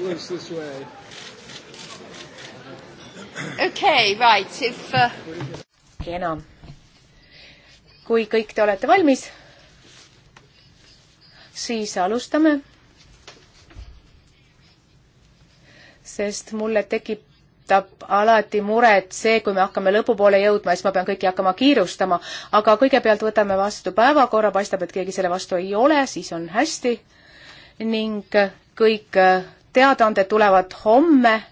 works this way. Okay, right, if uh... kena. kui kõik te olete valmis, siis alustame. sest mulle tekib tekitab alati muret see, kui me hakkame lõpupoole jõudma, siis ma pean kõiki hakkama kiirustama. aga kõigepealt võtame vastu päevakorra, paistab, et keegi selle vastu ei ole, siis on hästi. ning kõik äh, teadaanded tulevad homme.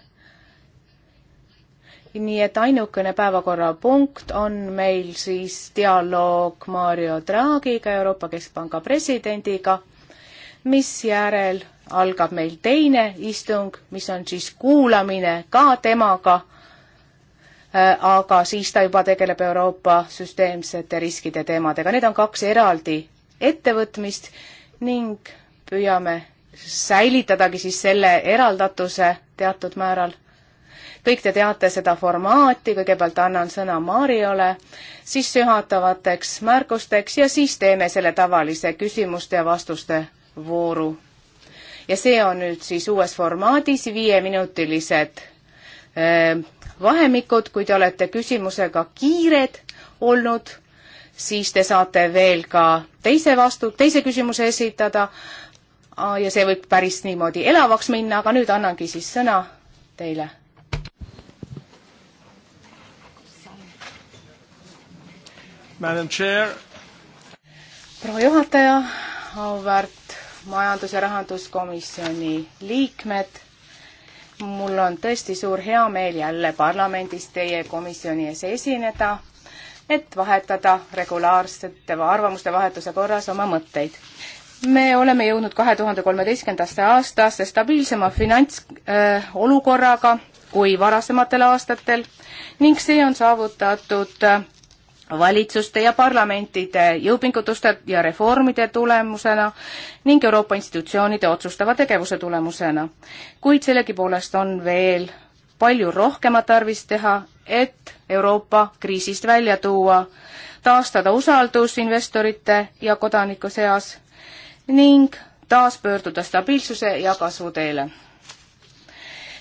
nii et ainukene päevakorrapunkt on meil siis dialoog Mario Draghiga, Euroopa Keskpanga presidendiga, misjärel algab meil teine istung, mis on siis kuulamine ka temaga, äh, aga siis ta juba tegeleb Euroopa süsteemsete riskide teemadega. Need on kaks eraldi ettevõtmist ning püüame säilitadagi siis selle eraldatuse teatud määral. kõik te teate seda formaati, kõigepealt annan sõna Mariole, siis juhatavateks märkusteks ja siis teeme selle tavalise küsimuste ja vastuste vooru. ja see on nüüd siis uues formaadis viieminutilised ähm, vahemikud, kui te olete küsimusega kiired olnud, siis te saate veel ka teise vastu, teise küsimuse esitada ja see võib päris niimoodi elavaks minna, aga nüüd annangi siis sõna teile. proua juhataja, auväärt majandus- ja rahanduskomisjoni liikmed, mul on tõesti suur heameel jälle parlamendis teie komisjoni ees esineda et vahetada regulaarsete arvamuste vahetuse korras oma mõtteid me oleme jõudnud kahe tuhande kolmeteistkümnendasse aastasse stabiilsema finantsolukorraga kui varasematel aastatel ning see on saavutatud valitsuste ja parlamentide jõupingutuste ja reformide tulemusena ning Euroopa institutsioonide otsustava tegevuse tulemusena. kuid sellegipoolest on veel palju rohkema tarvis teha, et Euroopa kriisist välja tuua, taastada usaldus investorite ja kodaniku seas ning taas pöörduda stabiilsuse ja kasvu teele.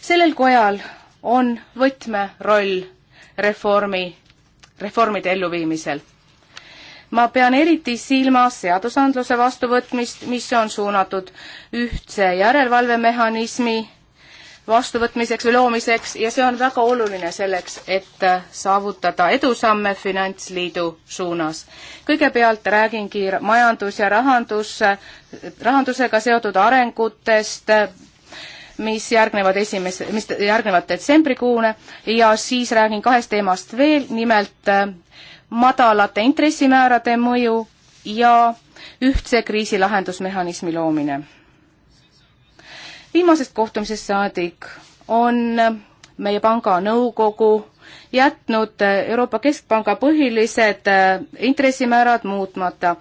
sellel kojal on võtmeroll reformi, reformide elluviimisel. ma pean eriti silmas seadusandluse vastuvõtmist, mis on suunatud ühtse järelevalvemehhanismi vastuvõtmiseks või loomiseks ja see on väga oluline selleks, et äh, saavutada edusamme Finantsliidu suunas. kõigepealt räägingi majandus- ja rahandus, rahandusega seotud arengutest, mis järgnevad esimese, mis järgnevad detsembrikuune ja siis räägin kahest teemast veel, nimelt äh, madalate intressimäärade mõju ja ühtse kriisilahendusmehhanismi loomine viimasest kohtumisest saadik on meie panga nõukogu jätnud Euroopa Keskpanga põhilised äh, intressimäärad muutmata.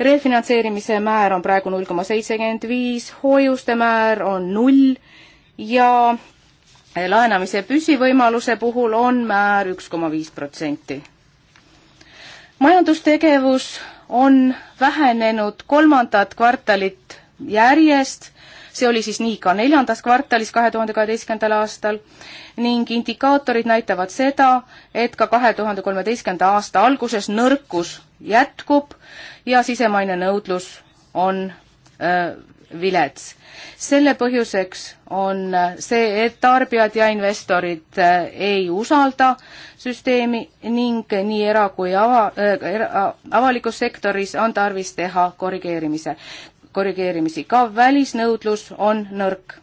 refinantseerimise määr on praegu null koma seitsekümmend viis, hoiuste määr on null ja äh, laenamise püsivõimaluse puhul on määr üks koma viis protsenti. majandustegevus on vähenenud kolmandat kvartalit järjest see oli siis nii ka neljandas kvartalis kahe tuhande kaheteistkümnendal aastal ning indikaatorid näitavad seda, et ka kahe tuhande kolmeteistkümnenda aasta alguses nõrkus jätkub ja sisemaine nõudlus on öö, vilets. selle põhjuseks on see, et tarbijad ja investorid ei usalda süsteemi ning nii era- kui ava- äh,, avalikus sektoris on tarvis teha korrigeerimise korrigeerimisi, ka välisnõudlus on nõrk.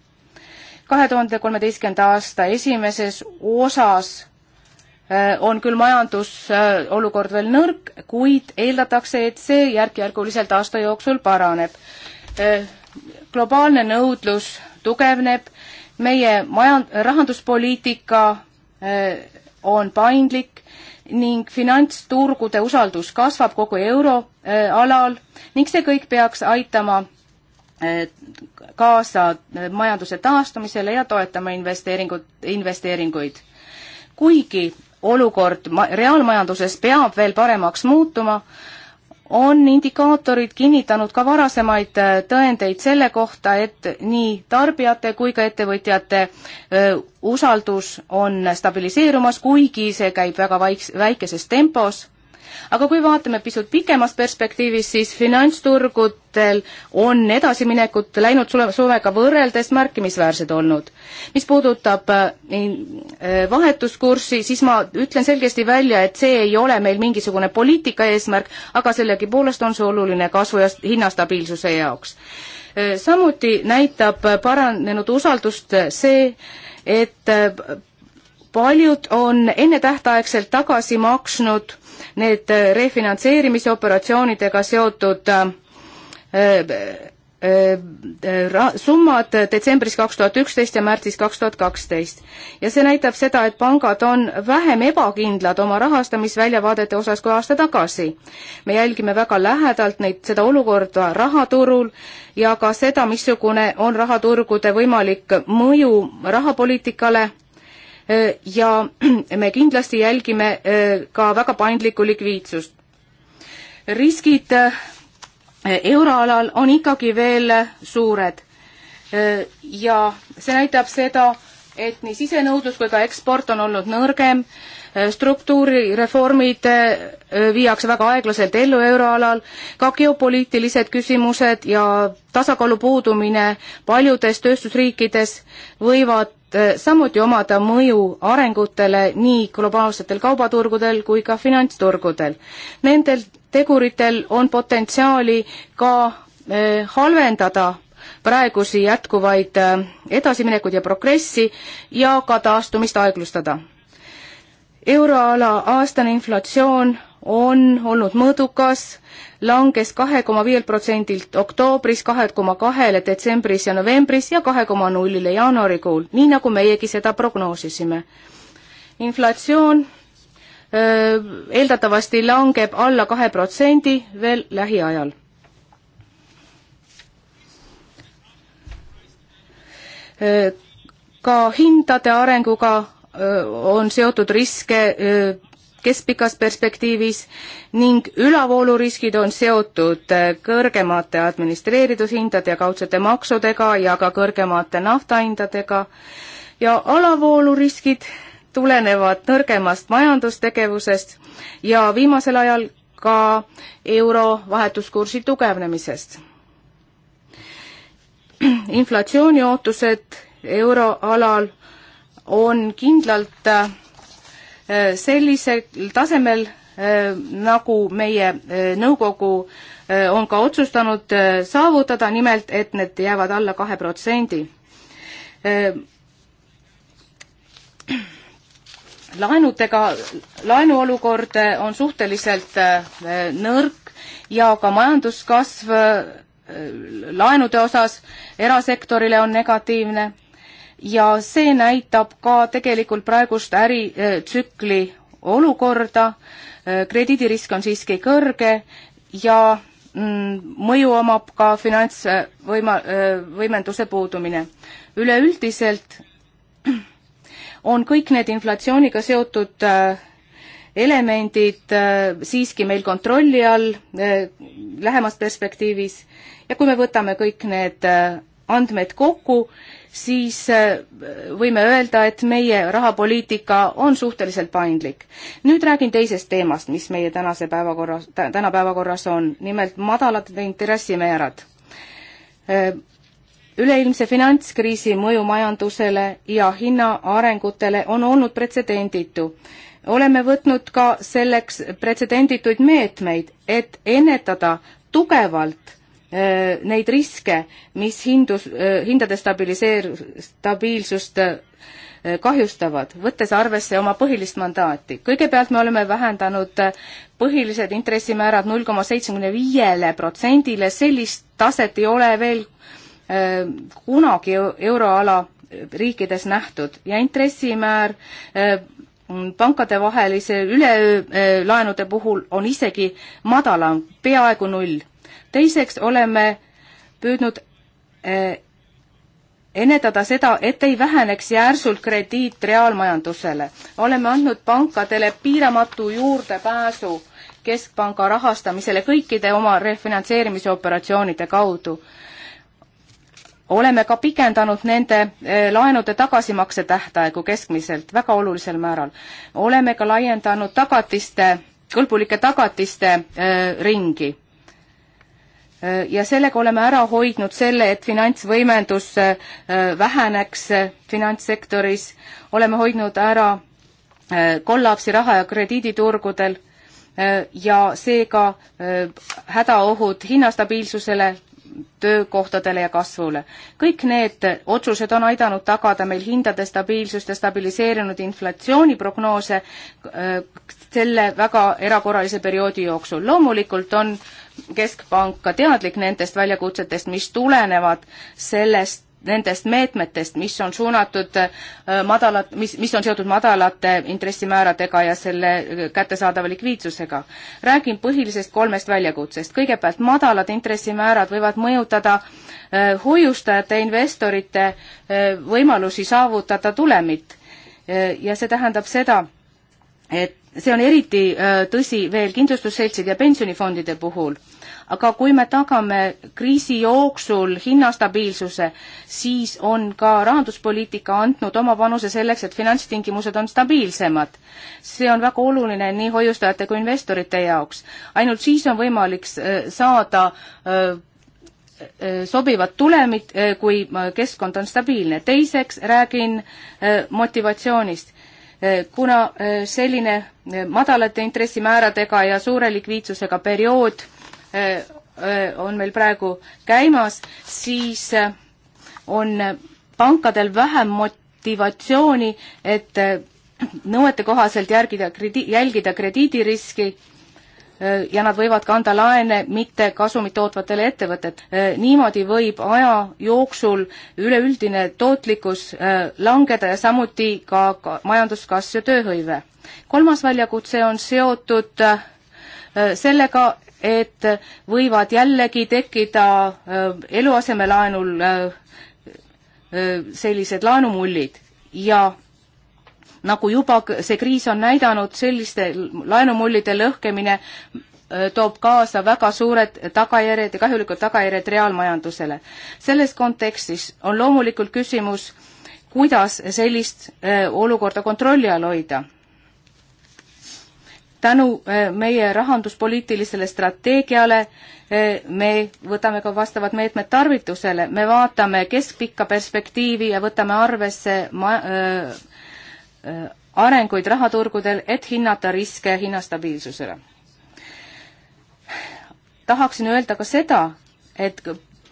kahe tuhande kolmeteistkümnenda aasta esimeses osas äh, on küll majandusolukord veel nõrk, kuid eeldatakse, et see järk-järguliselt aasta jooksul paraneb. Äh, globaalne nõudlus tugevneb, meie majand-, rahanduspoliitika äh, on paindlik ning finantsturgude usaldus kasvab kogu euroalal äh, ning see kõik peaks aitama äh, kaasa äh, majanduse taastumisele ja toetama investeeringut, investeeringuid. kuigi olukord reaalmajanduses peab veel paremaks muutuma, on indikaatorid kinnitanud ka varasemaid äh, tõendeid selle kohta, et nii tarbijate kui ka ettevõtjate äh, usaldus on stabiliseerumas, kuigi see käib väga vaiks-, väikeses tempos aga kui vaatame pisut pikemas perspektiivis, siis finantsturgudel on edasiminekut läinud suvega võrreldes märkimisväärsed olnud. mis puudutab äh, äh, vahetuskurssi, siis ma ütlen selgesti välja, et see ei ole meil mingisugune poliitika eesmärk, aga sellegipoolest on see oluline kasvu ja hinnastabiilsuse jaoks äh, samuti näitab paranenud usaldust see, et paljud on ennetähtaegselt tagasi maksnud need äh, refinantseerimise operatsioonidega seotud äh, äh, ra-, summad detsembris kaks tuhat üksteist ja märtsis kaks tuhat kaksteist. ja see näitab seda, et pangad on vähem ebakindlad oma rahastamisväljavaadete osas kui aasta tagasi. me jälgime väga lähedalt neid, seda olukorda rahaturul ja ka seda, missugune on rahaturgude võimalik mõju rahapoliitikale Äh, ja me kindlasti jälgime äh, ka väga paindlikku likviidsust. riskid äh, euroalal on ikkagi veel suured ja see näitab seda, et nii sisenõudlus kui ka eksport on olnud nõrgem, struktuurireformid viiakse väga aeglaselt ellu euroalal, ka geopoliitilised küsimused ja tasakaalu puudumine paljudes tööstusriikides võivad Eh, samuti omada mõju arengutele nii globaalsetel kaubaturgudel kui ka finantsturgudel. Nendel teguritel on potentsiaali ka eh, halvendada praegusi jätkuvaid eh, edasiminekuid ja progressi ja ka taastumist aeglustada. euroala aastane inflatsioon on olnud mõõdukas, langes kahe koma viielt protsendilt oktoobris kahe koma kahele detsembris ja novembris ja kahe koma nullile jaanuarikuul, nii nagu meiegi seda prognoosisime. inflatsioon öö, eeldatavasti langeb alla kahe protsendi veel lähiajal. ka hindade arenguga öö, on seotud riske öö, keskpikas perspektiivis ning ülavooluriskid on seotud äh, kõrgemate administreeritushindade ja kaudsete maksudega ja ka kõrgemate naftahindadega ja alavooluriskid tulenevad nõrgemast majandustegevusest ja viimasel ajal ka euro vahetuskursi tugevnemisest. inflatsiooni ootused euroalal on kindlalt äh, Äh, sellisel tasemel, äh, nagu meie äh, nõukogu on ka otsustanud saavutada, nimelt et need jäävad alla kahe protsendi. laenudega, laenuolukord on suhteliselt nõrk ja ka majanduskasv laenude osas erasektorile on negatiivne ja see näitab ka tegelikult praegust äritsükli äh, olukorda, äh, krediidirisk on siiski kõrge ja mm, mõju omab ka finantsvõima-, äh, võimenduse puudumine. üleüldiselt on kõik need inflatsiooniga seotud elemendid siiski meil kontrolli all lähemas perspektiivis ja kui me võtame kõik need andmed kokku, siis äh, võime öelda, et meie rahapoliitika on suhteliselt paindlik. nüüd räägin teisest teemast, mis meie tänase päevakorra, täna päevakorras on, nimelt madalad intressimäärad. Äh, üleilmse finantskriisi mõju majandusele ja hinnaarengutele on olnud pretsedenditu oleme võtnud ka selleks pretsedendituid meetmeid, et ennetada tugevalt Äh, neid riske, mis hindus, äh, hindade stabiliseer-, stabiilsust äh, kahjustavad, võttes arvesse oma põhilist mandaati. kõigepealt me oleme vähendanud põhilised intressimäärad null koma seitsmekümne viiele protsendile, sellist taset ei ole veel kunagi euroala riikides nähtud ja intressimäär pankadevahelise üleöö laenude puhul on isegi madalam, peaaegu null teiseks oleme püüdnud eh, ennetada seda, et ei väheneks järsult krediit reaalmajandusele. oleme andnud pankadele piiramatu juurdepääsu keskpanga rahastamisele kõikide oma refinantseerimise operatsioonide kaudu. oleme ka pikendanud nende eh, laenude tagasimakse tähtaegu keskmiselt väga olulisel määral. oleme ka laiendanud tagatiste, kõlbulike tagatiste äh, ringi Äh, ja sellega oleme ära hoidnud selle, et finantsvõimendus äh, väheneks äh, finantssektoris, oleme hoidnud ära kollapsi raha- ja krediiditurgudel ja seega hädaohud hinnastabiilsusele töökohtadele ja kasvule. kõik need otsused on aidanud tagada meil hindade stabiilsust ja stabiliseerinud inflatsiooniprognoose äh, selle väga erakorralise perioodi jooksul. loomulikult on Keskpank ka teadlik nendest väljakutsetest, mis tulenevad sellest nendest meetmetest, mis on suunatud äh, madalat, mis, mis on seotud madalate intressimääradega ja selle äh, kättesaadava likviidsusega. räägin põhilisest kolmest väljakutsest. kõigepealt, madalad intressimäärad võivad mõjutada äh, hoiustajate, investorite võimalusi saavutada tulemit. ja see tähendab seda, et see on eriti tõsi veel kindlustusseltside ja pensionifondide puhul aga kui me tagame kriisi jooksul hinnastabiilsuse, siis on ka rahanduspoliitika andnud oma panuse selleks, et finantstingimused on stabiilsemad. see on väga oluline nii hoiustajate kui investorite jaoks. ainult siis on võimalik äh, saada äh, äh, sobivad tulemid, kui keskkond on stabiilne. teiseks räägin motivatsioonist kuna selline madalate intressimääradega ja suure likviidsusega periood Äh, äh, on meil praegu käimas, siis äh, on pankadel vähem motivatsiooni, et nõuete kohaselt järgida kredi-, jälgida krediidiriski ja nad võivad ka anda laene mitte kasumit tootvatele ettevõtet. niimoodi võib aja jooksul üleüldine tootlikkus langeda ja samuti ka, ka majanduskasv ja tööhõive. kolmas väljakutse on seotud sellega, et võivad jällegi tekkida äh, eluasemelaenul äh, äh, sellised laenumullid ja nagu juba see kriis on näidanud, selliste laenumullide lõhkemine toob kaasa väga suured tagajärjed ja kahjulikud tagajärjed reaalmajandusele. selles kontekstis on loomulikult küsimus, kuidas sellist olukorda kontrolli all hoida tänu äh, meie rahanduspoliitilisele strateegiale äh, me võtame ka vastavad meetmed tarvitusele, me vaatame keskpikka perspektiivi ja võtame arvesse ma-, äh, äh arenguid rahaturgudel, et hinnata riske hinnastabiilsusele. tahaksin öelda ka seda, et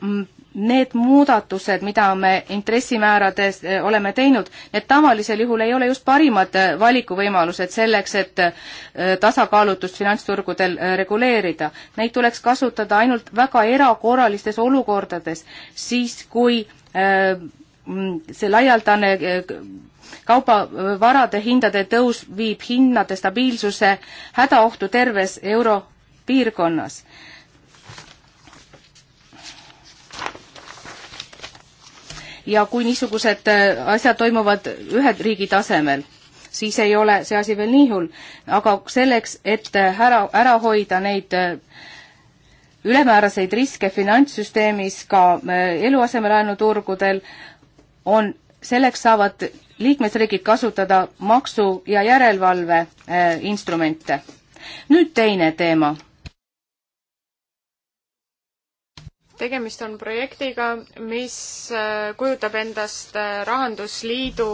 mm, need muudatused, mida me intressimäärades eh, oleme teinud, need tavalisel juhul ei ole just parimad eh, valikuvõimalused selleks, et eh, tasakaalutust finantsturgudel reguleerida. Neid tuleks kasutada ainult väga erakorralistes olukordades, siis kui see laialdane kaubavarade hindade tõus viib hinnade stabiilsuse hädaohtu terves europiirkonnas ja kui niisugused äh, asjad toimuvad ühe riigi tasemel, siis ei ole see asi veel nii hull. aga selleks, et äh, ära, ära hoida neid äh, ülemääraseid riske finantssüsteemis, ka eluasemelaenuturgudel, on, selleks saavad liikmesriigid kasutada maksu- ja järelevalve instrumente. nüüd teine teema tegemist on projektiga, mis äh, kujutab endast äh, Rahandusliidu,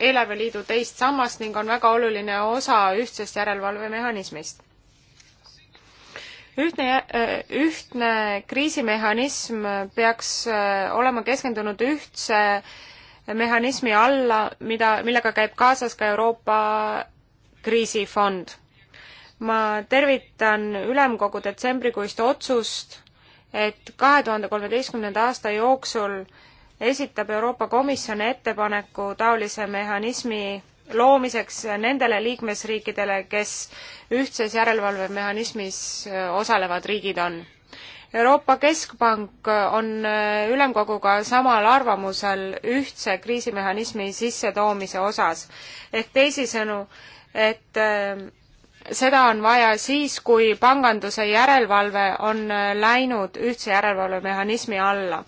eelarveliidu teist sammast ning on väga oluline osa ühtsest järelevalvemehhanismist. ühtne, äh, ühtne kriisimehhanism peaks olema keskendunud ühtse mehhanismi alla, mida, millega käib kaasas ka Euroopa kriisifond. ma tervitan ülemkogu detsembrikuist otsust et kahe tuhande kolmeteistkümnenda aasta jooksul esitab Euroopa Komisjon ettepaneku taolise mehhanismi loomiseks nendele liikmesriikidele, kes ühtses järelevalvemehhanismis osalevad riigid on. Euroopa Keskpank on ülemkoguga samal arvamusel ühtse kriisimehhanismi sissetoomise osas ehk teisisõnu, et seda on vaja siis, kui panganduse järelevalve on äh, läinud ühtse järelevalvemehhanismi alla.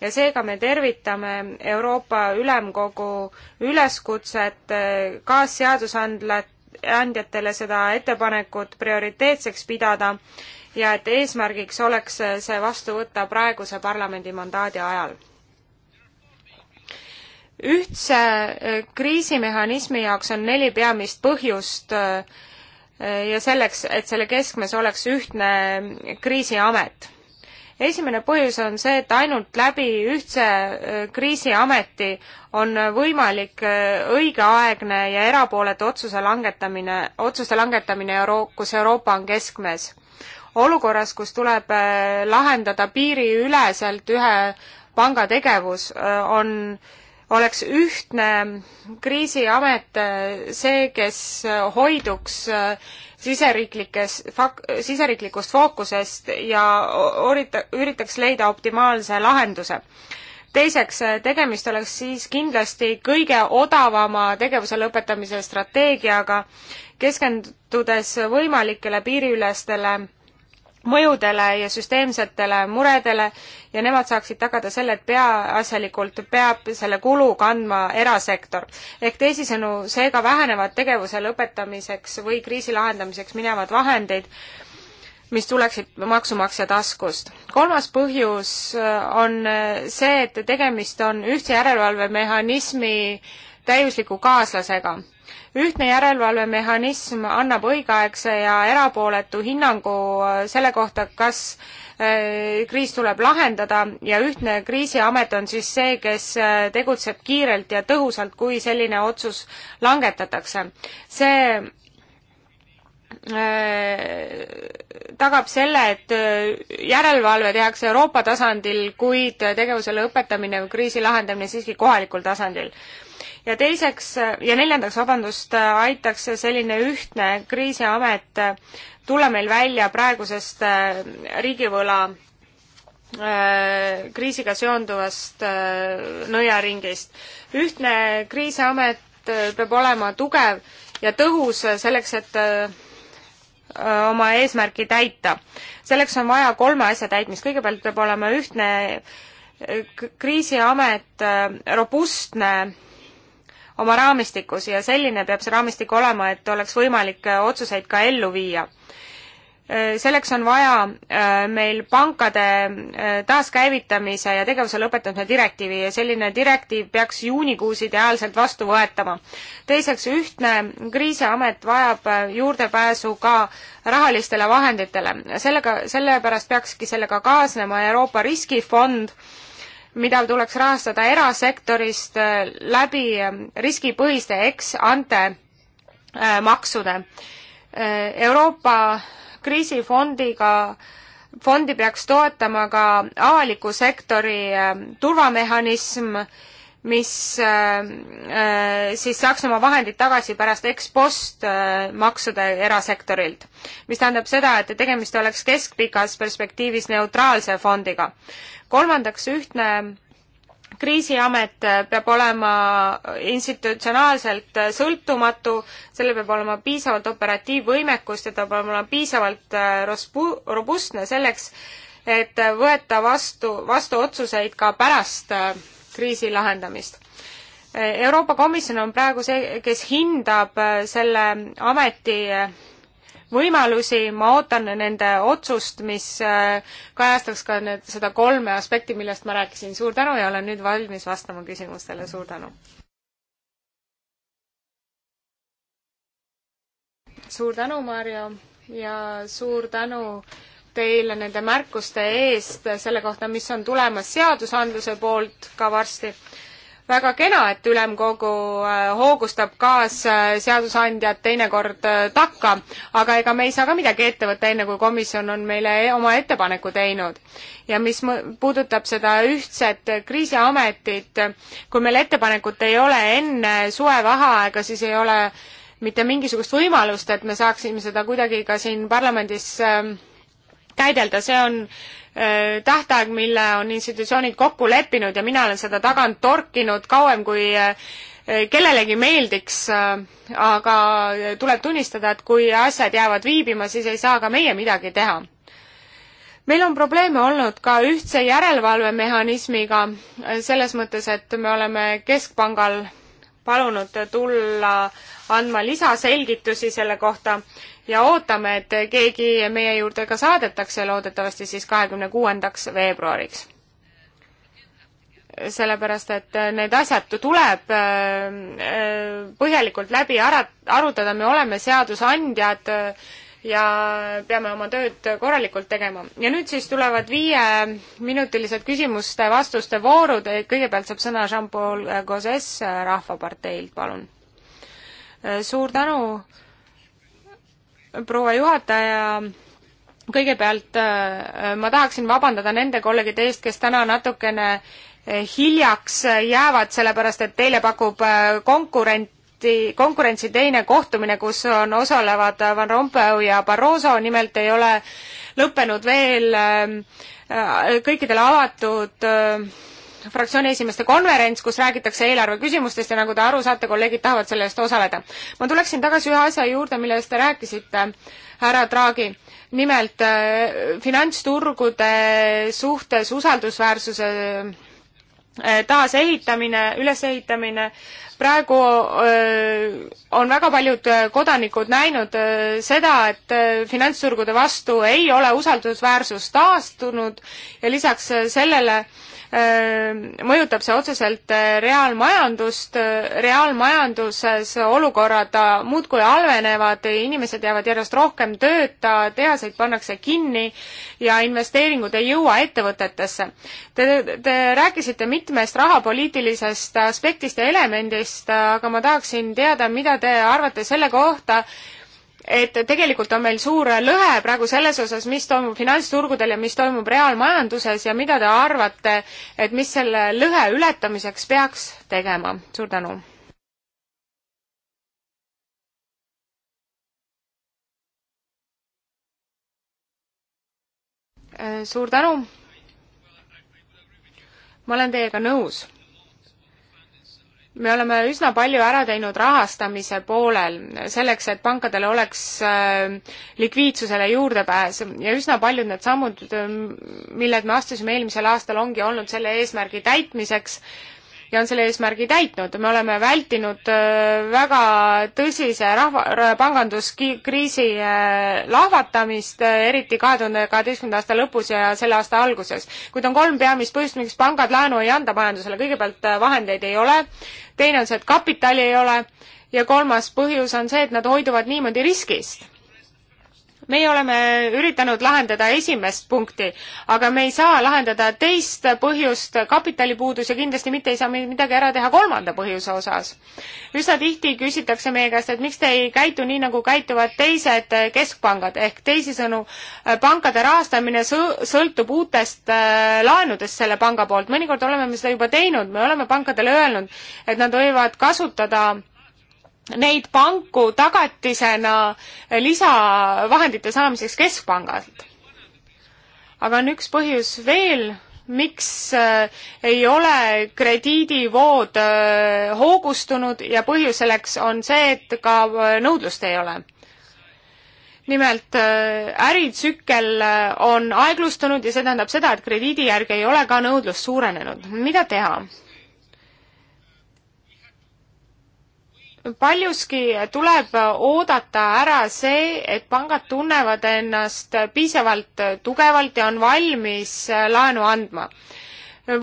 ja seega me tervitame Euroopa Ülemkogu üleskutset äh, kaasseadusandjatele seda ettepanekut prioriteetseks pidada ja et eesmärgiks oleks äh, see vastu võtta praeguse parlamendi mandaadi ajal ühtse kriisimehhanismi jaoks on neli peamist põhjust äh, ja selleks, et selle keskmes oleks ühtne kriisiamet. esimene põhjus on see, et ainult läbi ühtse äh, kriisiameti on võimalik äh, õigeaegne ja erapooletu otsuse langetamine, otsuste langetamine Euro-, kus Euroopa on keskmes. olukorras, kus tuleb äh, lahendada piiriüleselt ühe panga tegevus, on oleks ühtne kriisiamet äh, see, kes äh, hoiduks äh, siseriiklikes, siseriiklikust fookusest ja orita, üritaks leida optimaalse lahenduse. teiseks, tegemist oleks siis kindlasti kõige odavama tegevuse lõpetamise strateegiaga, keskendudes võimalikele piiriülestele mõjudele ja süsteemsetele muredele ja nemad saaksid tagada selle, et peaasjalikult peab selle kulu kandma erasektor. ehk teisisõnu, seega vähenevad tegevuse lõpetamiseks või kriisi lahendamiseks minevad vahendeid, mis tuleksid maksumaksja taskust. kolmas põhjus äh, on äh, see, et tegemist on ühtse järelevalvemehhanismi täiusliku kaaslasega ühtne järelevalvemehhanism annab õigeaegse ja erapooletu hinnangu äh, selle kohta, kas äh, kriis tuleb lahendada ja ühtne kriisiamet on siis see, kes äh, tegutseb kiirelt ja tõhusalt, kui selline otsus langetatakse. see tagab selle, et järelevalve tehakse Euroopa tasandil, kuid tegevuse lõpetamine või kriisi lahendamine siiski kohalikul tasandil ja teiseks ja neljandaks, vabandust, aitaks selline ühtne kriisiamet tulla meil välja praegusest äh, riigivõla äh, kriisiga seonduvast äh, nõiaringist. ühtne kriisiamet peab olema tugev ja tõhus selleks, et oma eesmärki täita. selleks on vaja kolme asja täitmist, kõigepealt peab olema ühtne kriisiamet, robustne oma raamistikus ja selline peab see raamistik olema, et oleks võimalik äh, otsuseid ka ellu viia äh, selleks on vaja äh, meil pankade taaskäivitamise ja tegevuse lõpetamise direktiivi ja selline direktiiv peaks juunikuus ideaalselt vastu võetama. teiseks, ühtne kriisiamet vajab juurdepääsu ka rahalistele vahenditele. sellega, sellepärast peakski sellega kaasnema Euroopa riskifond, mida tuleks rahastada erasektorist äh, läbi äh, riskipõhiste ex-ante äh, maksude. Euroopa kriisifondiga fondi peaks toetama ka avaliku sektori turvamehhanism äh, mis äh, äh, siis saaks oma vahendid tagasi pärast ekspost äh, maksude erasektorilt. mis tähendab seda, et tegemist oleks keskpikas perspektiivis neutraalse fondiga. kolmandaks, ühtne kriisiamet äh, peab olema institutsionaalselt äh, sõltumatu, sellel peab olema piisavalt operatiivvõimekust ja ta peab olema piisavalt äh, rospu-, robustne selleks, et võeta vastu, vastu otsuseid ka pärast äh, kriisi lahendamist. Euroopa Komisjon on praegu see, kes hindab äh, selle ameti äh, võimalusi, ma ootan nende otsust, mis äh, kajastaks ka need, seda kolme aspekti, millest ma rääkisin. suur tänu ja olen nüüd valmis vastama küsimustele, suur tänu! suur tänu, Marju, ja suur tänu teile nende märkuste eest selle kohta, mis on tulemas seadusandluse poolt ka varsti. väga kena, et ülemkogu äh, hoogustab kaasseadusandjad äh, teinekord äh, takka, aga ega me ei saa ka midagi ette võtta, enne kui komisjon on meile e-, oma ettepaneku teinud. ja mis puudutab seda ühtset kriisiametit, kui meil ettepanekut ei ole enne suvevaheaega, siis ei ole mitte mingisugust võimalust, et me saaksime seda kuidagi ka siin parlamendis äh, käidelda, see on öö, äh, tähtaeg, mille on institutsioonid kokku leppinud ja mina olen seda tagant torkinud kauem kui öö, äh, kellelegi meeldiks, äh, aga tuleb tunnistada, et kui asjad jäävad viibima, siis ei saa ka meie midagi teha. meil on probleeme olnud ka ühtse järelevalvemehhanismiga, selles mõttes, et me oleme Keskpangal palunud tulla andma lisaselgitusi selle kohta ja ootame, et keegi meie juurde ka saadetakse loodetavasti siis kahekümne kuuendaks veebruariks. sellepärast, et need asjad tuleb äh, põhjalikult läbi ara-, arutada, me oleme seadusandjad äh, ja peame oma tööd korralikult tegema. ja nüüd siis tulevad viieminutilised küsimuste-vastuste voorud, kõigepealt saab sõna Jean-Paul Gauzes Rahvaparteilt, palun. Äh, suur tänu proua juhataja, kõigepealt äh, ma tahaksin vabandada nende kolleegide eest, kes täna natukene äh, hiljaks äh, jäävad, sellepärast et teile pakub konkurenti, konkurentsi teine kohtumine, kus on, osalevad Van Rompuy ja Barroso, nimelt ei ole lõppenud veel kõikidele avatud fraktsiooni esimeeste konverents, kus räägitakse eelarve küsimustest ja nagu te aru saate, kolleegid tahavad selle eest osaleda. ma tuleksin tagasi ühe asja juurde, millest te rääkisite, härra Draghi. nimelt äh, finantsturgude suhtes usaldusväärsuse äh, taasehitamine, ülesehitamine praegu öö, äh, on väga paljud äh, kodanikud näinud öö, äh, seda, et finantsturgude vastu ei ole usaldusväärsus taastunud ja lisaks sellele öö, mõjutab see otseselt äh, reaalmajandust, äh, reaalmajanduses olukorrad äh, muudkui halvenevad, inimesed jäävad järjest rohkem tööta, tehaseid pannakse kinni ja investeeringud ei jõua ettevõtetesse. Te, te rääkisite mitmest rahapoliitilisest aspektist ja elemendist, aga ma tahaksin teada, mida te arvate selle kohta, et tegelikult on meil suur lõhe praegu selles osas, mis toimub finantsturgudel ja mis toimub reaalmajanduses ja mida te arvate, et mis selle lõhe ületamiseks peaks tegema? suur tänu! suur tänu! ma olen teiega nõus me oleme üsna palju ära teinud rahastamise poolel, selleks et pankadel oleks äh, likviidsusele juurdepääs ja üsna paljud need sammud, milled me astusime eelmisel aastal, ongi olnud selle eesmärgi täitmiseks ja on selle eesmärgi täitnud. me oleme vältinud äh, väga tõsise rahva, panganduskriisi äh, lahvatamist, äh, eriti kahe tuhande kaheteistkümnenda aasta lõpus ja selle aasta alguses. kuid on kolm peamist põhjust, miks pangad laenu ei anda majandusele. kõigepealt vahendeid ei ole, teine on see, et kapitali ei ole ja kolmas põhjus on see, et nad hoiduvad niimoodi riskist meie oleme üritanud lahendada esimest punkti, aga me ei saa lahendada teist põhjust, kapitalipuudus ja kindlasti mitte ei saa me midagi ära teha kolmanda põhjuse osas. üsna tihti küsitakse meie käest, et miks te ei käitu nii, nagu käituvad teised keskpangad, ehk teisisõnu, äh, pankade rahastamine sõltub uutest äh, laenudest selle panga poolt, mõnikord oleme me seda juba teinud, me oleme pankadele öelnud, et nad võivad kasutada neid panku tagatisena lisavahendite saamiseks keskpangalt. aga on üks põhjus veel, miks äh, ei ole krediidivood äh, hoogustunud ja põhjus selleks on see, et ka äh, nõudlust ei ole nimelt äritsükkel on aeglustunud ja see tähendab seda, et krediidi järgi ei ole ka nõudlus suurenenud. mida teha? paljuski tuleb oodata ära see, et pangad tunnevad ennast piisavalt tugevalt ja on valmis laenu andma.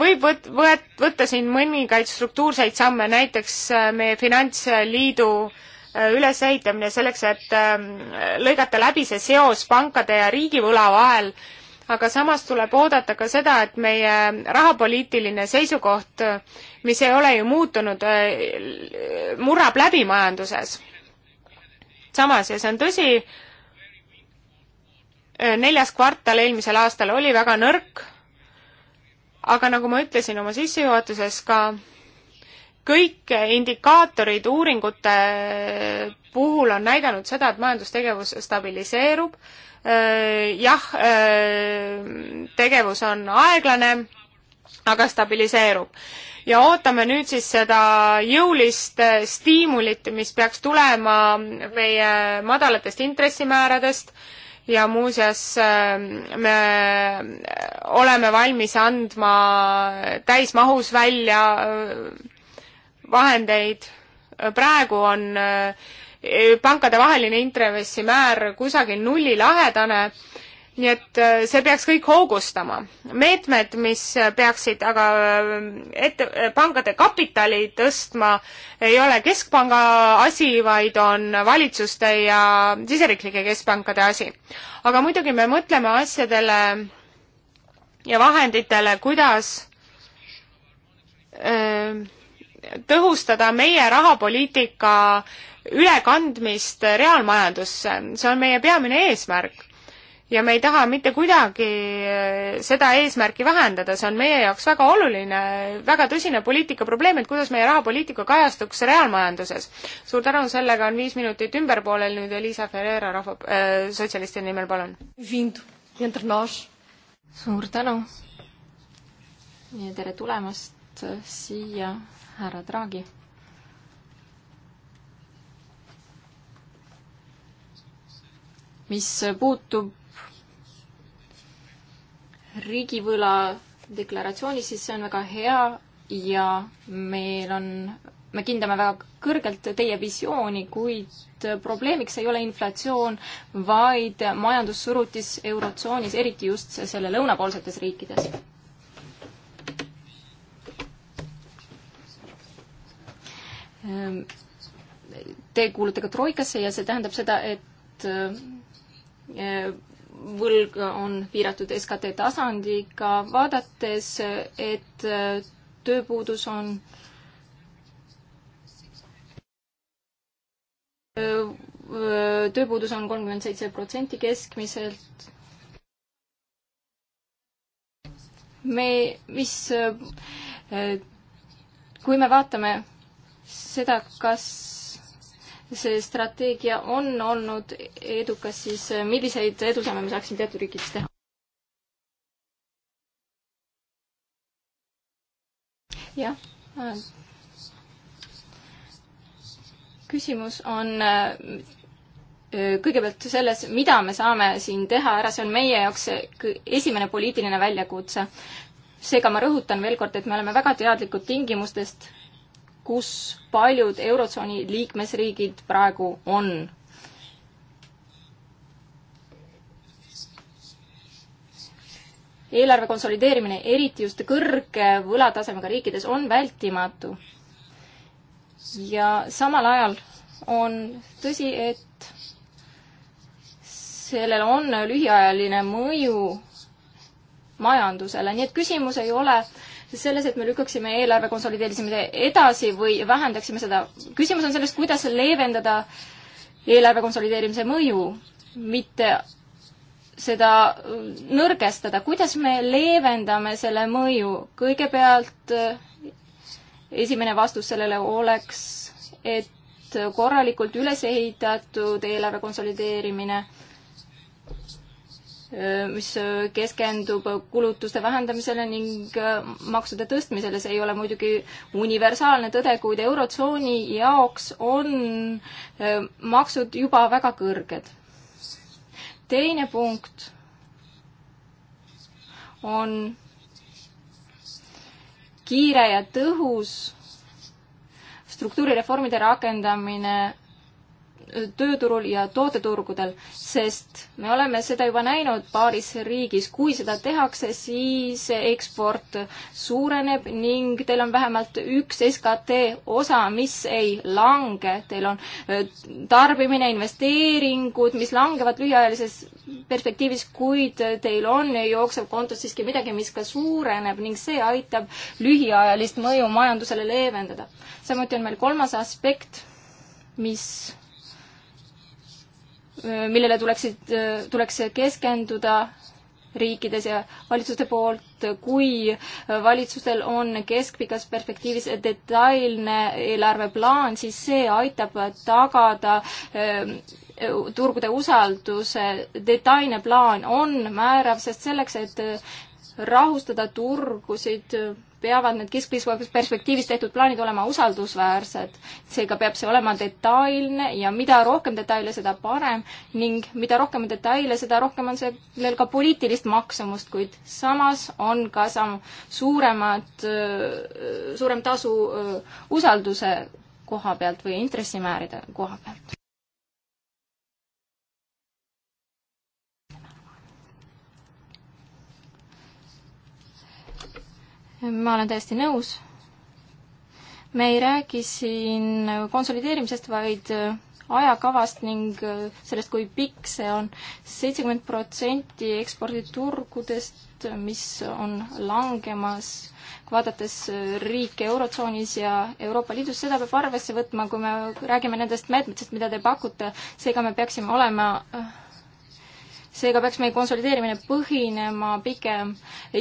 võib võt-, võet-, võtta siin mõningaid struktuurseid samme, näiteks äh, meie Finantsliidu äh, ülesehitamine selleks, et ähm, lõigata läbi see seos pankade ja riigivõla vahel aga samas tuleb oodata ka seda, et meie rahapoliitiline seisukoht, mis ei ole ju muutunud, äh, murrab läbi majanduses. samas, ja see on tõsi, äh, neljas kvartal eelmisel aastal oli väga nõrk, aga nagu ma ütlesin oma sissejuhatuses ka, kõik indikaatorid uuringute puhul on näidanud seda, et majandustegevus stabiliseerub, Äh, jah, äh, tegevus on aeglane, aga stabiliseerub. ja ootame nüüd siis seda jõulist äh, stiimulit, mis peaks tulema meie madalatest intressimääradest ja muuseas me oleme valmis andma täismahus välja vahendeid. praegu on äh, pankadevaheline intressimäär kusagil nulli lähedane, nii et äh, see peaks kõik hoogustama. meetmed, mis peaksid aga äh, ette, äh, pankade kapitali tõstma, ei ole keskpanga asi, vaid on valitsuste ja siseriiklike keskpankade asi. aga muidugi me mõtleme asjadele ja vahenditele, kuidas öö, tõhustada meie rahapoliitika ülekandmist reaalmajandusse, see on meie peamine eesmärk. ja me ei taha mitte kuidagi äh, seda eesmärki vähendada, see on meie jaoks väga oluline, väga tõsine poliitikaprobleem, et kuidas meie rahapoliitika kajastuks reaalmajanduses. suur tänu, sellega on viis minutit ümberpoolel, nüüd Elisa Ferreira rahva äh,, sotsialistide nimel, palun. suur tänu ja tere tulemast siia, härra Draghi mis puutub riigivõla deklaratsiooni, siis see on väga hea ja meil on, me hindame väga kõrgelt teie visiooni, kuid probleemiks ei ole inflatsioon, vaid majandussurutis Eurotsoonis, eriti just selle lõunapoolsetes riikides. Te kuulute ka Troikasse ja see tähendab seda, et võlg on piiratud SKT tasandiga, vaadates, et äh, tööpuudus on äh, tööpuudus on kolmkümmend seitse protsenti keskmiselt. me, mis, äh, kui me vaatame seda, kas see strateegia on olnud edukas, siis äh, milliseid edusamme me saaksime teatud riikides teha? jah. Äh, küsimus on äh, kõigepealt selles, mida me saame siin teha ära, see on meie jaoks esimene poliitiline väljakutse. seega ma rõhutan veel kord, et me oleme väga teadlikud tingimustest, kus paljud Eurotsooni liikmesriigid praegu on. eelarve konsolideerimine, eriti just kõrge võlatasemega riikides, on vältimatu. ja samal ajal on tõsi, et sellel on lühiajaline mõju majandusele, nii et küsimus ei ole äh, selles, et me lükkaksime eelarve konsolideerimise edasi või vähendaksime seda. küsimus on selles, kuidas leevendada eelarve konsolideerimise mõju, mitte seda nõrgestada. kuidas me leevendame selle mõju? kõigepealt eh, esimene vastus sellele oleks, et korralikult üles ehitatud eelarve konsolideerimine mis keskendub kulutuste vähendamisele ning maksude tõstmisele. see ei ole muidugi universaalne tõde, kuid Eurotsooni jaoks on e, maksud juba väga kõrged. teine punkt on kiire ja tõhus struktuurireformide rakendamine tööturul ja tooteturgudel, sest me oleme seda juba näinud paaris riigis. kui seda tehakse, siis eksport suureneb ning teil on vähemalt üks SKT osa, mis ei lange. Teil on tarbimine, investeeringud, mis langevad lühiajalises perspektiivis, kuid teil on jooksev kontos siiski midagi, mis ka suureneb ning see aitab lühiajalist mõju majandusele leevendada. samuti on meil kolmas aspekt, mis Äh, millele tuleksid, äh, tuleks keskenduda riikides ja valitsuste poolt, kui äh, valitsustel on keskpikas perspektiivis detailne eelarveplaan, siis see aitab tagada turgude usalduse. detailne plaan on määrav, sest selleks, et rahustada turgusid peavad need keskpikas perspektiivis tehtud plaanid olema usaldusväärsed. seega peab see olema detailne ja mida rohkem detaile, seda parem ning mida rohkem detaile, seda rohkem on sellel ka poliitilist maksumust, kuid samas on ka sam-, suuremad, suurem tasu usalduse koha pealt või intressimääride koha pealt. ma olen täiesti nõus. me ei räägi siin konsolideerimisest, vaid äh, ajakavast ning äh, sellest, kui pikk see on. seitsekümmend protsenti eksporditurgudest, äh, mis on langemas, kui vaadates riike Eurotsoonis ja Euroopa Liidus, seda peab arvesse võtma, kui me räägime nendest meetmetest, mida te pakute. seega me peaksime olema seega peaks meie konsolideerimine põhinema pigem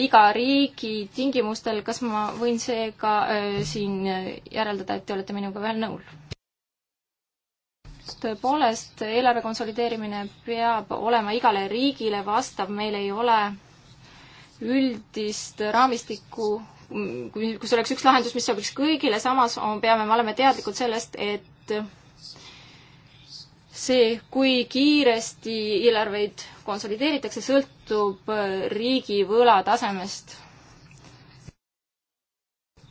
iga riigi tingimustel, kas ma võin seega äh, siin järeldada, et te olete minuga veel nõul? tõepoolest, eelarve konsolideerimine peab olema igale riigile vastav, meil ei ole üldist raamistikku, kus oleks üks lahendus, mis sobiks kõigile, samas on, peame, me oleme teadlikud sellest, et see, kui kiiresti eelarveid konsolideeritakse, sõltub äh, riigi võlatasemest.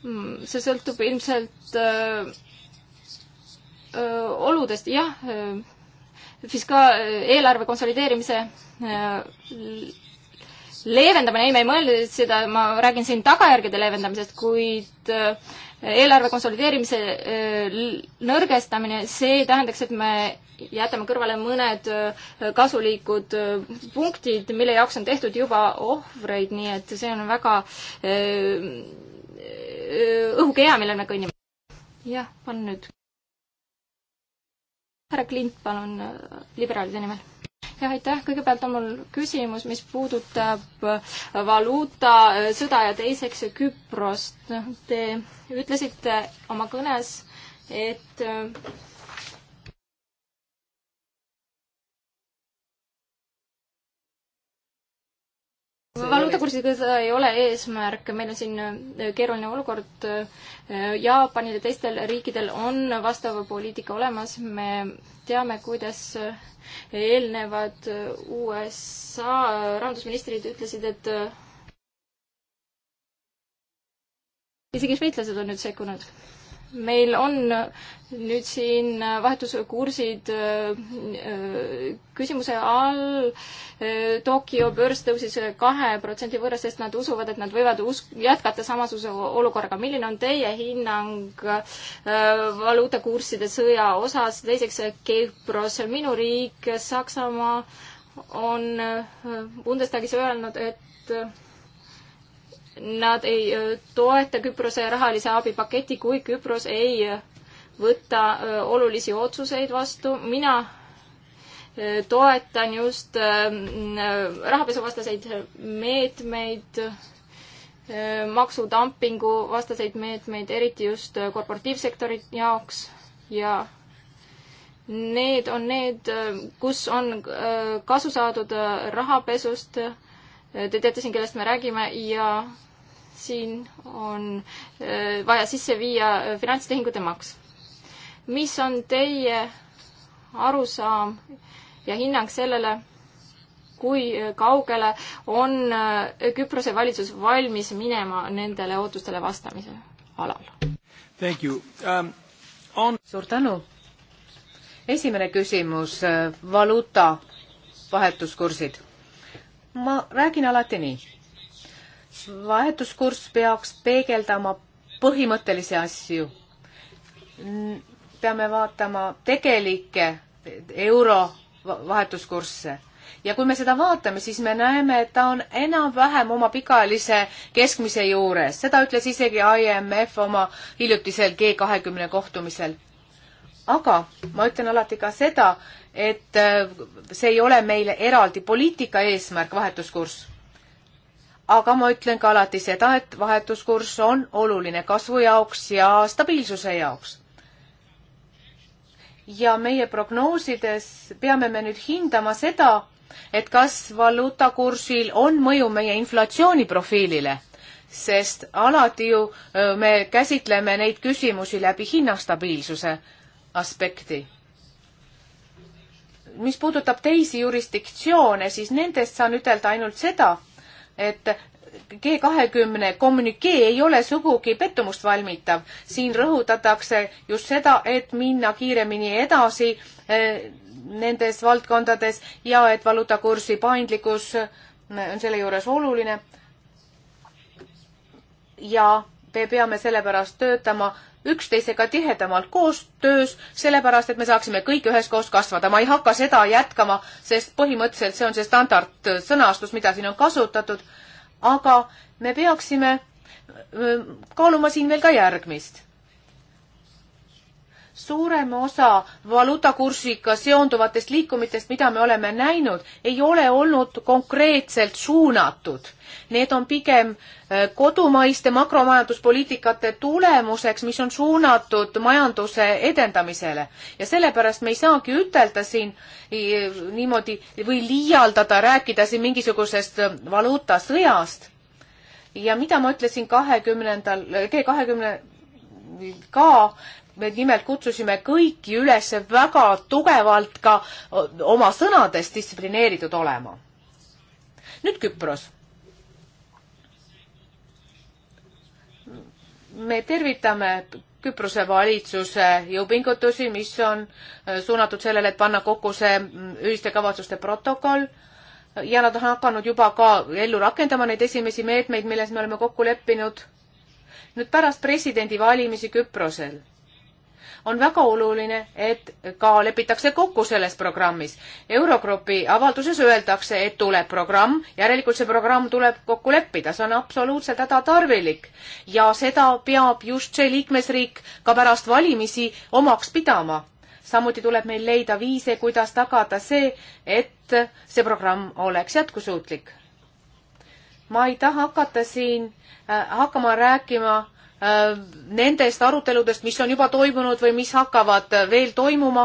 Mm, see sõltub ilmselt öö, äh, öö, äh, oludest, jah, fiskaal, eelarve konsolideerimise öö, leevendamine, ei, me ei mõelnud seda, ma räägin siin tagajärgede leevendamisest, kuid eelarve konsolideerimise nõrgestamine, see tähendaks, et me jätame kõrvale mõned äh, kasulikud äh, punktid, mille jaoks on tehtud juba ohvreid, nii et see on väga äh, õhukea, millel me kõnnime. jah, on nüüd. härra Klint, palun, liberaalide nimel. jah, aitäh, kõigepealt on mul küsimus, mis puudutab valuuta sõda ja teiseks Küprost. Noh, te ütlesite oma kõnes, et valuutakursidega seda ei ole eesmärk, meil on siin äh, keeruline olukord. Äh, Jaapanil ja teistel riikidel on vastav poliitika olemas, me teame, kuidas äh, eelnevad USA rahandusministrid ütlesid, et isegi šveitslased on nüüd sekkunud. meil on nüüd siin äh, vahetuskursid äh, äh, küsimuse all. Tokyo börs tõusis kahe protsendi võrra, sest nad usuvad, et nad võivad usk-, jätkata samasuguse olukorraga. milline on teie hinnang valuutakursside sõja osas? teiseks, Kipros, minu riik, Saksamaa on Bundestagis öelnud, et nad ei toeta Küprose rahalise abipaketi, kui Küpros ei võtta olulisi otsuseid vastu. mina toetan just rahapesuvastaseid meetmeid, maksudumpingu vastaseid meetmeid, eriti just korporatiivsektori jaoks ja need on need, kus on kasu saadud rahapesust. Te teate siin, kellest me räägime ja siin on vaja sisse viia finantstehingute maks mis on teie arusaam ja hinnang sellele, kui kaugele on äh, Küprose valitsus valmis minema nendele ootustele vastamise alal? Um, on... suur tänu. esimene küsimus, äh, valuuta vahetuskursid. ma räägin alati nii. vahetuskurss peaks peegeldama põhimõttelisi asju peame vaatama tegelikke euro vahetuskursse ja kui me seda vaatame, siis me näeme, et ta on enam-vähem oma pikaajalise keskmise juures, seda ütles isegi IMF oma hiljutisel G kahekümne kohtumisel. aga ma ütlen alati ka seda, et äh, see ei ole meile eraldi poliitika eesmärk, vahetuskurss. aga ma ütlen ka alati seda, et vahetuskurss on oluline kasvu jaoks ja stabiilsuse jaoks ja meie prognoosides peame me nüüd hindama seda, et kas valuutakursil on mõju meie inflatsiooniprofiilile, sest alati ju me käsitleme neid küsimusi läbi hinnastabiilsuse aspekti. mis puudutab teisi jurisdiktsioone, siis nendest saan ütelda ainult seda, et G kahekümne kommünikee ei ole sugugi pettumust valmitav. siin rõhutatakse just seda, et minna kiiremini edasi eh, nendes valdkondades ja et valuutakursi paindlikkus eh, on selle juures oluline. ja me peame sellepärast töötama üksteisega tihedamalt koostöös, sellepärast et me saaksime kõik üheskoos kasvada. ma ei hakka seda jätkama, sest põhimõtteliselt see on see standardsõnastus, mida siin on kasutatud aga me peaksime äh, kaaluma siin veel ka järgmist suurem osa valuutakursiga seonduvatest liikumitest, mida me oleme näinud, ei ole olnud konkreetselt suunatud. Need on pigem äh, kodumaiste makromajanduspoliitikate tulemuseks, mis on suunatud majanduse edendamisele. ja sellepärast me ei saagi ütelda siin niimoodi või liialdada, rääkida siin mingisugusest äh, valuutasõjast. ja mida ma ütlesin kahekümnendal, äh, G kahekümne ka me nimelt kutsusime kõiki üles väga tugevalt ka oma sõnades distsiplineeritud olema. nüüd Küpros. me tervitame Küprose valitsuse jõupingutusi, mis on äh, suunatud sellele, et panna kokku see mm, ühiste kavatsuste protokoll ja nad on hakanud juba ka ellu rakendama neid esimesi meetmeid, milles me oleme kokku leppinud. nüüd pärast presidendivalimisi Küprosel on väga oluline, et ka lepitakse kokku selles programmis. Eurogrupi avalduses öeldakse, et tuleb programm, järelikult see programm tuleb kokku leppida, see on absoluutselt hädatarvilik. ja seda peab just see liikmesriik ka pärast valimisi omaks pidama. samuti tuleb meil leida viise, kuidas tagada see, et see programm oleks jätkusuutlik. ma ei taha hakata siin äh, hakkama rääkima äh, Äh, nendest aruteludest, mis on juba toimunud või mis hakkavad veel toimuma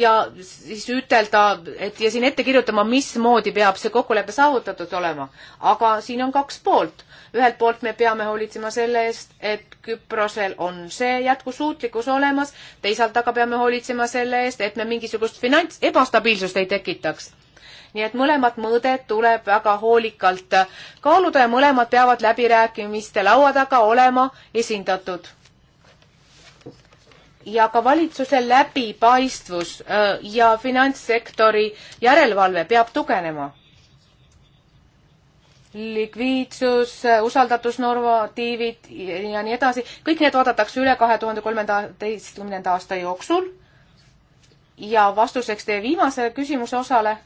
ja siis ütelda, et ja siin ette kirjutama, mismoodi peab see kokkulepe saavutatud olema. aga siin on kaks poolt. ühelt poolt me peame hoolitsema selle eest, et Küprosel on see jätkusuutlikkus olemas, teisalt aga peame hoolitsema selle eest, et me mingisugust finants ebastabiilsust ei tekitaks nii et mõlemad mõõded tuleb väga hoolikalt kaaluda ja mõlemad peavad läbirääkimiste laua taga olema esindatud ja ka valitsuse läbipaistvus äh, ja finantssektori järelevalve peab tugevnema likviidsus, usaldatusnormatiivid ja nii edasi, kõik need vaadatakse üle kahe tuhande kolmeteistkümnenda aasta jooksul. ja vastuseks teie viimase küsimuse osale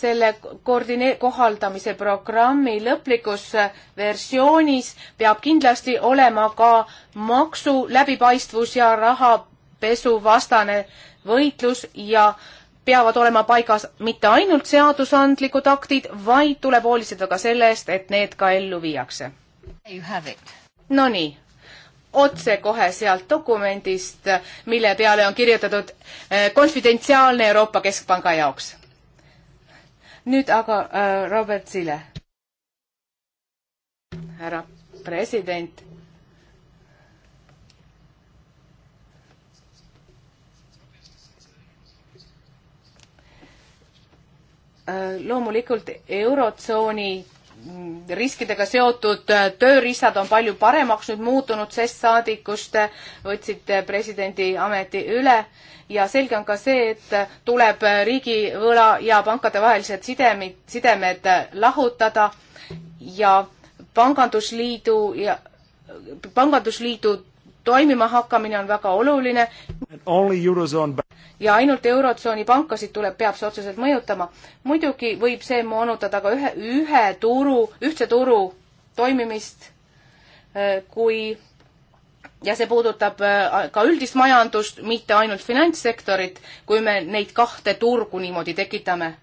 selle koordinee-, kohaldamise programmi lõplikus versioonis peab kindlasti olema ka maksu läbipaistvus ja rahapesuvastane võitlus ja peavad olema paigas mitte ainult seadusandlikud aktid, vaid tuleb hoolitseda ka selle eest, et need ka ellu viiakse. Nonii, otsekohe sealt dokumendist, mille peale on kirjutatud eh, konfidentsiaalne Euroopa Keskpanga jaoks nüüd aga äh, Robert Sile. härra president. Äh, loomulikult Eurotsooni riskidega seotud äh, tööriistad on palju paremaks nüüd muutunud, sest saadikust äh, võtsid äh, presidendi ameti üle ja selge on ka see, et tuleb riigivõla ja pankade vahelised sidemid, sidemed lahutada ja pangandusliidu ja pangandusliidu toimima hakkamine on väga oluline. ja ainult Eurotsooni pankasid tuleb, peab see otseselt mõjutama. muidugi võib see moonutada ka ühe, ühe turu, ühtse turu toimimist, äh, kui ja see puudutab äh, ka üldist majandust, mitte ainult finantssektorit, kui me neid kahte turgu niimoodi tekitame.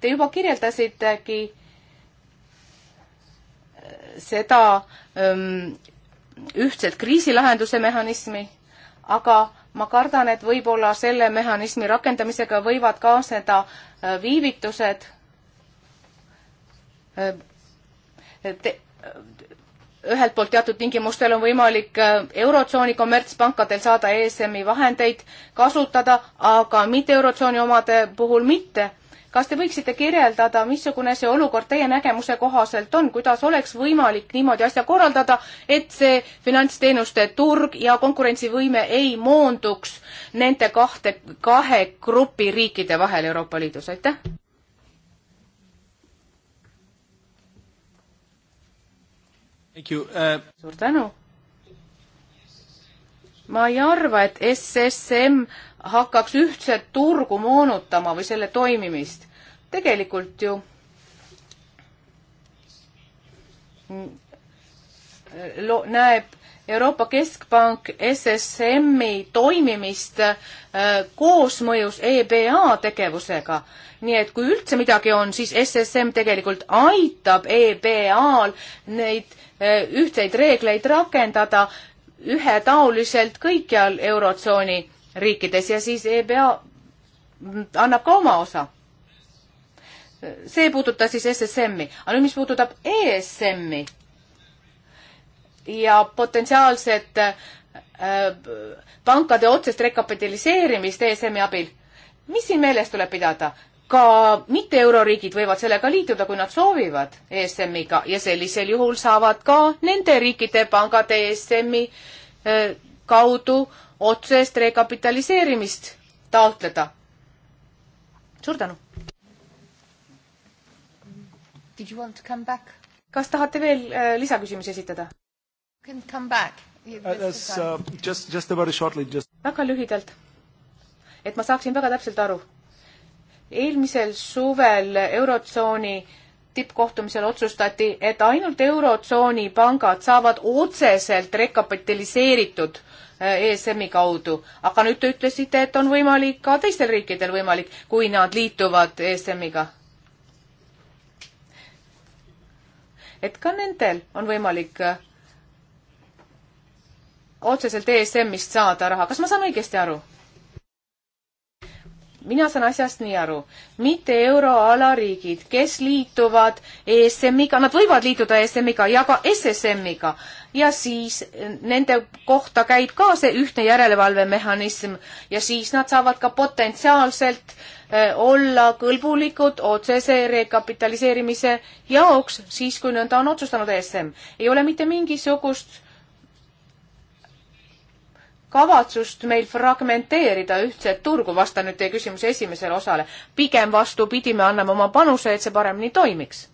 Te juba kirjeldasitegi äh, seda ähm, ühtset kriisilahenduse mehhanismi, aga ma kardan, et võib-olla selle mehhanismi rakendamisega võivad kaasneda äh, viivitused äh, te, äh, ühelt poolt teatud tingimustel on võimalik Eurotsooni kommertspankadel saada ESM-i vahendeid kasutada, aga mitte Eurotsooni omade puhul mitte kas te võiksite kirjeldada, missugune see olukord teie nägemuse kohaselt on, kuidas oleks võimalik niimoodi asja korraldada, et see finantsteenuste turg ja konkurentsivõime ei moonduks nende kahte, kahe grupi riikide vahel Euroopa Liidus, aitäh! Uh... suur tänu! ma ei arva, et SSM hakkaks ühtset turgu moonutama või selle toimimist. tegelikult ju lo-, näeb Euroopa Keskpank SSM-i toimimist äh, koosmõjus EBA tegevusega. nii et kui üldse midagi on, siis SSM tegelikult aitab EBA-l neid äh, ühtseid reegleid rakendada ühetaoliselt kõikjal Eurotsooni riikides ja siis EBA annab ka oma osa. see puudutas siis SSM-i, aga nüüd, mis puudutab ESM-i ja potentsiaalset äh, pankade otsest rekapitaliseerimist ESM-i abil, mis siin meeles tuleb pidada? ka mitte euroriigid võivad sellega liituda, kui nad soovivad ESM-iga ja sellisel juhul saavad ka nende riikide pangad ESM-i äh, kaudu otsest rekapitaliseerimist taotleda. suur tänu! kas tahate veel äh, lisaküsimusi esitada? Uh, uh, väga lühidalt, et ma saaksin väga täpselt aru eelmisel suvel Eurotsooni tippkohtumisel otsustati, et ainult Eurotsooni pangad saavad otseselt rekapitaliseeritud äh, ESM-i kaudu, aga nüüd te ütlesite, et on võimalik ka teistel riikidel võimalik, kui nad liituvad ESM-iga. et ka nendel on võimalik äh, otseselt ESM-ist saada raha, kas ma saan õigesti aru? mina saan asjast nii aru, mitte euroala riigid, kes liituvad ESM-iga, nad võivad liituda ESM-iga ja ka SSM-iga ja siis eh, nende kohta käib ka see ühtne järelevalvemehhanism ja siis nad saavad ka potentsiaalselt eh, olla kõlbulikud otsese rekapitaliseerimise jaoks, siis kui nõnda on otsustanud ESM. ei ole mitte mingisugust kavatsust meil fragmenteerida ühtset turgu, vastan nüüd teie küsimuse esimesele osale. pigem vastupidi, me anname oma panuse, et see paremini toimiks.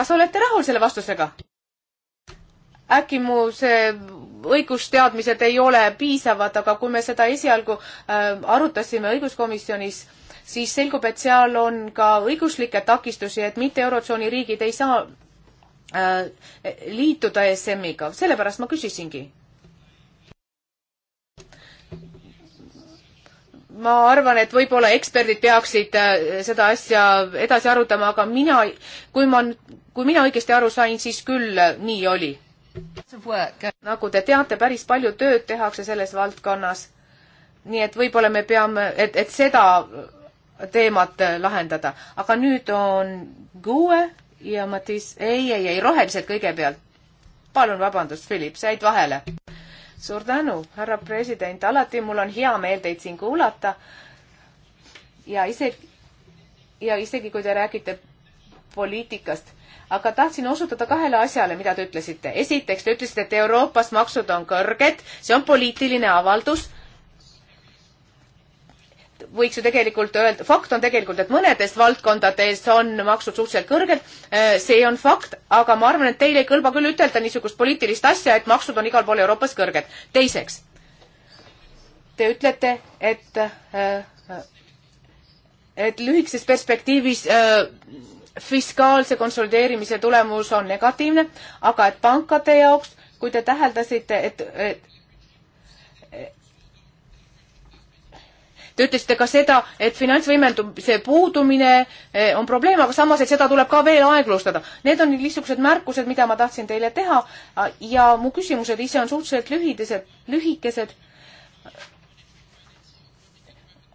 kas olete rahul selle vastusega? äkki mu see õigusteadmised ei ole piisavad, aga kui me seda esialgu äh, arutasime õiguskomisjonis, siis selgub, et seal on ka õiguslikke takistusi, et mitte Eurotsooni riigid ei saa Äh, liituda ESM-iga, sellepärast ma küsisingi. ma arvan, et võib-olla eksperdid peaksid äh, seda asja edasi arutama, aga mina, kui ma, kui mina õigesti aru sain, siis küll nii oli. nagu te teate, päris palju tööd tehakse selles valdkonnas. nii et võib-olla me peame, et, et seda teemat lahendada, aga nüüd on GUE ja Matis, ei, ei, ei, rohelised kõigepealt. palun vabandust, Philip, said vahele. suur tänu, härra president, alati mul on hea meel teid siin kuulata. ja isegi, ja isegi kui te räägite poliitikast, aga tahtsin osutada kahele asjale, mida te ütlesite. esiteks, te ütlesite, et Euroopas maksud on kõrged, see on poliitiline avaldus võiks ju tegelikult öelda, fakt on tegelikult, et mõnedest valdkondadest on maksud suhteliselt kõrged, äh, see on fakt, aga ma arvan, et teile ei kõlba küll ütelda niisugust poliitilist asja, et maksud on igal pool Euroopas kõrged. teiseks, te ütlete, et, äh, et lühikeses perspektiivis äh, fiskaalse konsolideerimise tulemus on negatiivne, aga et pankade jaoks, kui te täheldasite, et, et Te ütlesite ka seda, et finantsvõimendumise puudumine eh, on probleem, aga samas, et seda tuleb ka veel aeglustada. Need on niisugused märkused, mida ma tahtsin teile teha ja mu küsimused ise on suhteliselt lühidesed, lühikesed.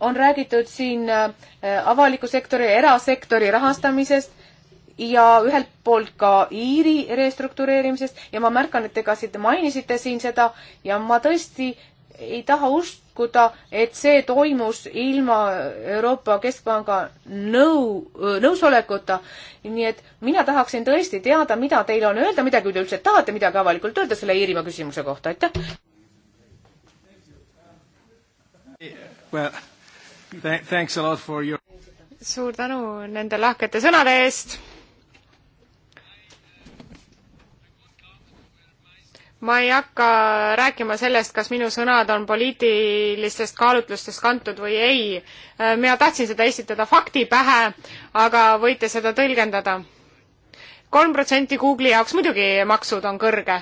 on räägitud siin eh, avaliku sektori ja erasektori rahastamisest ja ühelt poolt ka Iiri restruktureerimisest ja ma märkan, et te ka siit mainisite siin seda ja ma tõesti ei taha ust-, uskuda, et see toimus ilma Euroopa Keskpanga nõu, nõusolekuta. nii et mina tahaksin tõesti teada, mida teil on öelda, mida te üldse tahate midagi avalikult öelda selle Iirimaa küsimuse kohta, aitäh. Well, th thanks a lot for your suur tänu nende lahkete sõnade eest ma ei hakka rääkima sellest, kas minu sõnad on poliitilistest kaalutlustest kantud või ei. Äh, mina tahtsin seda esitada fakti pähe, aga võite seda tõlgendada. kolm protsenti Google'i jaoks muidugi maksud on kõrge,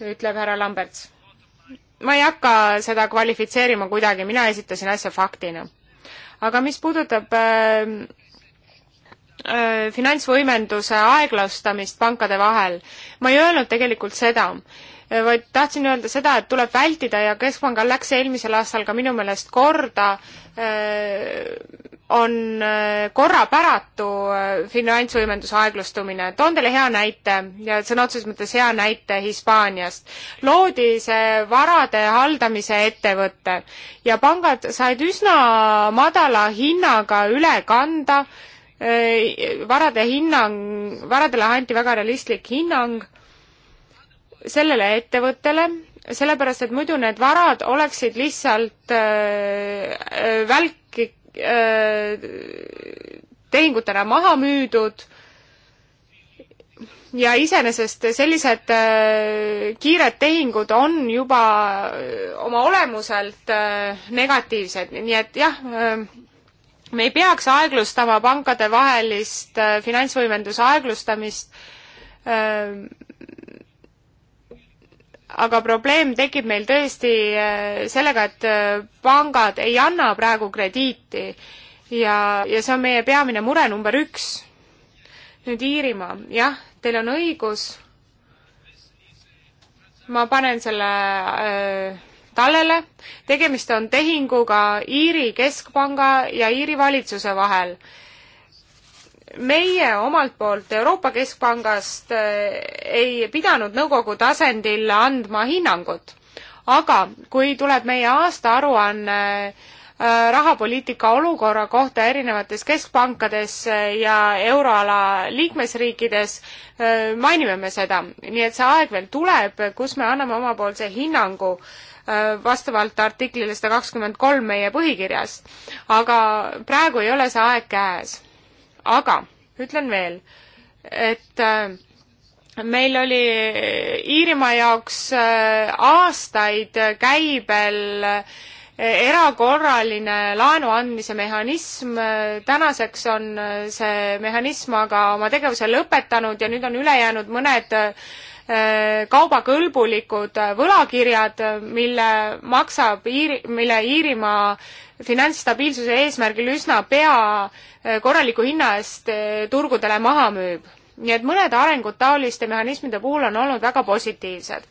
ütleb härra Lamberts. ma ei hakka seda kvalifitseerima kuidagi, mina esitasin asja faktina. aga mis puudutab äh, äh, finantsvõimenduse aeglastamist pankade vahel. ma ei öelnud tegelikult seda. Äh, vaid tahtsin öelda seda, et tuleb vältida ja Keskpangal läks eelmisel aastal ka minu meelest korda, äh, on äh, korrapäratu finantsvõimenduse aeglustumine. toon teile hea näite ja sõna otseses mõttes hea näite Hispaaniast. loodi see varade haldamise ettevõte ja pangad said üsna madala hinnaga üle kanda varade hinnang, varadele anti väga realistlik hinnang sellele ettevõttele, sellepärast et muidu need varad oleksid lihtsalt äh, äh, välki äh, tehingutena maha müüdud ja iseenesest sellised äh, kiired tehingud on juba äh, oma olemuselt äh, negatiivsed, nii et jah äh,, me ei peaks aeglustama pankade vahelist äh, finantsvõimenduse aeglustamist äh,, aga probleem tekib meil tõesti äh, sellega, et äh, pangad ei anna praegu krediiti ja, ja see on meie peamine mure number üks. nüüd Iirimaa, jah, teil on õigus. ma panen selle äh, tallele. tegemist on tehinguga Iiri keskpanga ja Iiri valitsuse vahel äh, meie omalt poolt Euroopa Keskpangast eh, ei pidanud nõukogu tasandil andma hinnangut, aga kui tuleb meie aastaaruanne eh, rahapoliitika olukorra kohta erinevates keskpankades eh, ja euroala liikmesriikides, mainime me seda. nii et see aeg veel tuleb, kus me anname omapoolse hinnangu vastavalt artiklile sada kakskümmend kolm meie põhikirjas. aga praegu ei ole see aeg käes aga ütlen veel, et äh, meil oli Iirimaa jaoks äh, aastaid käibel äh, erakorraline laenu andmise mehhanism, tänaseks on see mehhanism aga oma tegevuse lõpetanud ja nüüd on üle jäänud mõned Äh, kaubakõlbulikud äh, võlakirjad, mille maksab Iiri, mille Iirimaa finantsstabiilsuse eesmärgil üsna pea äh, korraliku hinna eest turgudele maha müüb. nii et mõned arengud taoliste mehhanismide puhul on olnud väga positiivsed.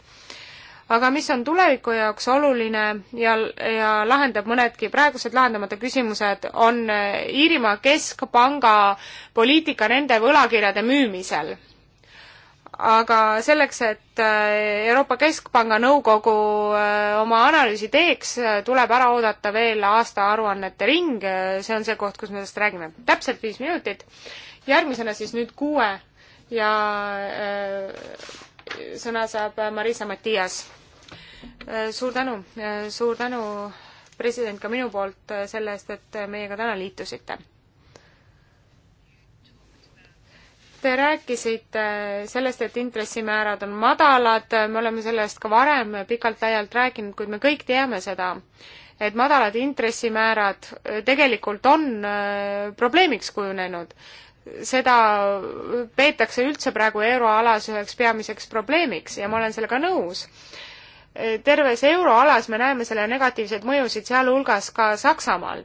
aga mis on tuleviku jaoks oluline ja, ja lahendab mõnedki praegused lahendamata küsimused, on Iirimaa keskpanga poliitika nende võlakirjade müümisel aga selleks, et äh, Euroopa Keskpanga nõukogu äh, oma analüüsi teeks, äh, tuleb ära oodata veel aastaaruannete ring, see on see koht, kus me sellest räägime. täpselt viis minutit. järgmisena siis nüüd kuue ja sõna saab Marisa Matias. suur tänu, suur tänu, president, ka minu poolt selle eest, et meiega täna liitusite Te rääkisite sellest, et intressimäärad on madalad, me oleme sellest ka varem pikalt-laialt rääkinud, kuid me kõik teame seda, et madalad intressimäärad tegelikult on äh, probleemiks kujunenud. seda peetakse üldse praegu euroalas üheks peamiseks probleemiks ja ma olen sellega nõus terves euroalas me näeme selle negatiivseid mõjusid, sealhulgas ka Saksamaal.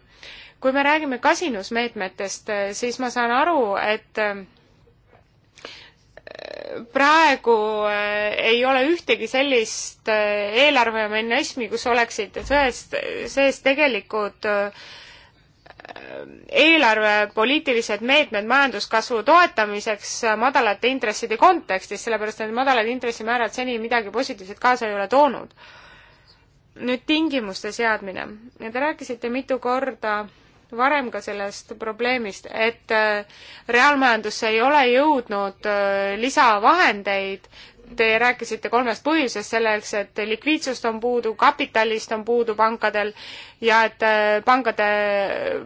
kui me räägime kasinusmeetmetest, siis ma saan aru, et praegu äh, ei ole ühtegi sellist äh, eelarvemehhanismi, kus oleksid sõest, sees tegelikud äh, eelarvepoliitilised meetmed majanduskasvu toetamiseks madalate intresside kontekstis, sellepärast et madalad intressimäärad seni midagi positiivset kaasa ei ole toonud. nüüd tingimuste seadmine. Te rääkisite mitu korda äh, varem ka sellest probleemist, et äh, reaalmajandusse ei ole jõudnud äh, lisavahendeid. Te rääkisite kolmest põhjusest selleks, et likviidsust on puudu, kapitalist on puudu pankadel ja et äh, pankade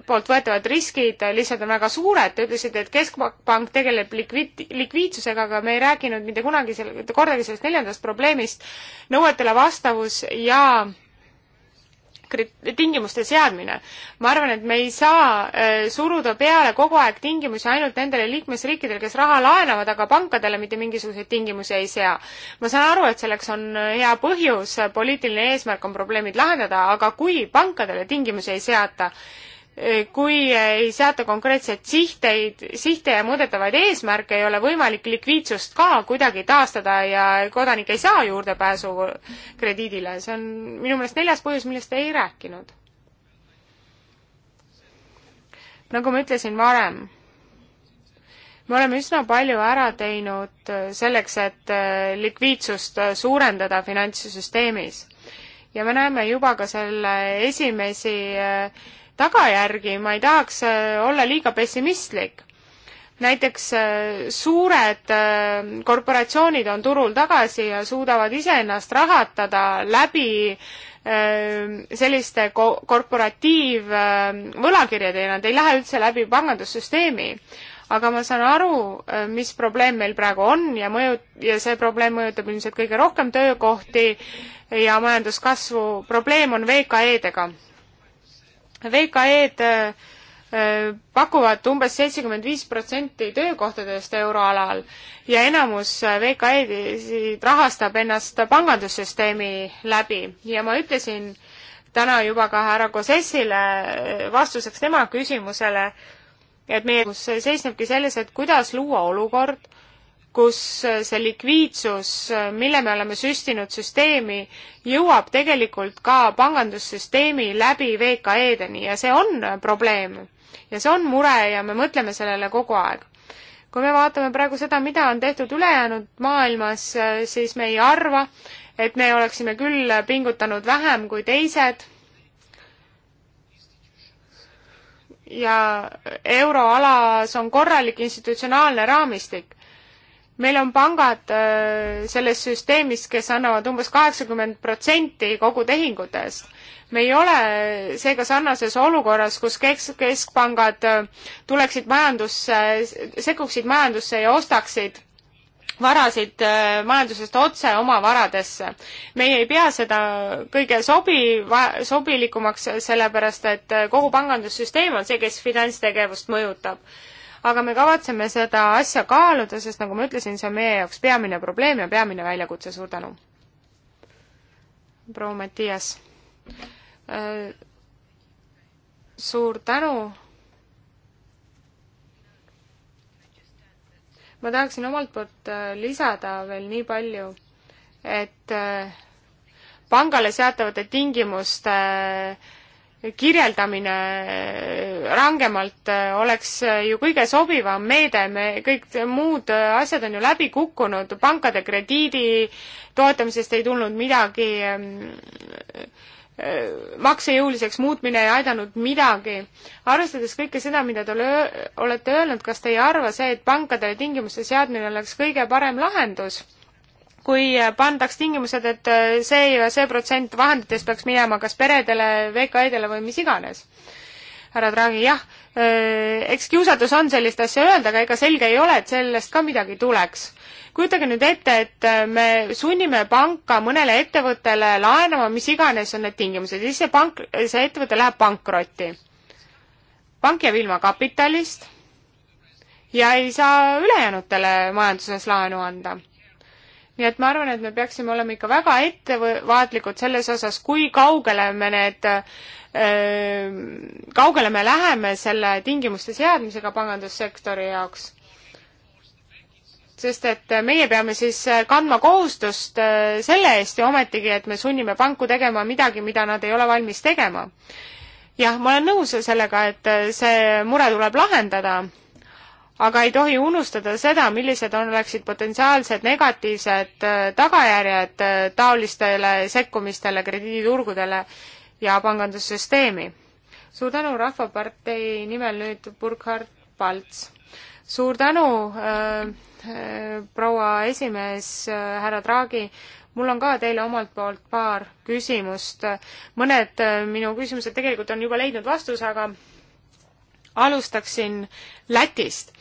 poolt võetavad riskid lihtsalt on väga suured. Te ütlesite, et Keskpank tegeleb likviid-, likviidsusega, aga me ei rääkinud mitte kunagi selle, kordagi sellest neljandast probleemist, nõuetele vastavus ja krit-, tingimuste seadmine. ma arvan, et me ei saa äh, suruda peale kogu aeg tingimusi ainult nendele liikmesriikidele, kes raha laenavad, aga pankadele mitte mingisuguseid tingimusi ei sea. ma saan aru, et selleks on äh, hea põhjus, poliitiline eesmärk on probleemid lahendada, aga kui pankadele tingimusi ei seata, kui ei seata konkreetseid sihteid, sihte ja mõõdetavaid eesmärke, ei ole võimalik likviidsust ka kuidagi taastada ja kodanik ei saa juurdepääsu krediidile. see on minu meelest neljas põhjus, millest te ei rääkinud. nagu ma ütlesin varem, me oleme üsna palju ära teinud selleks, et likviidsust suurendada finantssüsteemis. ja me näeme juba ka selle esimesi äh, tagajärgi, ma ei tahaks äh, olla liiga pessimistlik. näiteks äh, suured äh, korporatsioonid on turul tagasi ja suudavad iseennast rahatada läbi selliste ko-, korporatiivvõlakirjadega, nad ei lähe üldse läbi pangandussüsteemi aga ma saan aru, mis probleem meil praegu on ja mõju, ja see probleem mõjutab ilmselt kõige rohkem töökohti ja majanduskasvu. probleem on VKE-dega. VKE-d äh, äh, pakuvad umbes seitsekümmend viis protsenti töökohtadest euroalal ja enamus äh, VKE-sid rahastab ennast pangandussüsteemi läbi ja ma ütlesin täna juba ka härra Kosessile vastuseks tema küsimusele, et meie seisnebki selles, et kuidas luua olukord, kus see likviidsus, mille me oleme süstinud süsteemi, jõuab tegelikult ka pangandussüsteemi läbi VKE-deni ja see on probleem. ja see on mure ja me mõtleme sellele kogu aeg. kui me vaatame praegu seda, mida on tehtud ülejäänud maailmas, siis me ei arva, et me oleksime küll pingutanud vähem kui teised ja euroalas on korralik institutsionaalne raamistik meil on pangad äh, selles süsteemis, kes annavad umbes kaheksakümmend protsenti kogu tehingutest. me ei ole seega sarnases olukorras, kus kesk, keskpangad äh, tuleksid majandusse, sekkuksid majandusse ja ostaksid varasid äh, majandusest otse oma varadesse. meie ei pea seda kõige sobi-, sobilikumaks, sellepärast et kogu pangandussüsteem on see, kes finantstegevust mõjutab aga me kavatseme seda asja kaaluda, sest nagu ma ütlesin, see on meie jaoks peamine probleem ja peamine väljakutse, suur tänu! proua Mattias, äh, suur tänu! ma tahaksin omalt poolt äh, lisada veel nii palju, et äh, pangale seatavate tingimuste äh, kirjeldamine rangemalt äh, oleks äh, ju kõige sobivam meede, me kõik muud äh, asjad on ju läbi kukkunud, pankade krediidi toetamisest ei tulnud midagi, ähm, maksejõuliseks muutmine ei aidanud midagi. arvestades kõike seda, mida te olete öelnud, kas te ei arva see, et pankadele tingimuste seadmine oleks kõige parem lahendus? kui pandaks tingimused, et äh, see ja see protsent vahenditest peaks minema kas peredele, VKE-dele või mis iganes. härra Draghi, jah, äh, eks kiusatus on sellist asja öelda, aga ega selge ei ole, et sellest ka midagi tuleks. kujutage nüüd ette, et äh, me sunnime panka mõnele ettevõttele laenama, mis iganes on need tingimused, siis see pank, see ettevõte läheb pankrotti. pank jääb ilma kapitalist ja ei saa ülejäänutele majanduses laenu anda nii et ma arvan, et me peaksime olema ikka väga ettevaatlikud selles osas, kui kaugele me need, kaugele me läheme selle tingimuste seadmisega pangandussektori jaoks. sest et meie peame siis kandma kohustust selle eest ju ometigi, et me sunnime panku tegema midagi, mida nad ei ole valmis tegema jah, ma olen nõus sellega, et see mure tuleb lahendada aga ei tohi unustada seda, millised on, oleksid potentsiaalsed negatiivsed äh, tagajärjed äh, taolistele sekkumistele krediiditurgudele ja pangandussüsteemi. suur tänu Rahvapartei nimel nüüd Burkhard Palts. suur tänu äh,, äh, proua esimees äh,, härra Draghi, mul on ka teile omalt poolt paar küsimust. mõned äh, minu küsimused tegelikult on juba leidnud vastuse, aga alustaksin Lätist.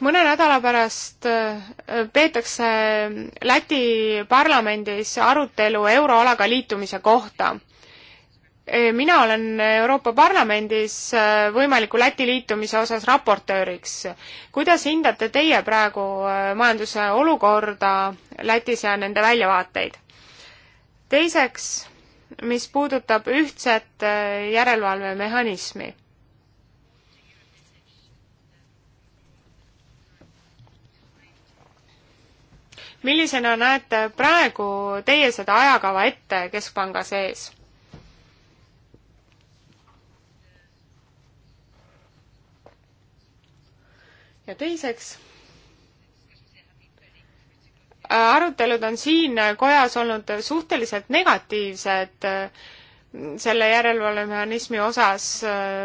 mõne nädala pärast äh, peetakse Läti parlamendis arutelu euroalaga liitumise kohta äh, mina olen Euroopa Parlamendis äh, võimaliku Läti liitumise osas raportööriks. kuidas hindate teie praegu majanduse olukorda Lätis ja nende väljavaateid? teiseks, mis puudutab ühtset järelevalvemehhanismi. millisena näete praegu teie seda ajakava ette Keskpanga sees? ja teiseks, äh, arutelud on siin kojas olnud suhteliselt negatiivsed äh, selle järelevalvemehhanismi osas.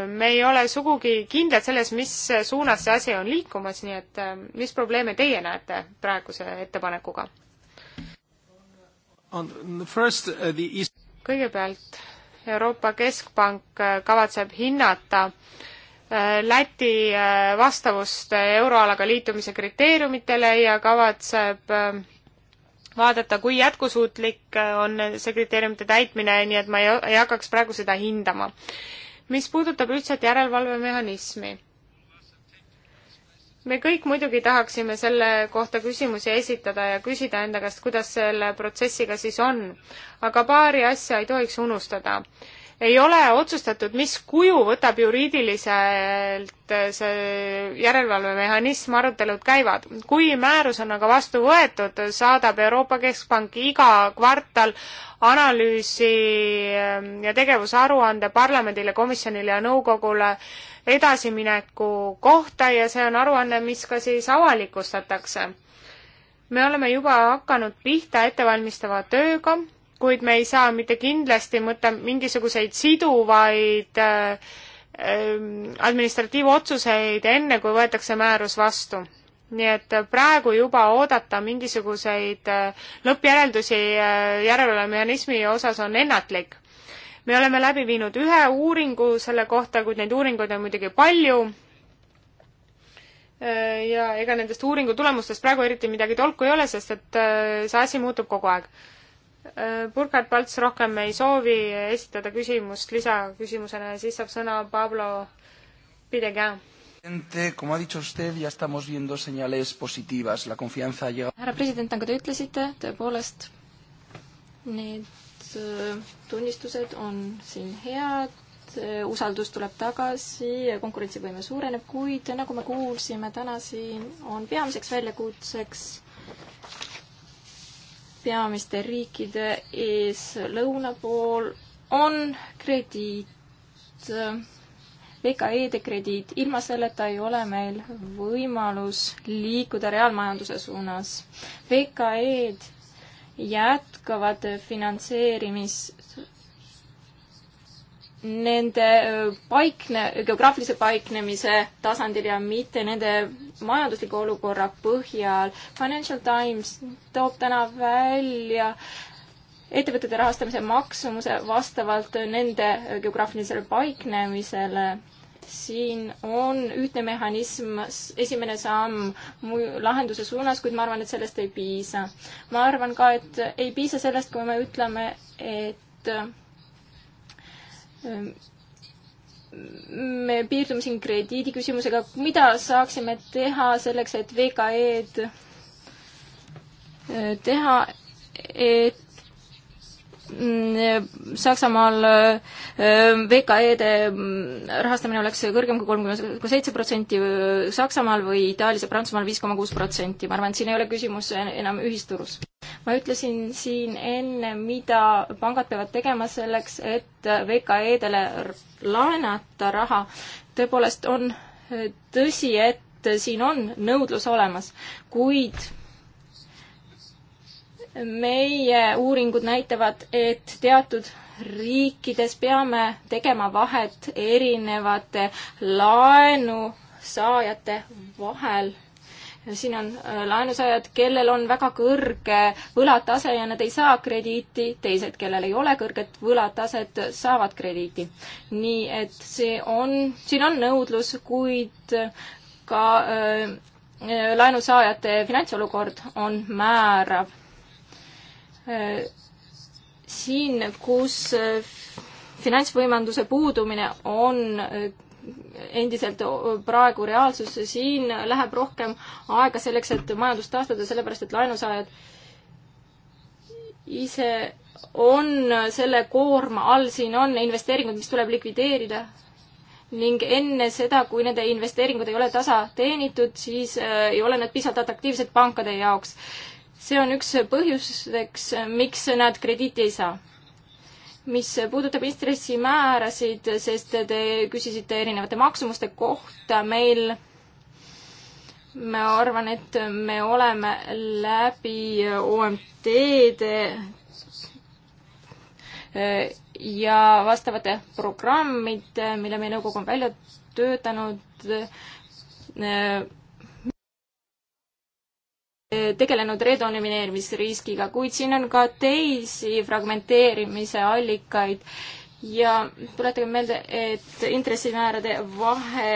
me ei ole sugugi kindlad selles, mis suunas see asi on liikumas, nii et mis probleeme teie näete praeguse ettepanekuga? Uh, kõigepealt Euroopa Keskpank uh, kavatseb hinnata uh, Läti vastavust euroalaga liitumise kriteeriumitele ja kavatseb vaadata, kui jätkusuutlik äh, on see kriteeriumite täitmine, nii et ma ei, ei hakkaks praegu seda hindama. mis puudutab ühtset järelevalvemehhanismi, me kõik muidugi tahaksime selle kohta küsimusi esitada ja küsida enda käest, kuidas selle protsessiga siis on, aga paari asja ei tohiks unustada ei ole otsustatud, mis kuju võtab juriidiliselt eh, see järelevalvemehhanism, arutelud käivad. kui määrus on aga vastu võetud, saadab Euroopa Keskpank iga kvartal analüüsi eh, ja tegevusaruande parlamendile, komisjonile ja nõukogule edasimineku kohta ja see on aruanne, mis ka siis avalikustatakse. me oleme juba hakanud pihta ettevalmistava tööga kuid me ei saa mitte kindlasti mõtta mingisuguseid siduvaid äh, ähm, administratiivotsuseid enne, kui võetakse määrus vastu. nii et praegu juba oodata mingisuguseid äh, lõppjäreldusi äh, järelevalvemehhanismi osas on ennatlik. me oleme läbi viinud ühe uuringu selle kohta, kuid neid uuringuid on muidugi palju ja ega nendest uuringu tulemustest praegu eriti midagi tolku ei ole, sest et see asi muutub kogu aeg Burkhard Palts rohkem ei soovi esitada küsimust lisaküsimusena ja siis saab sõna Pablo Pidega. Como ha dicho usted, ya estamos viendo señales positivas, la confianza llega. härra president, nagu te ütlesite, tõepoolest need äh, tunnistused on siin head, äh, usaldus tuleb tagasi, konkurentsivõime suureneb, kuid nagu me kuulsime täna siin, on peamiseks väljakutseks peamiste riikide ees lõuna pool on krediit, VKE-de krediit, ilma selleta ei ole meil võimalus liikuda reaalmajanduse suunas. VKE-d jätkavad finantseerimis, nende paikne, geograafilise paiknemise tasandil ja mitte nende majandusliku olukorra põhjal. Financial Times toob täna välja ettevõtete rahastamise maksumuse vastavalt nende geograafilisele paiknemisele. siin on ühtne mehhanism, esimene samm lahenduse suunas, kuid ma arvan, et sellest ei piisa. ma arvan ka, et ei piisa sellest, kui me ütleme, et me piirdume siin krediidi küsimusega, mida saaksime teha selleks, et VKE-d eh, teha, et mm, Saksamaal eh, VKE-de mm, rahastamine oleks kõrgem kui kolmkümmend kui seitse protsenti eh, Saksamaal või Itaalias ja Prantsusmaal viis koma kuus protsenti, ma arvan, et siin ei ole küsimus enam ühisturus ma ütlesin siin enne, mida pangad peavad tegema selleks, et VKE-dele laenata raha. tõepoolest on tõsi, et siin on nõudlus olemas, kuid meie uuringud näitavad, et teatud riikides peame tegema vahet erinevate laenusaajate vahel siin on äh, laenusaajad, kellel on väga kõrge võlatase ja nad ei saa krediiti, teised, kellel ei ole kõrget võlataset, saavad krediiti. nii et see on, siin on nõudlus, kuid ka äh, äh laenusaajate finantsolukord on määrav äh,. siin, kus äh, finantsvõimenduse puudumine on äh, endiselt praegu reaalsus, siin läheb rohkem aega selleks, et majandust taastada, sellepärast et laenusaajad ise on selle koorma all, siin on investeeringud, mis tuleb likvideerida ning enne seda, kui nende investeeringud ei ole tasa teenitud, siis äh, ei ole nad piisavalt atraktiivsed pankade jaoks. see on üks põhjusteks, miks nad krediiti ei saa mis puudutab intressimäärasid, sest te küsisite erinevate maksumuste kohta, meil ma arvan, et me oleme läbi OMT-de äh, ja vastavate programmide, mille meie nõukogu on välja töötanud, äh, tegelenud redonimeerimisriskiga, kuid siin on ka teisi fragmenteerimise allikaid ja tuletage meelde, et intressimäärade vahe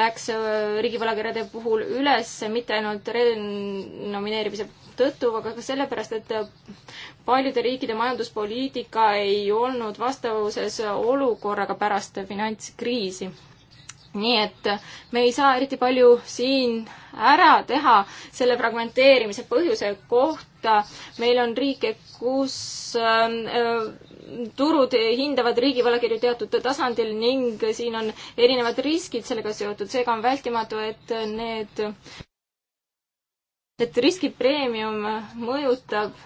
läks äh, riigivõlakirjade puhul üles mitte ainult renomineerimise tõttu, aga ka sellepärast, et äh, paljude riikide majanduspoliitika ei olnud vastavuses olukorraga pärast finantskriisi nii et me ei saa eriti palju siin ära teha selle fragmenteerimise põhjuse kohta. meil on riike, kus ähm, äh, turud hindavad riigivõlakirju teatud tasandil ning siin on erinevad riskid sellega seotud, seega on vältimatu, et need, et riskipreemium mõjutab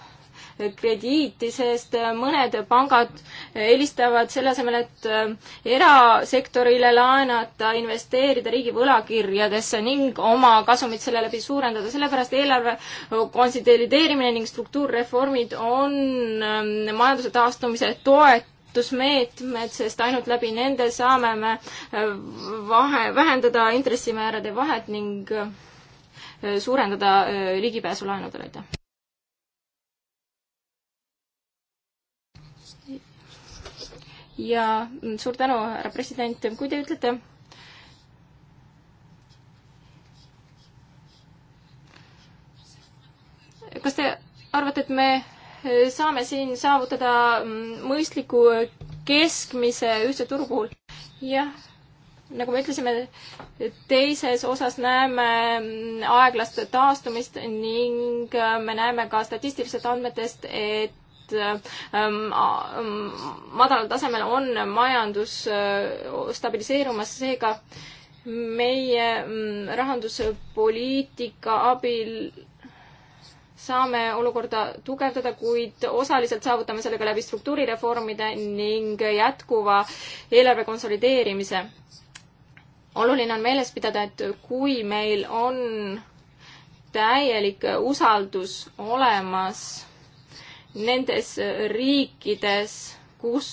krediiti, sest mõned pangad eelistavad selle asemel, et äh, erasektorile laenata, investeerida riigi võlakirjadesse ning oma kasumit selle läbi suurendada, sellepärast eelarve konsolideerimine ning struktuurreformid on ähm, majanduse taastumise toet-, toetusmeetmed, sest ainult läbi nende saame me äh, vahe, vähendada intressimäärade vahet ning äh, suurendada ligipääsu laenudele, aitäh! ja suur tänu, härra president, kui te ütlete, kas te arvate, et me saame siin saavutada mm, mõistliku keskmise ühtse turu puhul? jah, nagu me ütlesime, teises osas näeme mm, aeglast taastumist ning mm, me näeme ka statistilistest andmetest, et et ähm, ähm, madalal tasemel on majandus äh, stabiliseerumas, seega meie mm, rahanduspoliitika abil saame olukorda tugevdada, kuid osaliselt saavutame sellega läbi struktuurireformide ning jätkuva eelarve konsolideerimise. oluline on meeles pidada, et kui meil on täielik usaldus olemas nendes riikides, kus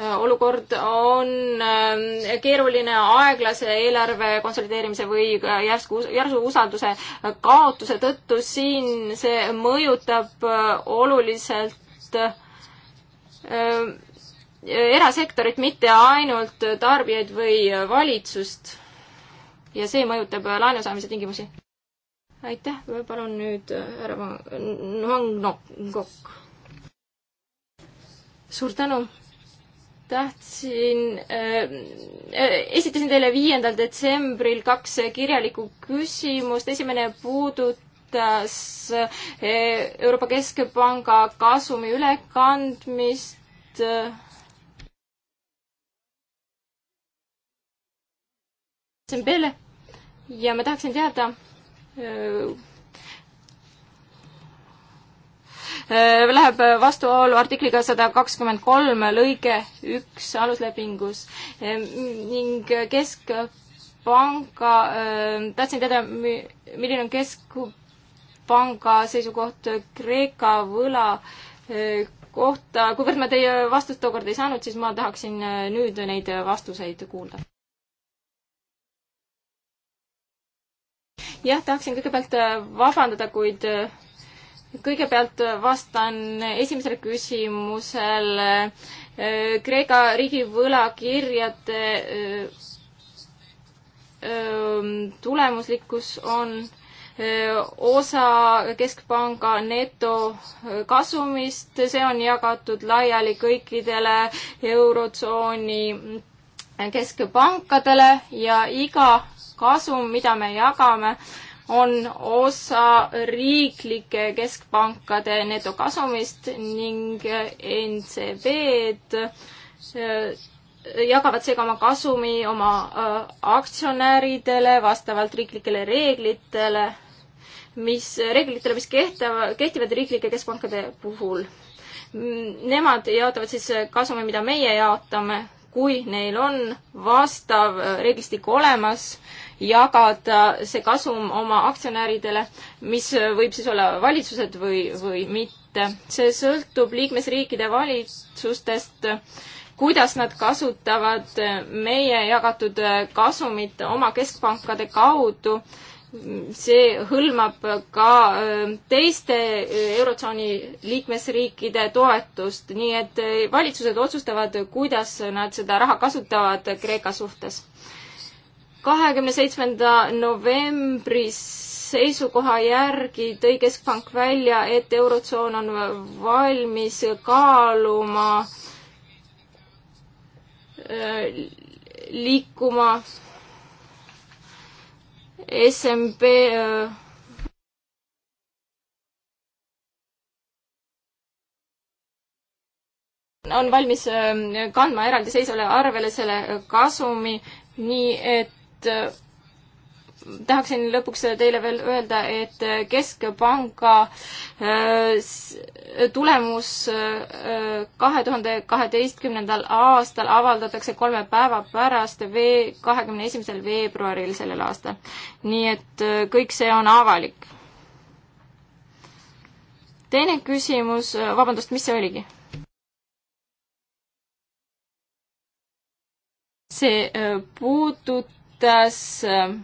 olukord on äh, keeruline aeglase eelarve konsolideerimise või äh, järsku, järsu usalduse kaotuse tõttu, siin see mõjutab äh, oluliselt erasektorit, mitte ainult tarbijaid või valitsust. ja see mõjutab laenu saamise tingimusi aitäh, palun nüüd äh, härra Wang Nokk. suur tänu. tahtsin äh, äh,, esitasin teile viiendal detsembril kaks kirjalikku küsimust, esimene puudutab arutas äh, Euroopa Keskpanga kasumi ülekandmist. ja ma tahaksin teada, Äh, läheb vastuollu artikliga sada kakskümmend kolm lõige üks aluslepingus äh, ning keskpanga, äh, tahtsin teada, milline on keskpanga seisukoht Kreeka võla kohta, kuivõrd ma teie vastust tookord ei saanud, siis ma tahaksin nüüd neid vastuseid kuulda. jah, tahaksin kõigepealt äh, vabandada, kuid äh, kõigepealt äh, vastan esimesele küsimusele Kreeka riigi võlakirjade tulemuslikkus on osa Keskpanga netokasumist, see on jagatud laiali kõikidele Eurotsooni keskpankadele ja iga kasum, mida me jagame, on osa riiklike keskpankade netokasumist ning NCB-d eh, jagavad seega oma kasumi oma eh, aktsionäridele vastavalt riiklikele reeglitele, mis, reeglitele, mis kehtiva, kehtivad riiklike keskpankade puhul. Nemad jaotavad siis kasumi, mida meie jaotame, kui neil on vastav eh, reeglistik olemas jagada äh, see kasum oma aktsionäridele, mis võib siis olla valitsused või, või mitte. see sõltub liikmesriikide valitsustest, kuidas nad kasutavad meie jagatud kasumit oma keskpankade kaudu see hõlmab ka äh, teiste äh, Eurotsooni liikmesriikide toetust, nii et valitsused otsustavad, kuidas nad seda raha kasutavad Kreeka suhtes kahekümne seitsmenda novembri seisukoha järgi tõi Keskpank välja, et Eurotsoon on valmis kaaluma liikuma SMB on valmis äh, kandma eraldiseisvale arvele selle kasumi, nii et Äh, tahaksin lõpuks teile veel öelda, et Keskpanga äh, tulemus äh, kahe tuhande kaheteistkümnendal aastal avaldatakse kolme päeva pärast vee-, kahekümne esimesel veebruaril sellel aastal. nii et kõik see on avalik. teine küsimus, vabandust, mis see oligi? see puudutab viitas äh,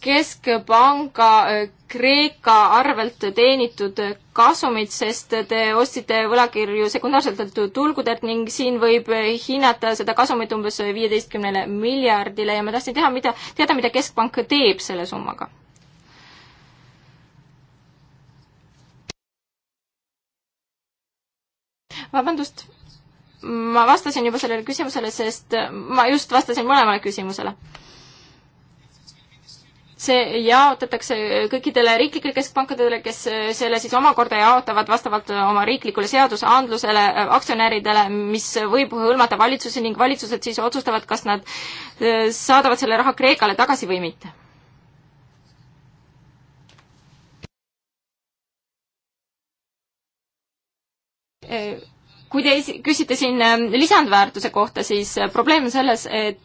keskpanga äh, Kreeka arvelt teenitud kasumid, sest te ostsite võlakirju sekundaarselt tulgudelt ning siin võib hinnata seda kasumit umbes viieteistkümnele miljardile ja ma tahtsin teha, mida, teada, mida Keskpank teeb selle summaga. vabandust ma vastasin juba sellele küsimusele, sest ma just vastasin mõlemale küsimusele. see jaotatakse kõikidele riiklikele keskpankadele, kes selle siis omakorda jaotavad vastavalt oma riiklikule seadusandlusele aktsionäridele, mis võib hõlmata valitsusi ning valitsused siis otsustavad, kas nad eh, saadavad selle raha Kreekale tagasi või mitte eh, kui te küsite siin ähm, lisandväärtuse kohta, siis äh, probleem on selles, et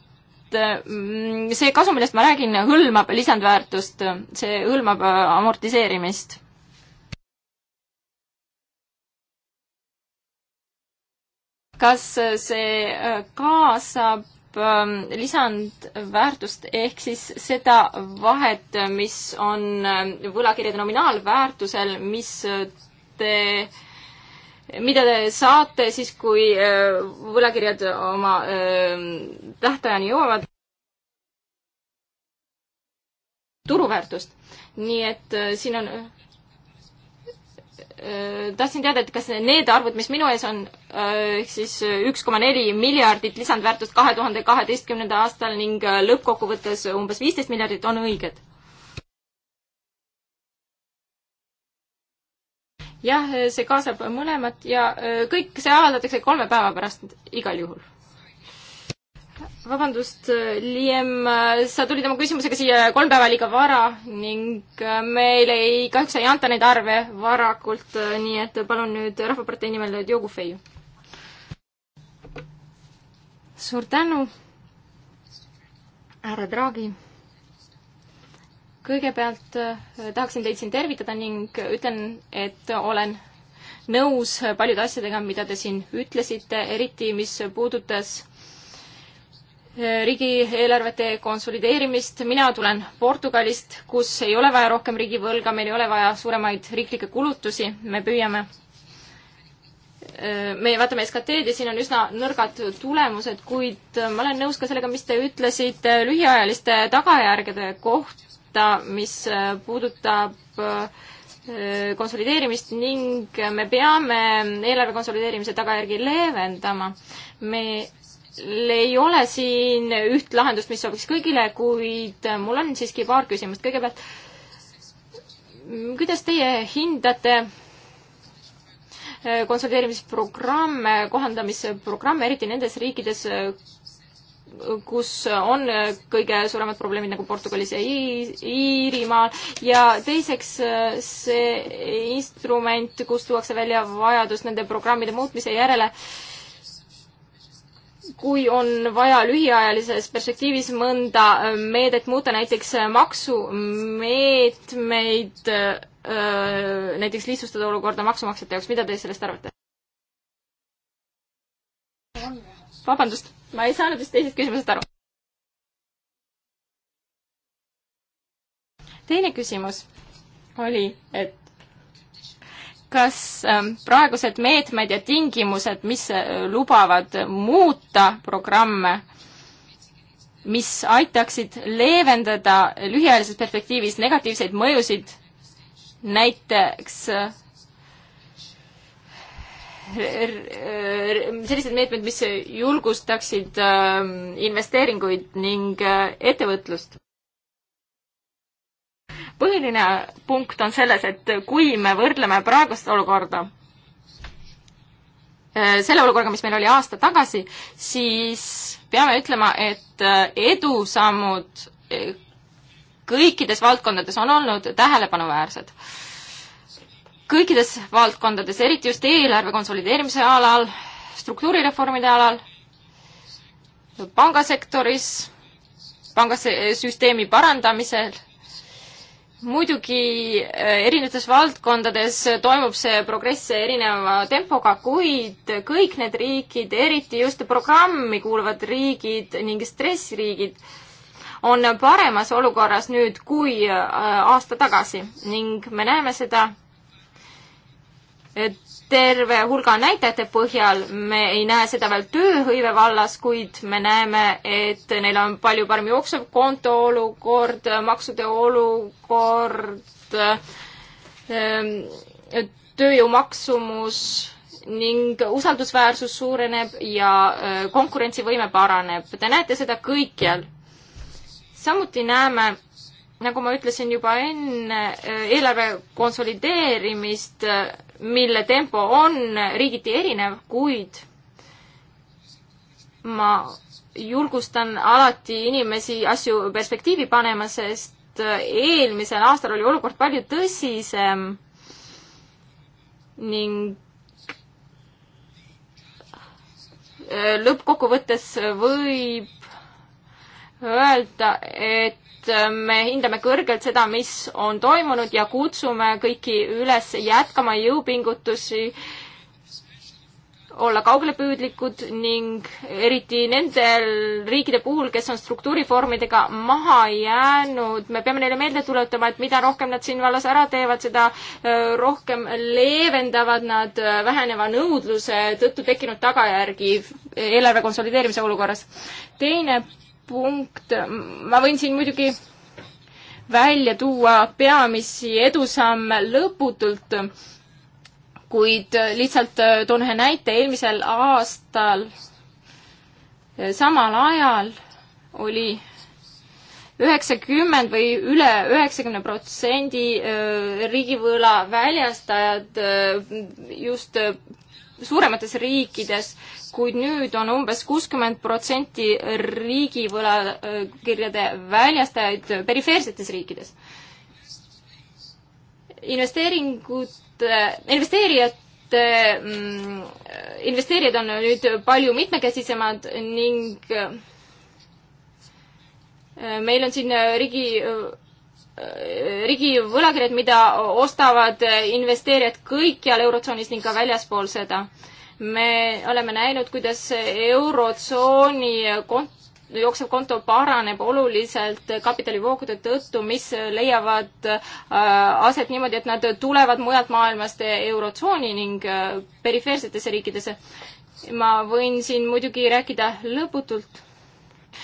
äh, mm, see kasu, millest ma räägin, hõlmab lisandväärtust, äh, see hõlmab amortiseerimist. kas see kaasab ähm, lisandväärtust ehk siis seda vahet, mis on võlakirjade nominaalväärtusel, mis te äh, mida te saate siis, kui äh, võlakirjad oma ähm, tähtajani jõuavad? turuväärtust. nii et äh, siin on äh, tahtsin teada, et kas need arvud, mis minu ees on, ehk siis üks koma neli miljardit lisandväärtust kahe tuhande kaheteistkümnenda aastal ning lõppkokkuvõttes umbes viisteist miljardit, on õiged? jah, see kaasab mõlemat ja äh, kõik see avaldatakse kolme päeva pärast igal juhul. vabandust, äh, Liam, äh, sa tulid oma küsimusega siia kolm päeva liiga vara ning meile ei, kahjuks ei anta neid arve varakult, nii et palun nüüd Rahvapartei nimel Joogu Feiu. suur tänu, härra Draghi kõigepealt äh, tahaksin teid siin tervitada ning ütlen, et olen nõus paljude asjadega, mida te siin ütlesite, eriti mis puudutas äh, riigieelarvete konsolideerimist. mina tulen Portugalist, kus ei ole vaja rohkem riigivõlga, meil ei ole vaja suuremaid riiklikke kulutusi, me püüame äh, me vaatame SKT-d ja siin on üsna nõrgad tulemused, kuid ma olen nõus ka sellega, mis te ütlesite lühiajaliste tagajärgede kohta kohta, mis äh, puudutab äh, konsolideerimist ning me peame eelarve konsolideerimise tagajärgi leevendama. meil ei ole siin üht lahendust, mis sobiks kõigile, kuid mul on siiski paar küsimust. kõigepealt, kuidas teie hindate äh, konsolideerimisprogramme, kohandamisprogramme, eriti nendes riikides, kus on kõige suuremad probleemid nagu Portugalis ja Iirimaal ja teiseks see instrument, kus tuuakse välja vajadus nende programmide muutmise järele, kui on vaja lühiajalises perspektiivis mõnda meedet muuta, näiteks maksumeetmeid, äh, näiteks lihtsustada olukorda maksumaksjate jaoks, mida te sellest arvate? vabandust ma ei saanud vist teisest küsimusest aru. teine küsimus oli, et kas ähm, praegused meetmed ja tingimused, mis äh, lubavad muuta programme, mis aitaksid leevendada lühiajalises perspektiivis negatiivseid mõjusid näiteks äh, sellised meetmed, mis julgustaksid ähm, investeeringuid ning äh, ettevõtlust. põhiline punkt on selles, et kui me võrdleme praegust olukorda äh, selle olukorraga, mis meil oli aasta tagasi, siis peame ütlema, et äh, edusammud kõikides valdkondades on olnud tähelepanuväärsed kõikides valdkondades, eriti just eelarve konsolideerimise alal, struktuurireformide alal, pangasektoris, pangasüsteemi parandamisel, muidugi äh, erinevates valdkondades toimub see progress erineva tempoga, kuid kõik need riigid, eriti just programmi kuuluvad riigid ning stressiriigid, on paremas olukorras nüüd kui äh, aasta tagasi ning me näeme seda terve hulga näitajate põhjal me ei näe seda veel tööhõive vallas, kuid me näeme, et neil on palju parem jooksev konto olukord, maksude olukord, ehm, tööjõu maksumus ning usaldusväärsus suureneb ja eh, konkurentsivõime paraneb. Te näete seda kõikjal. samuti näeme, nagu ma ütlesin juba enne, eh, eelarve konsolideerimist, eh, mille tempo on riigiti erinev, kuid ma julgustan alati inimesi asju perspektiivi panema, sest eh, eelmisel aastal oli olukord palju tõsisem ning lõppkokkuvõttes võib öelda, et Äh, me hindame kõrgelt seda, mis on toimunud ja kutsume kõiki üles jätkama jõupingutusi, olla kaugelepüüdlikud ning eriti nendel riikide puhul, kes on struktuuriformidega maha jäänud, me peame neile meelde tuletama, et mida rohkem nad siin vallas ära teevad, seda äh, rohkem leevendavad nad äh, väheneva nõudluse tõttu tekkinud tagajärgi eelarve konsolideerimise olukorras. teine punkt, ma võin siin muidugi välja tuua peamisi edusamme lõputult, kuid lihtsalt toon ühe näite, eelmisel aastal samal ajal oli üheksakümmend või üle üheksakümne protsendi äh, riigivõla väljastajad äh, just suuremates riikides, kuid nüüd on umbes kuuskümmend protsenti riigi võlakirjade väljastajaid perifeersetes riikides. investeeringud, investeerijate, mm, investeerijad on nüüd palju mitmekesisemad ning äh, meil on siin riigi riigi võlakirjad, mida ostavad investeerijad kõikjal Eurotsoonis ning ka väljaspool seda. me oleme näinud, kuidas Eurotsooni kont-, jooksev konto paraneb oluliselt kapitalivoogude tõttu, mis leiavad äh, aset niimoodi, et nad tulevad mujalt maailmast Eurotsooni ning äh, perifeersetesse riikidesse. ma võin siin muidugi rääkida lõputult.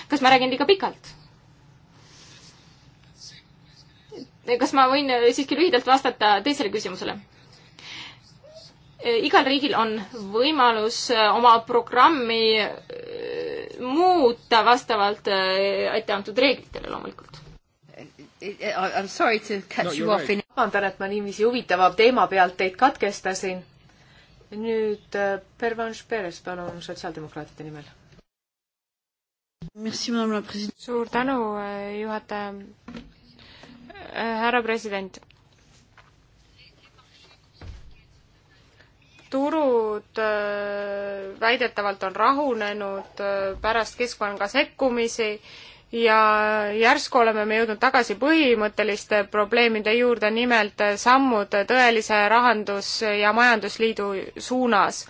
kas ma räägin liiga pikalt? Eh, kas ma võin eh, siiski lühidalt vastata teisele küsimusele? Eh, igal riigil on võimalus oma programmi muuta vastavalt ette antud reeglitele loomulikult. I m sorry to cut no, you off in vabandan, et ma niiviisi huvitava teema pealt teid katkestasin. nüüd Pervanš Peres, palun, sotsiaaldemokraatide nimel. suur tänu, juhataja härra president. turud äh, väidetavalt on rahunenud äh, pärast keskpanga sekkumisi ja järsku oleme me jõudnud tagasi põhimõtteliste probleemide juurde, nimelt sammud tõelise rahandus- ja majandusliidu suunas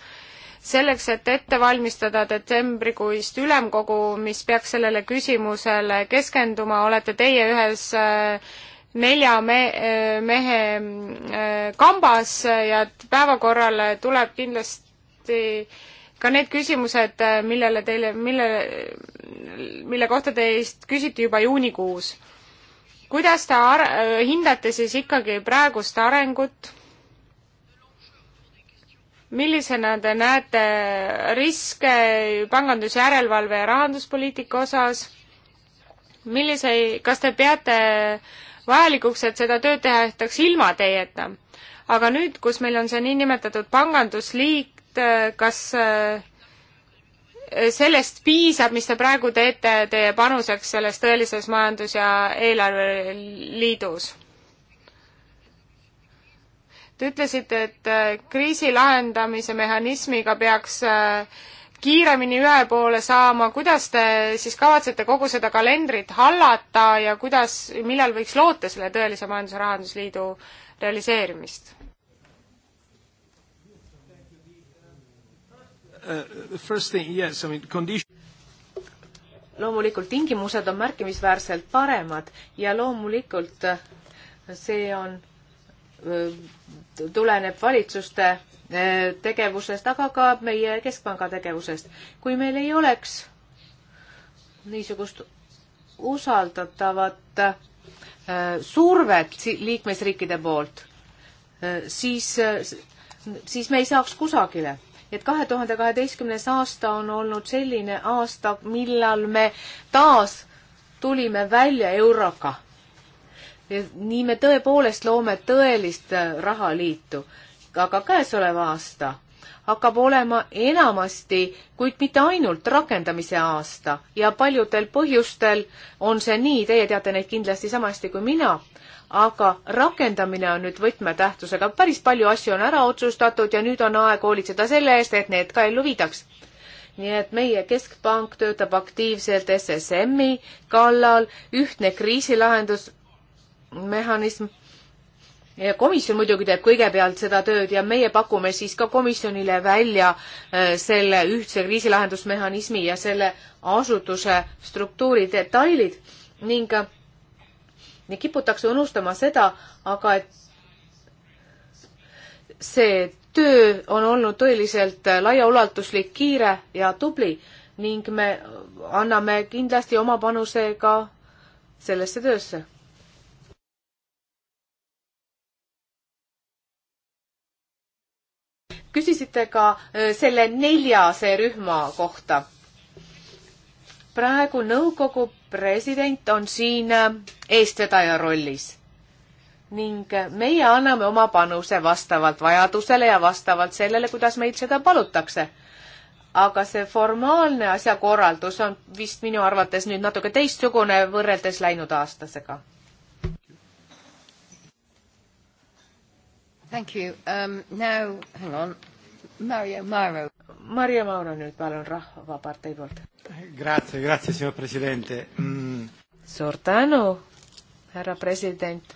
selleks, et ette valmistada detsembrikuist ülemkogu, mis peaks sellele küsimusele keskenduma, olete teie ühes äh, nelja me-, äh, mehe äh, kambas ja päevakorrale tuleb kindlasti ka need küsimused, äh, millele teile, mille, mille kohta teist küsiti juba juunikuus. kuidas te ar-, hindate siis ikkagi praegust arengut? millisena te näete riske pangandusjärelevalve ja rahanduspoliitika osas? millise, kas te peate vajalikuks, et seda tööd tehtaks ilma teieta. aga nüüd, kus meil on see niinimetatud pangandusliit, äh, kas äh, sellest piisab, mis te praegu teete teie panuseks selles tõelises majandus- ja eelarveliidus? Te ütlesite, et äh, kriisi lahendamise mehhanismiga peaks äh, kiiremini ühe poole saama, kuidas te siis kavatsete kogu seda kalendrit hallata ja kuidas, millal võiks loota selle tõelise majandus- ja rahandusliidu realiseerimist? Uh, loomulikult tingimused on märkimisväärselt paremad ja loomulikult see on, uh, tuleneb valitsuste Eh, tegevusest, aga ka meie keskpanga tegevusest. kui meil ei oleks niisugust usaldatavat eh, survet liikmesriikide poolt, eh, siis, siis me ei saaks kusagile. et kahe tuhande kaheteistkümnes aasta on olnud selline aasta, millal me taas tulime välja euroga. nii me tõepoolest loome tõelist rahaliitu aga käesolev aasta hakkab olema enamasti, kuid mitte ainult rakendamise aasta ja paljudel põhjustel on see nii, teie teate neid kindlasti sama hästi kui mina, aga rakendamine on nüüd võtmetähtsusega, päris palju asju on ära otsustatud ja nüüd on aeg hoolitseda selle eest, et need ka ellu viidaks. nii et meie keskpank töötab aktiivselt SSM-i kallal, ühtne kriisilahendusmehhanism komisjon muidugi teeb kõigepealt seda tööd ja meie pakume siis ka komisjonile välja äh, selle ühtse kriisilahendusmehhanismi ja selle asutuse struktuuri detailid ning nii äh, kiputakse unustama seda, aga et see töö on olnud tõeliselt äh, laiaulatuslik, kiire ja tubli ning me anname kindlasti oma panuse ka sellesse töösse küsisite ka äh, selle neljase rühma kohta. praegu nõukogu president on siin äh, eestvedaja rollis ning äh, meie anname oma panuse vastavalt vajadusele ja vastavalt sellele, kuidas meilt seda palutakse. aga see formaalne asjakorraldus on vist minu arvates nüüd natuke teistsugune võrreldes läinud aastasega Thank you. Um, now, hang on. Mario Mauro. Mario Mauro nüüd palun Rahvapartei poolt. Grazie, grazie, signor presidente mm.. suur tänu, härra president.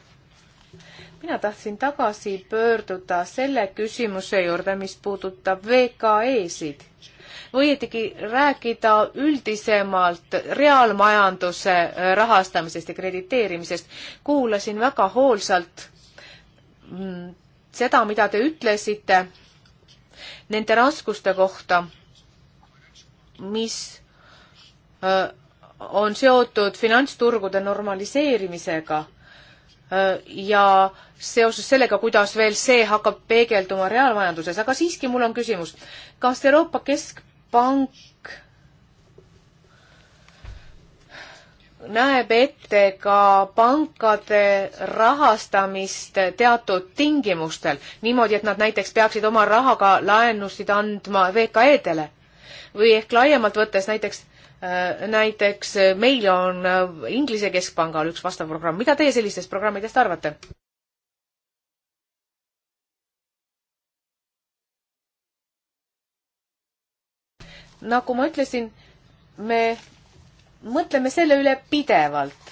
mina tahtsin tagasi pöörduda selle küsimuse juurde, mis puudutab VKE-sid või õieti rääkida üldisemalt reaalmajanduse rahastamisest ja krediteerimisest. kuulasin väga hoolsalt mm, seda, mida te ütlesite nende raskuste kohta, mis on seotud finantsturgude normaliseerimisega ja seoses sellega, kuidas veel see hakkab peegelduma reaalmajanduses, aga siiski mul on küsimus. kas Euroopa Keskpank näeb ette ka pankade rahastamist teatud tingimustel, niimoodi, et nad näiteks peaksid oma rahaga laenusid andma VKE-dele või ehk laiemalt võttes näiteks äh, näiteks meil on äh, Inglise Keskpangal üks vastav programm, mida teie sellistest programmidest arvate? nagu ma ütlesin, me mõtleme selle üle pidevalt,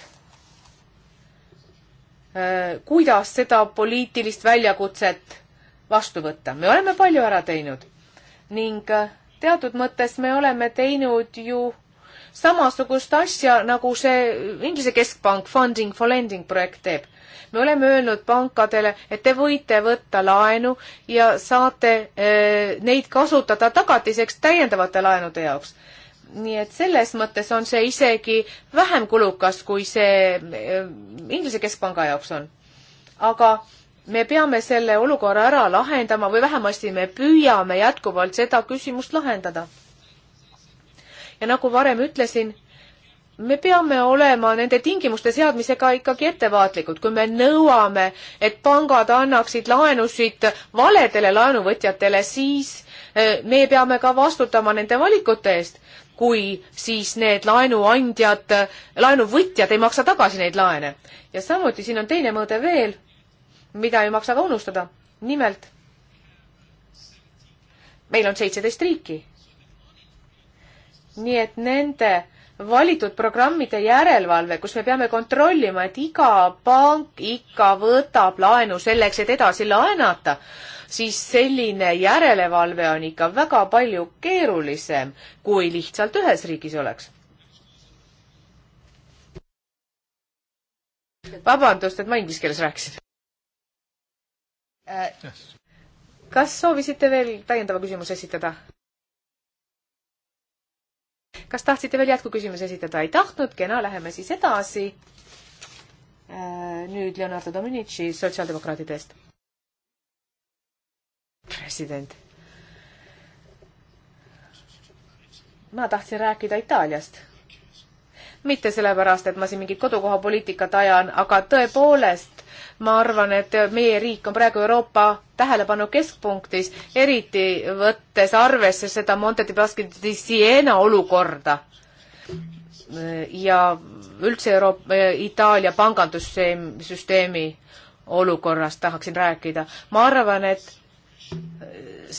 äh, kuidas seda poliitilist väljakutset vastu võtta. me oleme palju ära teinud ning äh, teatud mõttes me oleme teinud ju samasugust asja, nagu see Inglise keskpank Funding for Lending projekt teeb. me oleme öelnud pankadele, et te võite võtta laenu ja saate eh, neid kasutada tagatiseks täiendavate laenude jaoks nii et selles mõttes on see isegi vähem kulukas, kui see eh, Inglise keskpanga jaoks on. aga me peame selle olukorra ära lahendama või vähemasti me püüame jätkuvalt seda küsimust lahendada. ja nagu varem ütlesin, me peame olema nende tingimuste seadmisega ikkagi ettevaatlikud, kui me nõuame, et pangad annaksid laenusid valedele laenuvõtjatele, siis eh, me peame ka vastutama nende valikute eest kui siis need laenuandjad, laenuvõtjad ei maksa tagasi neid laene. ja samuti siin on teine mõõde veel, mida ei maksa ka unustada. nimelt, meil on seitseteist riiki. nii et nende valitud programmide järelevalve, kus me peame kontrollima, et iga pank ikka võtab laenu selleks, et edasi laenata siis selline järelevalve on ikka väga palju keerulisem, kui lihtsalt ühes riigis oleks. vabandust, et ma inglise keeles rääkisin. kas soovisite veel täiendava küsimuse esitada? kas tahtsite veel jätkuküsimuse esitada? ei tahtnud, kena, läheme siis edasi. Äh, nüüd Leonardo Dominici sotsiaaldemokraatidest president. ma tahtsin rääkida Itaaliast. mitte sellepärast, et ma siin mingit kodukohapoliitikat ajan, aga tõepoolest ma arvan, et meie riik on praegu Euroopa tähelepanu keskpunktis, eriti võttes arvesse seda Monte di Paschi di Siena olukorda ja üldse Euroopa, Itaalia pangandussüsteemi olukorrast tahaksin rääkida. ma arvan, et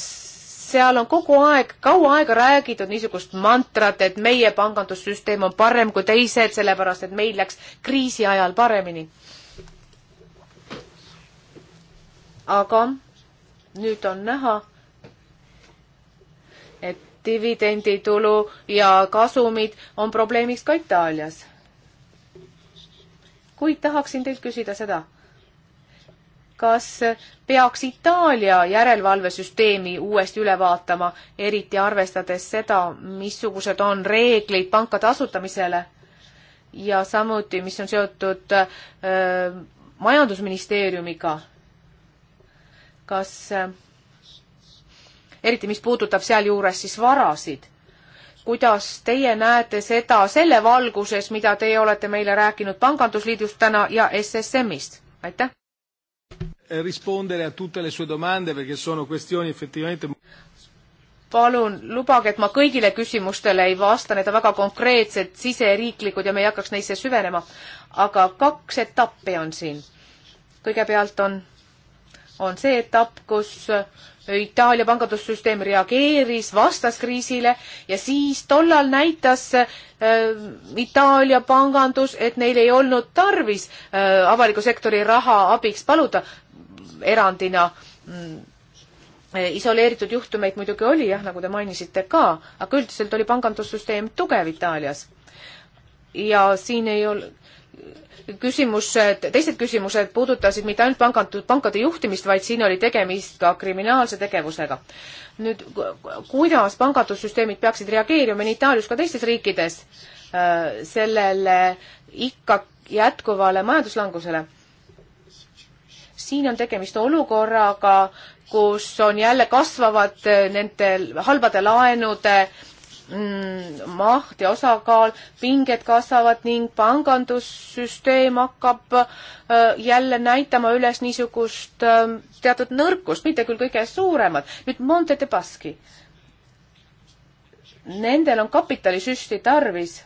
seal on kogu aeg, kaua aega räägitud niisugust mantrat, et meie pangandussüsteem on parem kui teised, sellepärast et meil läks kriisi ajal paremini. aga nüüd on näha, et dividenditulu ja kasumid on probleemiks ka Itaalias. kuid tahaksin teilt küsida seda kas peaks Itaalia järelevalvesüsteemi uuesti üle vaatama, eriti arvestades seda, missugused on reeglid pankade asutamisele ja samuti, mis on seotud öö, majandusministeeriumiga. kas öö, eriti, mis puudutab sealjuures siis varasid, kuidas teie näete seda selle valguses, mida teie olete meile rääkinud Pangandusliidust täna ja SSM-ist? aitäh! Eh, rispondere a tutte le sue domande perché sono questioni effettivamente palun lubage, et ma kõigile küsimustele ei vasta, need on väga konkreetsed, siseriiklikud ja me ei hakkaks neisse süvenema. aga kaks etappi on siin. kõigepealt on, on see etapp, kus Itaalia pangandussüsteem reageeris, vastas kriisile ja siis tollal näitas äh, Itaalia pangandus, et neil ei olnud tarvis äh, avaliku sektori raha abiks paluda erandina mm, eh, isoleeritud juhtumeid muidugi oli jah, nagu te mainisite ka, aga üldiselt oli pangandussüsteem tugev Itaalias. ja siin ei ole küsimused, teised küsimused puudutasid mitte ainult pangandus, pankade juhtimist, vaid siin oli tegemist ka kriminaalse tegevusega. nüüd kuidas pangandussüsteemid peaksid reageerima nii Itaalias kui teistes riikides äh, sellele ikka jätkuvale majanduslangusele siin on tegemist olukorraga, kus on jälle kasvavad nende halbade laenude mm, maht ja osakaal, pinged kasvavad ning pangandussüsteem hakkab äh, jälle näitama üles niisugust ähm, teatud nõrkust, mitte küll kõige suuremat. nüüd Monte de Baski. Nendel on kapitalisüsti tarvis,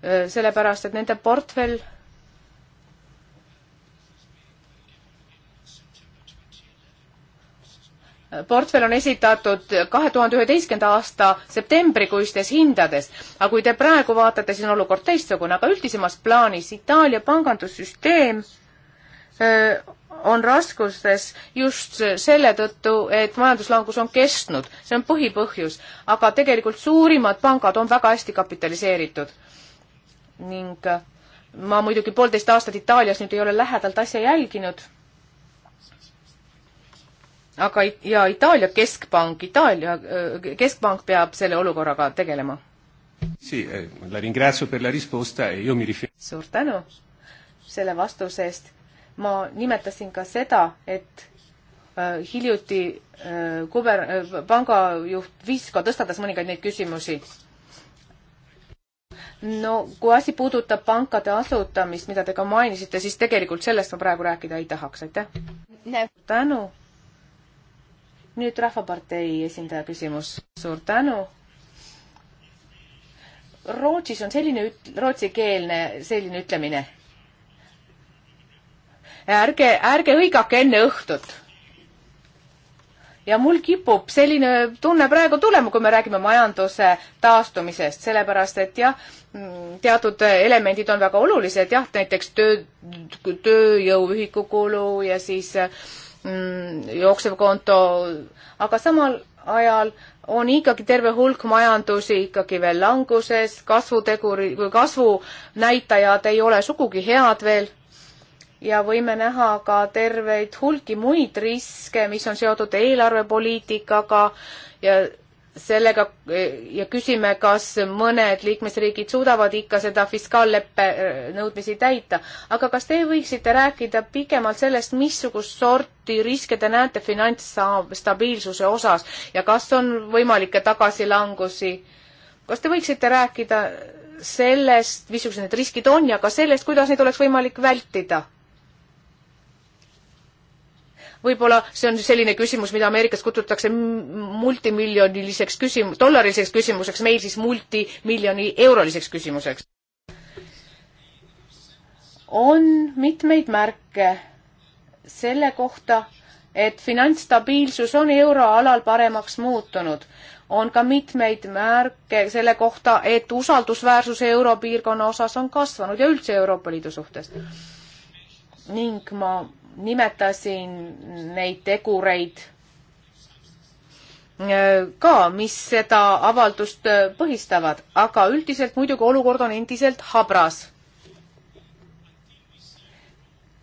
äh, sellepärast et nende portfell portfell on esitatud kahe tuhande üheteistkümnenda aasta septembrikuistes hindades, aga kui te praegu vaatate, siis on olukord teistsugune, aga üldisemas plaanis Itaalia pangandussüsteem äh, on raskustes just selle tõttu, et majanduslangus on kestnud, see on põhipõhjus, aga tegelikult suurimad pangad on väga hästi kapitaliseeritud. ning ma muidugi poolteist aastat Itaalias nüüd ei ole lähedalt asja jälginud aga ja Itaalia keskpank, Itaalia keskpank peab selle olukorraga tegelema. Eh, e suur tänu selle vastuse eest. ma nimetasin ka seda, et hiljuti kuber-, pangajuht Visko tõstatas mõningaid neid küsimusi no kui asi puudutab pankade asutamist, mida te ka mainisite, siis tegelikult sellest ma praegu rääkida ei tahaks, aitäh. tänu nüüd Rahvapartei esindaja küsimus. suur tänu. Rootsis on selline üt-, rootsikeelne selline ütlemine. ärge, ärge hõigake enne õhtut ja mul kipub selline tunne praegu tulema, kui me räägime majanduse taastumisest, sellepärast et jah, teatud elemendid on väga olulised, jah, näiteks töö, tööjõu ühikukulu ja siis äh, Mm, jooksev konto, aga samal ajal on ikkagi terve hulk majandusi ikkagi veel languses, kasvuteguri, kasvunäitajad ei ole sugugi head veel ja võime näha ka terveid hulki muid riske, mis on seotud eelarvepoliitikaga ja sellega ja küsime, kas mõned liikmesriigid suudavad ikka seda fiskaalleppe äh, nõudmisi täita. aga kas te võiksite rääkida pikemalt sellest, missugust sorti riske te näete finantsstabiilsuse osas ja kas on võimalikke tagasilangusi? kas te võiksite rääkida sellest, missugused need riskid on ja ka sellest, kuidas neid oleks võimalik vältida? võib-olla see on selline küsimus, mida Ameerikas kutsutakse multimiljoniliseks küsim-, dollariliseks küsimuseks, meil siis multimiljoni euroliseks küsimuseks. on mitmeid märke selle kohta, et finantsstabiilsus on euroalal paremaks muutunud. on ka mitmeid märke selle kohta, et usaldusväärsus europiirkonna osas on kasvanud ja üldse Euroopa Liidu suhtes. ning ma nimetasin neid tegureid äh, ka, mis seda avaldust äh, põhistavad, aga üldiselt muidugi olukord on endiselt habras.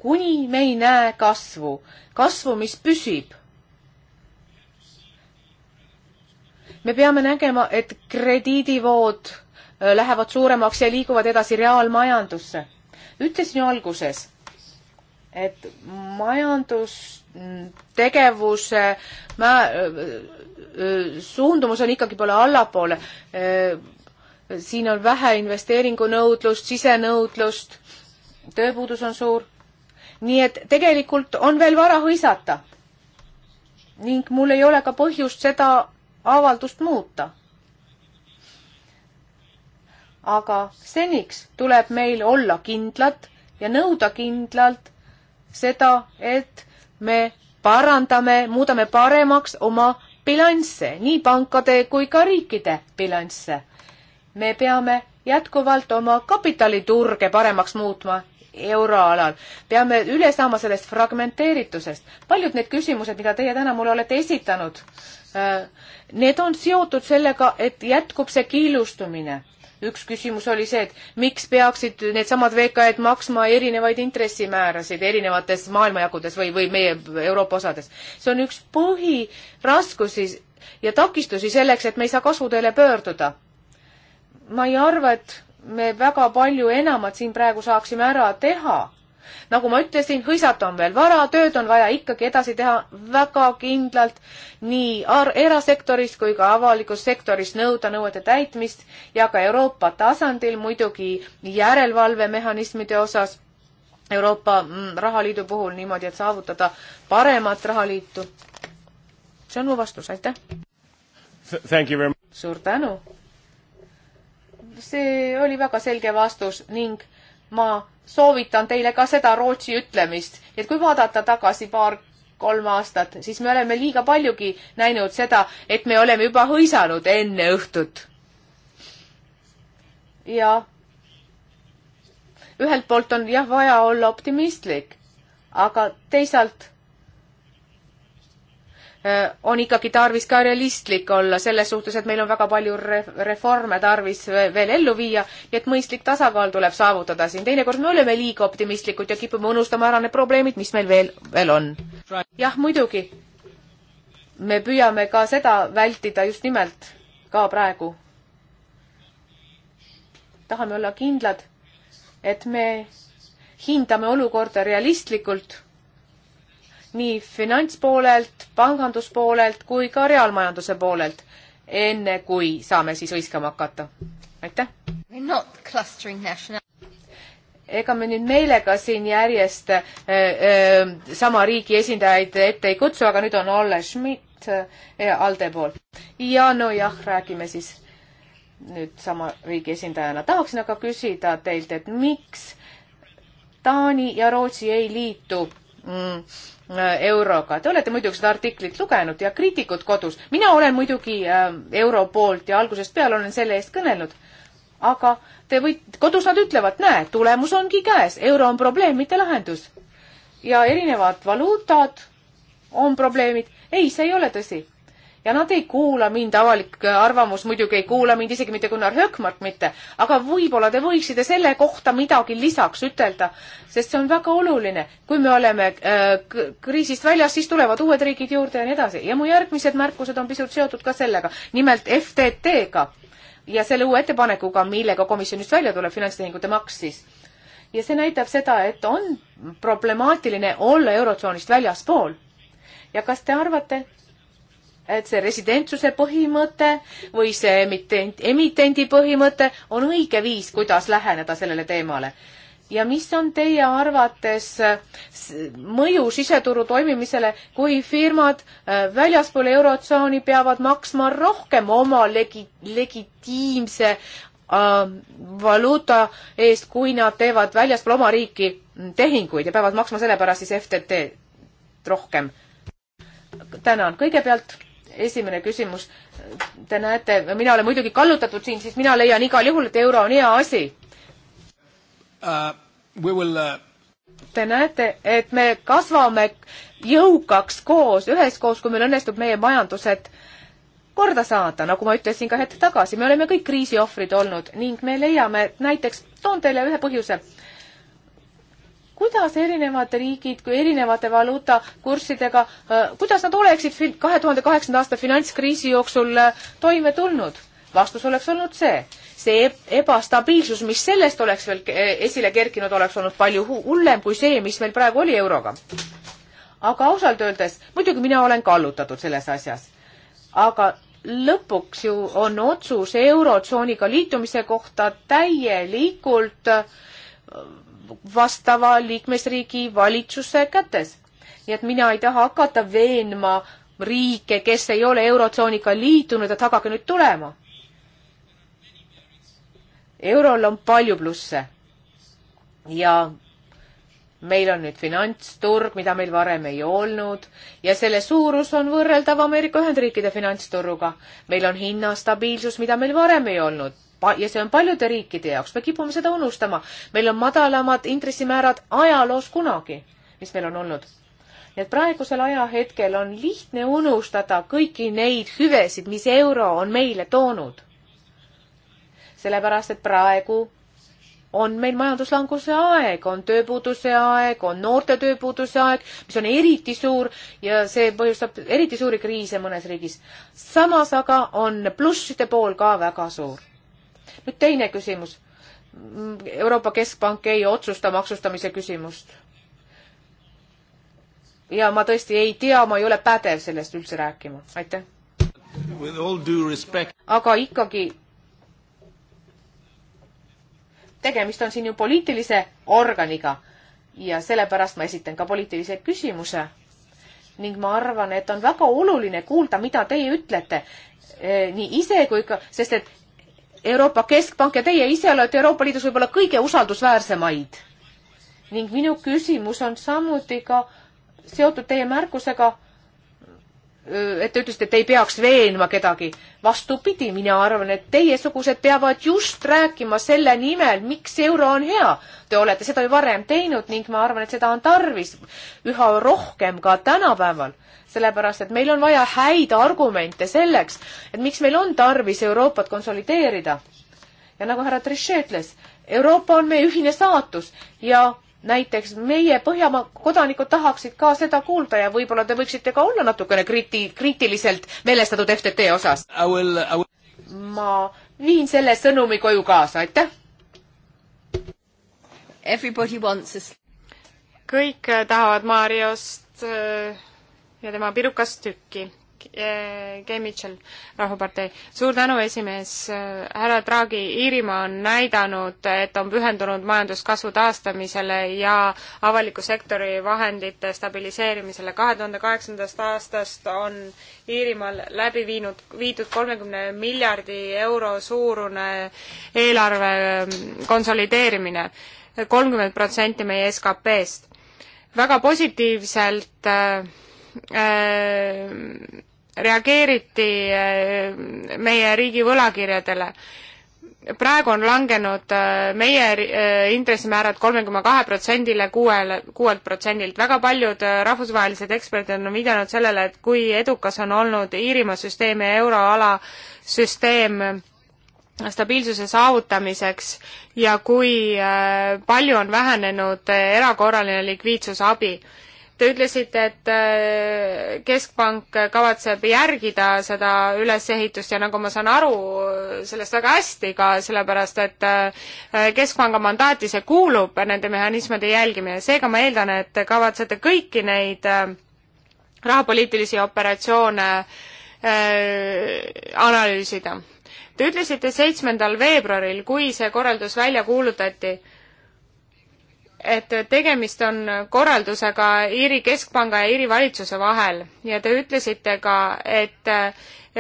kuni me ei näe kasvu, kasvu, mis püsib. me peame nägema, et krediidivood äh, lähevad suuremaks ja liiguvad edasi reaalmajandusse. ütlesin ju alguses et majandustegevuse suundumus on ikkagi poole allapoole. siin on vähe investeeringunõudlust, sisenõudlust, tööpuudus on suur. nii et tegelikult on veel vara hõisata. ning mul ei ole ka põhjust seda avaldust muuta aga seniks tuleb meil olla kindlad ja nõuda kindlalt, seda, et me parandame, muudame paremaks oma bilansse, nii pankade kui ka riikide bilansse. me peame jätkuvalt oma kapitaliturge paremaks muutma euroalal. peame üle saama sellest fragmenteeritusest. paljud need küsimused, mida teie täna mulle olete esitanud, äh, need on seotud sellega, et jätkub see killustumine üks küsimus oli see, et miks peaksid needsamad VKE-d maksma erinevaid intressimäärasid erinevates maailmajagudes või, või meie Euroopa osades. see on üks põhiraskusi ja takistusi selleks, et me ei saa kasudele pöörduda. ma ei arva, et me väga palju enamat siin praegu saaksime ära teha nagu ma ütlesin, hõisata on veel vara, tööd on vaja ikkagi edasi teha väga kindlalt nii erasektoris kui ka avalikus sektoris nõuda nõuete täitmist ja ka Euroopa tasandil muidugi järelevalvemehhanismide osas Euroopa mm, Rahaliidu puhul niimoodi, et saavutada paremat rahaliitu. see on mu vastus, aitäh! suur tänu! see oli väga selge vastus ning ma soovitan teile ka seda Rootsi ütlemist, et kui vaadata tagasi paar kolm aastat, siis me oleme liiga paljugi näinud seda, et me oleme juba hõisanud enne õhtut. ja ühelt poolt on jah vaja olla optimistlik, aga teisalt Äh, on ikkagi tarvis ka realistlik olla selles suhtes, et meil on väga palju reforme tarvis veel ellu viia, nii et mõistlik tasakaal tuleb saavutada siin. teinekord me oleme liiga optimistlikud ja kipume unustama ära need probleemid, mis meil veel, veel on. jah, muidugi. me püüame ka seda vältida just nimelt ka praegu. tahame olla kindlad, et me hindame olukorda realistlikult nii finantspoolelt, panganduspoolelt kui ka reaalmajanduse poolelt, enne kui saame siis hõiskama hakata. aitäh! ega me nüüd meelega siin järjest äh, äh, sama riigi esindajaid ette ei kutsu, aga nüüd on Olle Schmidt äh, ALDE pool. ja nojah, räägime siis nüüd sama riigi esindajana. tahaksin aga küsida teilt, et miks Taani ja Rootsi ei liitu mm, Äh, euroga. Te olete muidugi seda artiklit lugenud ja kriitikud kodus. mina olen muidugi äh, euro poolt ja algusest peale olen selle eest kõnelnud. aga te võite, kodus nad ütlevad, näe, tulemus ongi käes, euro on probleem, mitte lahendus. ja erinevad valuutad on probleemid. ei, see ei ole tõsi ja nad ei kuula mind, avalik äh, arvamus muidugi ei kuula mind, isegi mitte Gunnar Hökmart mitte, aga võib-olla te võiksite selle kohta midagi lisaks ütelda, sest see on väga oluline. kui me oleme äh, kriisist väljas, siis tulevad uued riigid juurde ja nii edasi ja mu järgmised märkused on pisut seotud ka sellega, nimelt FTT-ga ja selle uue ettepanekuga, millega komisjonist välja tuleb finantstehingute maks siis ja see näitab seda, et on problemaatiline olla Eurotsoonist väljaspool. ja kas te arvate, et see residentsuse põhimõte või see emitent, emitendi põhimõte on õige viis, kuidas läheneda sellele teemale. ja mis on teie arvates äh, mõju siseturu toimimisele, kui firmad äh, väljaspool Eurotsooni peavad maksma rohkem oma legi-, legitiimse äh, valuuta eest, kui nad teevad väljaspool oma riiki mm, tehinguid ja peavad maksma selle pärast siis FTT-d rohkem? tänan, kõigepealt esimene küsimus. Te näete, mina olen muidugi kallutatud siin, siis mina leian igal juhul, et euro on hea asi uh,. Will, uh... Te näete, et me kasvame jõukaks koos, üheskoos, kui meil õnnestub meie majandused korda saada, nagu ma ütlesin ka hetk tagasi, me oleme kõik kriisiohvrid olnud ning me leiame näiteks, toon teile ühe põhjuse kuidas erinevad riigid, kui erinevate valuutakurssidega, äh, kuidas nad oleksid kahe tuhande kaheksanda aasta finantskriisi jooksul äh, toime tulnud? vastus oleks olnud see, see ebastabiilsus, mis sellest oleks veel äh, esile kerkinud, oleks olnud palju hullem kui see, mis meil praegu oli euroga. aga ausalt öeldes, muidugi mina olen kallutatud selles asjas, aga lõpuks ju on otsus Eurotsooniga liitumise kohta täielikult vastava liikmesriigi valitsuse kätes. nii et mina ei taha hakata veenma riike, kes ei ole Eurotsooniga liitunud, et hakake nüüd tulema. eurol on palju plusse ja meil on nüüd finantsturg, mida meil varem ei olnud ja selle suurus on võrreldav Ameerika Ühendriikide finantsturuga. meil on hinnastabiilsus, mida meil varem ei olnud ja see on paljude riikide jaoks, me kipume seda unustama. meil on madalamad intressimäärad ajaloos kunagi, mis meil on olnud. nii et praegusel ajahetkel on lihtne unustada kõiki neid hüvesid, mis euro on meile toonud. sellepärast, et praegu on meil majanduslanguse aeg, on tööpuuduse aeg, on noorte tööpuuduse aeg, mis on eriti suur ja see põhjustab eriti suuri kriise mõnes riigis. samas aga on plusside pool ka väga suur nüüd teine küsimus. Euroopa Keskpank ei otsusta maksustamise küsimust. ja ma tõesti ei tea, ma ei ole pädev sellest üldse rääkima, aitäh. aga ikkagi tegemist on siin ju poliitilise organiga ja sellepärast ma esitan ka poliitilise küsimuse. ning ma arvan, et on väga oluline kuulda, mida teie ütlete eh, nii ise kui ka, sest et Euroopa Keskpank ja teie ise olete Euroopa Liidus võib-olla kõige usaldusväärsemaid. ning minu küsimus on samuti ka seotud teie märkusega, et te ütlesite, et ei peaks veenma kedagi. vastupidi, mina arvan, et teiesugused peavad just rääkima selle nimel, miks euro on hea. Te olete seda ju varem teinud ning ma arvan, et seda on tarvis üha rohkem ka tänapäeval. sellepärast, et meil on vaja häid argumente selleks, et miks meil on tarvis Euroopat konsolideerida. ja nagu härra Trichet ütles, Euroopa on meie ühine saatus ja näiteks meie Põhjamaa kodanikud tahaksid ka seda kuulda ja võib-olla te võiksite ka olla natukene kriti-, kriitiliselt meelestatud FTT osas. Will... ma viin selle sõnumi koju kaasa, aitäh! kõik äh, tahavad Mariost äh, ja tema pirukast tükki. Gay äh, Mitchell, Rahvapartei. suur tänu, esimees. Äh, härra Draghi, Iirimaa on näidanud, et on pühendunud majanduskasvu taastamisele ja avaliku sektori vahendite stabiliseerimisele. kahe tuhande kaheksandast aastast on Iirimaal läbi viinud, viidud kolmekümne miljardi euro suurune eelarve ähm, konsolideerimine, kolmkümmend protsenti meie SKP-st. väga positiivselt äh, äh reageeriti eh, meie riigi võlakirjadele. praegu on langenud eh, meie eh, intressimäärad kolme koma kahe protsendile kuuele, kuuelt protsendilt. väga paljud rahvusvahelised eksperdid on viidanud sellele, et kui edukas on olnud Iirimaa süsteem ja euroala süsteem stabiilsuse saavutamiseks ja kui palju on vähenenud erakorraline likviidsusabi Te ütlesite, et äh, Keskpank kavatseb järgida seda ülesehitust ja nagu ma saan aru sellest väga hästi ka, sellepärast et äh, Keskpanga mandaati see kuulub, nende mehhanismide jälgimine, seega ma eeldan, et te kavatsete kõiki neid äh, rahapoliitilisi operatsioone analüüsida. Te ütlesite seitsmendal veebruaril, kui see korraldus välja kuulutati, et tegemist on korraldusega Iiri Keskpanga ja Iiri valitsuse vahel ja te ütlesite ka, et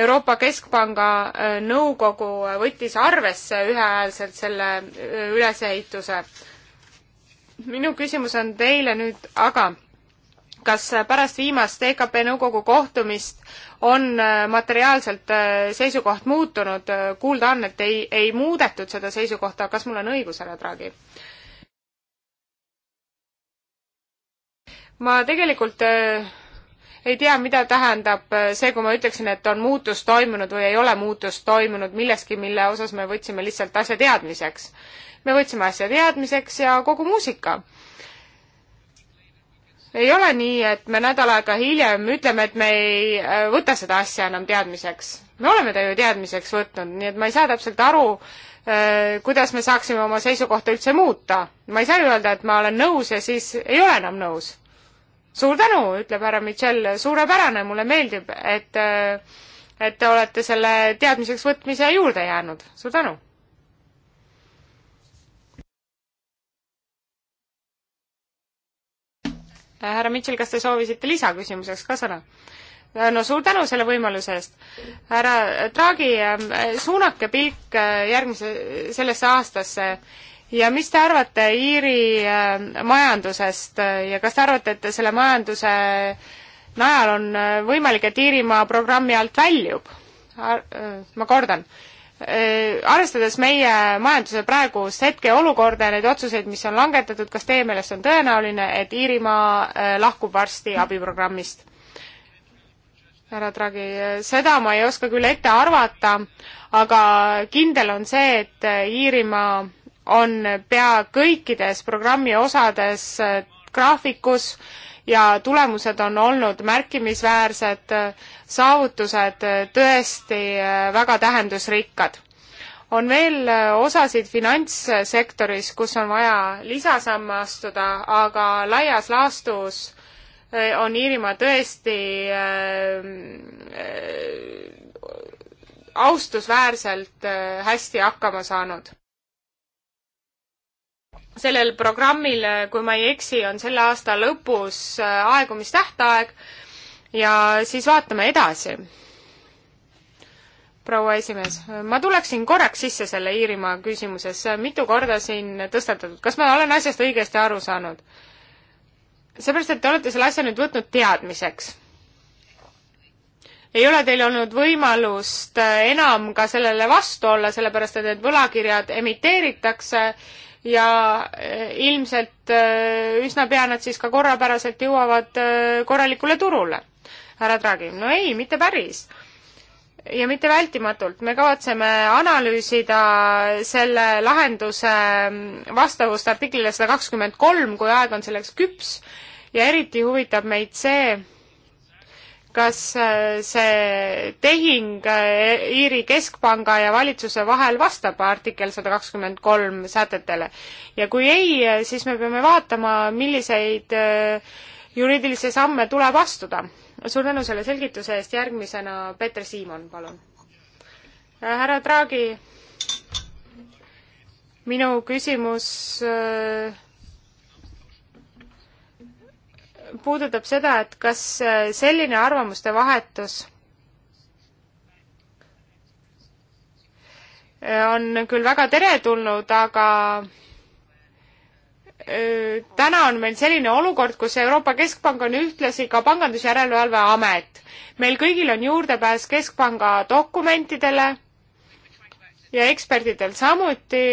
Euroopa Keskpanga äh, nõukogu võttis arvesse ühehäälselt selle äh, ülesehituse. minu küsimus on teile nüüd aga, kas pärast viimast EKP nõukogu kohtumist on äh, materiaalselt seisukoht muutunud, kuulda on, et ei, ei muudetud seda seisukohta, kas mul on õigus, härra Draghi? ma tegelikult äh, ei tea, mida tähendab äh, see, kui ma ütleksin, et on muutus toimunud või ei ole muutust toimunud milleski, mille osas me võtsime lihtsalt asja teadmiseks. me võtsime asja teadmiseks ja kogu muusika. ei ole nii, et me nädal aega hiljem ütleme, et me ei äh, võta seda asja enam teadmiseks. me oleme ta ju teadmiseks võtnud, nii et ma ei saa täpselt aru, kuidas me saaksime oma seisukohta üldse muuta. ma ei saa ju öelda, et ma olen nõus ja siis ei ole enam nõus suur tänu, ütleb härra Michel, suurepärane, mulle meeldib, et, äh, et te olete selle teadmiseks võtmise juurde jäänud, suur tänu. Äh, härra Michel, kas te soovisite lisaküsimuseks ka sõna? Äh, no suur tänu selle võimaluse eest. härra Draghi, suunake pilk järgmise, sellesse aastasse ja mis te arvate Iiri äh, majandusest ja kas te arvate, et selle majanduse najal on äh, võimalik, et Iirimaa programmi alt väljub? Äh, ma kordan, arvestades meie majanduse praegust hetkeolukorda ja neid otsuseid, mis on langetatud, kas teie meelest on tõenäoline, et Iirimaa lahkub varsti abiprogrammist? härra Draghi, seda ma ei oska küll ette arvata, aga kindel on see, et Iirimaa on pea kõikides programmi osades äh, graafikus ja tulemused on olnud märkimisväärsed, saavutused äh, tõesti äh, väga tähendusrikkad. on veel osasid finantssektoris, kus on vaja lisasamme astuda, aga laias laastus on Iirimaa tõesti äh, austusväärselt äh, hästi hakkama saanud sellel programmil, kui ma ei eksi, on selle aasta lõpus äh, aegumistähtaeg ja siis vaatame edasi. proua esimees, ma tuleksin korraks sisse selle Iirimaa küsimuses, mitu korda siin tõstatatud, kas ma olen asjast õigesti aru saanud? seepärast, et te olete selle asja nüüd võtnud teadmiseks. ei ole teil olnud võimalust äh, enam ka sellele vastu olla, sellepärast et need võlakirjad emiteeritakse äh, ja eh, ilmselt eh, üsna pea nad siis ka korrapäraselt jõuavad eh, korralikule turule. härra Draghi, no ei, mitte päris ja mitte vältimatult, me kavatseme analüüsida selle lahenduse mm, vastavust artiklile sada kakskümmend kolm, kui aeg on selleks küps ja eriti huvitab meid see, kas äh, see tehing äh, Iiri keskpanga ja valitsuse vahel vastab artikkel sada kakskümmend kolm sätetele. ja kui ei, siis me peame vaatama, milliseid äh, juriidilisi samme tuleb astuda. suur tänu selle selgituse eest, järgmisena Peeter Siimon, palun. härra Draghi, minu küsimus äh, puudutab seda, et kas äh, selline arvamuste vahetus äh, on küll väga teretulnud, aga äh, täna on meil selline olukord, kus Euroopa Keskpank on ühtlasi ka Pangandusjärelevalve Amet. meil kõigil on juurdepääs Keskpanga dokumentidele ja ekspertidel samuti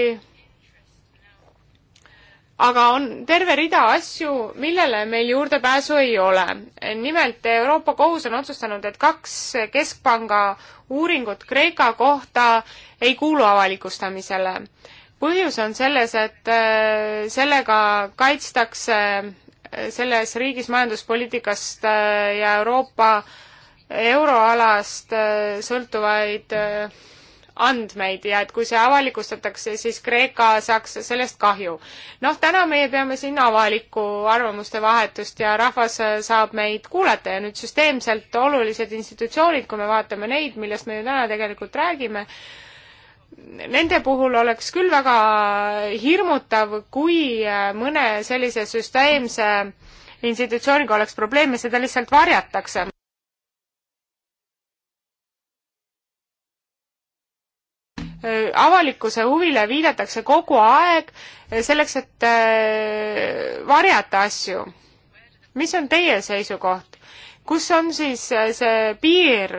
aga on terve rida asju, millele meil juurdepääsu ei ole. nimelt Euroopa Kohus on otsustanud, et kaks keskpanga uuringut Kreeka kohta ei kuulu avalikustamisele. põhjus on selles, et äh, sellega kaitstakse äh, selles riigis majanduspoliitikast äh, ja Euroopa euroalast sõltuvaid andmeid ja et kui see avalikustatakse, siis Kreeka saaks sellest kahju. noh, täna meie peame siin avalikku arvamuste vahetust ja rahvas saab meid kuulata ja nüüd süsteemselt olulised institutsioonid, kui me vaatame neid, millest me ju täna tegelikult räägime, Nende puhul oleks küll väga hirmutav, kui mõne sellise süsteemse institutsiooniga oleks probleeme, seda lihtsalt varjatakse Äh, avalikkuse huvile viidatakse kogu aeg äh, selleks, et äh, varjata asju. mis on teie seisukoht? kus on siis see piir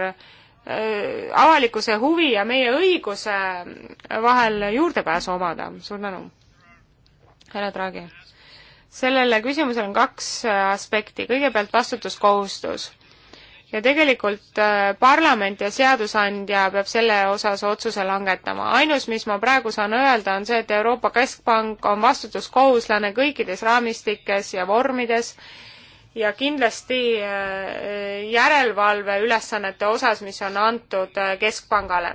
avalikkuse huvi ja meie õiguse vahel juurdepääsu omada? suur tänu. härra Draghi. sellele küsimusele on kaks aspekti. kõigepealt vastutuskohustus ja tegelikult äh, parlament ja seadusandja peab selle osas otsuse langetama. ainus, mis ma praegu saan öelda, on see, et Euroopa Keskpank on vastutuskohuslane kõikides raamistikes ja vormides ja kindlasti äh, järelevalve ülesannete osas, mis on antud äh, Keskpangale.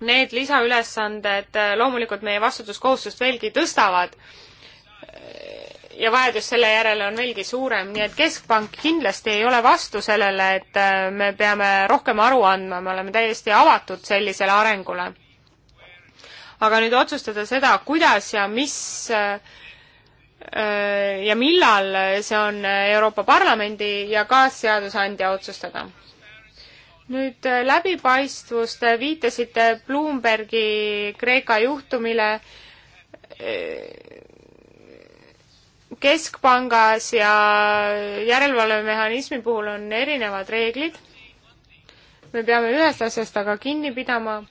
Need lisaülesanded loomulikult meie vastutuskohustust veelgi tõstavad ja vajadus selle järele on veelgi suurem, nii et Keskpank kindlasti ei ole vastu sellele, et äh, me peame rohkem aru andma, me oleme täiesti avatud sellisele arengule. aga nüüd otsustada seda, kuidas ja mis äh, äh, ja millal, see on Euroopa Parlamendi ja kaasseadusandja otsustada. nüüd läbipaistvus, te viitasite Bloombergi Kreeka juhtumile keskpangas ja järelevalvemehhanismi puhul on erinevad reeglid. me peame ühest asjast aga kinni pidama,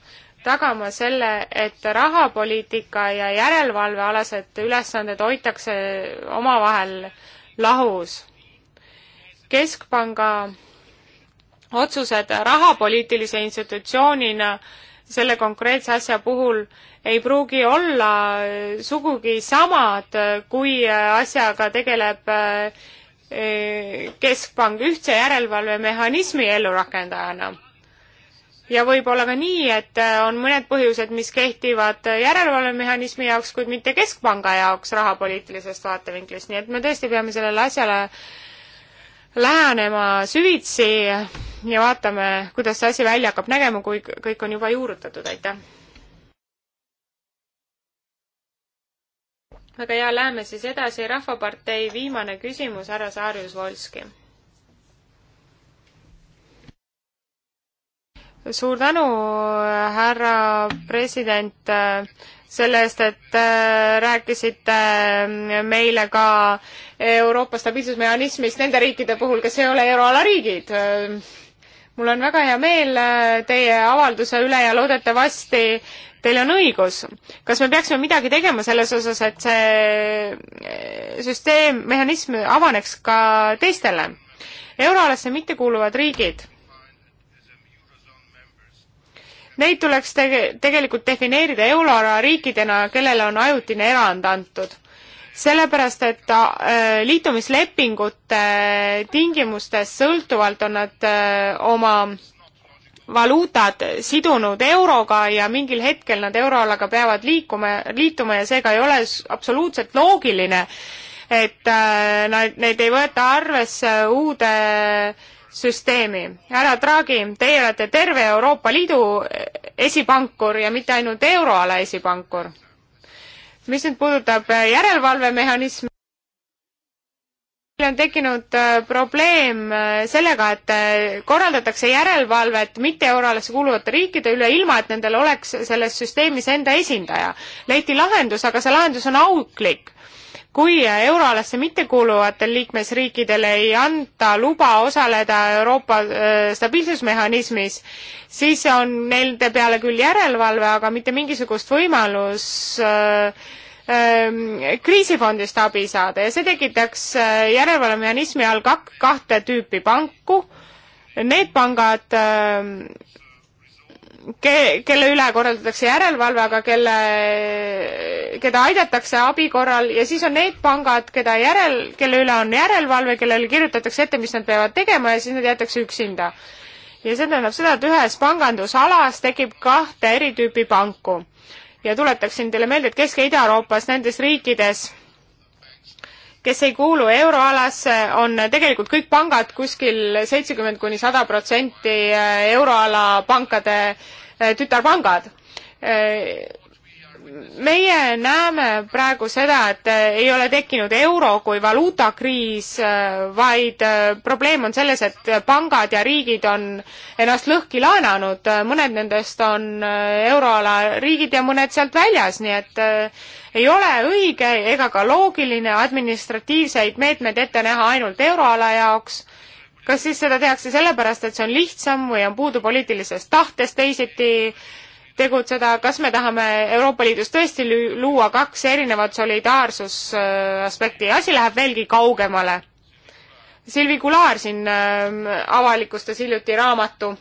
tagama selle, et rahapoliitika ja järelevalvealased ülesanded hoitakse omavahel lahus. keskpanga otsused rahapoliitilise institutsioonina selle konkreetse asja puhul äh, ei pruugi olla sugugi samad, kui asjaga tegeleb eh, keskpank ühtse järelevalvemehhanismi ellurakendajana. ja võib olla ka nii, et on mõned põhjused, mis kehtivad järelevalvemehhanismi jaoks, kuid mitte keskpanga jaoks rahapoliitilisest vaatevinklist, nii et me tõesti peame sellele asjale lähenema süvitsi ja vaatame, kuidas see asi välja hakkab nägema, kui kõik on juba juurutatud, aitäh! väga hea, läheme siis edasi, Rahvapartei viimane küsimus, härra Saarjus Volski. suur tänu, härra president, selle eest, et äh, rääkisite äh, meile ka Euroopa stabiilsusmehhanismist nende riikide puhul, kes ei ole euroala riigid äh, mul on väga hea meel teie avalduse üle ja loodetavasti Teil on õigus. kas me peaksime midagi tegema selles osas, et see eh, süsteem, mehhanism avaneks ka teistele? euroalasse mittekuuluvad riigid neid tuleks tege-, tegelikult defineerida euroala riikidena, kellele on ajutine erand antud. sellepärast, et eh, liitumislepingute tingimustest sõltuvalt on nad eh, oma valuutad sidunud euroga ja mingil hetkel nad euroalaga peavad liikuma, liituma ja seega ei ole absoluutselt loogiline, et äh, nad, neid ei võeta arvesse uude süsteemi. härra Draghi, teie olete terve Euroopa Liidu esipankur ja mitte ainult euroala esipankur. mis nüüd puudutab järelevalvemehhanismi, meil on tekkinud äh, probleem äh, sellega, et äh, korraldatakse järelevalvet mitte euroalasse kuuluvate riikide üle, ilma et nendel oleks selles süsteemis enda esindaja. leiti lahendus, aga see lahendus on auklik. kui euroalasse mittekuuluvatel liikmesriikidel ei anta luba osaleda Euroopa stabiilsusmehhanismis, siis on nende peale küll järelevalve, aga mitte mingisugust võimalus äh, Ähm, kriisifondist abi saada ja see tekitaks äh, järelevalvemehhanismi all kak-, kahte tüüpi panku. Need pangad, ähm, ke-, kelle üle korraldatakse järelevalve, aga kelle, keda aidatakse abi korral ja siis on need pangad, keda järel, kelle üle on järelevalve, kellele kirjutatakse ette, mis nad peavad tegema ja siis nad jäetakse üksinda. ja see tähendab seda, et ühes pangandusalas tekib kahte eri tüüpi panku ja tuletaksin teile meelde, et Kesk- ja Ida-Euroopas nendes riikides, kes ei kuulu euroalasse, on tegelikult kõik pangad kuskil seitsekümmend kuni sada protsenti euroala pankade eh, tütarpangad eh, meie näeme praegu seda, et äh, ei ole tekkinud euro kui valuutakriis, äh, vaid äh, probleem on selles, et pangad ja riigid on ennast lõhki laenanud, mõned nendest on euroala riigid ja mõned sealt väljas, nii et ei ole õige ega ka loogiline administratiivseid meetmeid ette näha ainult euroala jaoks kas siis seda tehakse sellepärast, et see on lihtsam või on puudu poliitilisest tahtest teisiti tegutseda, kas me tahame Euroopa Liidus tõesti luua kaks erinevat solidaarsusaspekti, asi läheb veelgi kaugemale. Silvi Kular siin ähm, avalikustas hiljuti raamatu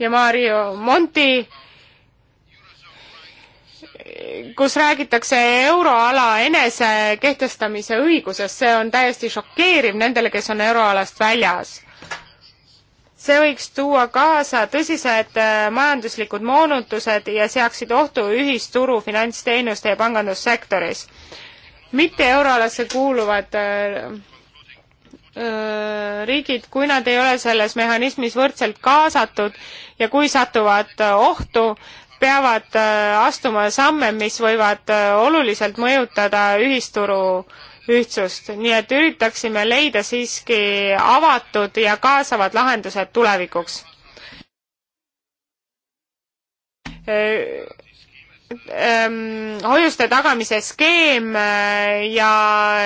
ja Mario Monti, kus räägitakse euroala enesekehtestamise õigusest, see on täiesti šokeeriv nendele, kes on euroalast väljas see võiks tuua kaasa tõsised äh, majanduslikud moonutused ja seaksid ohtu ühisturu finantsteenuste ja pangandussektoris. mitte euroalasse kuuluvad äh, äh, riigid, kui nad ei ole selles mehhanismis võrdselt kaasatud ja kui satuvad ohtu, peavad astuma samme, mis võivad oluliselt mõjutada ühisturu äh, ühtsust, nii et üritaksime leida siiski avatud ja kaasavad lahendused tulevikuks. Ehm, hoiuste tagamise skeem eh, ja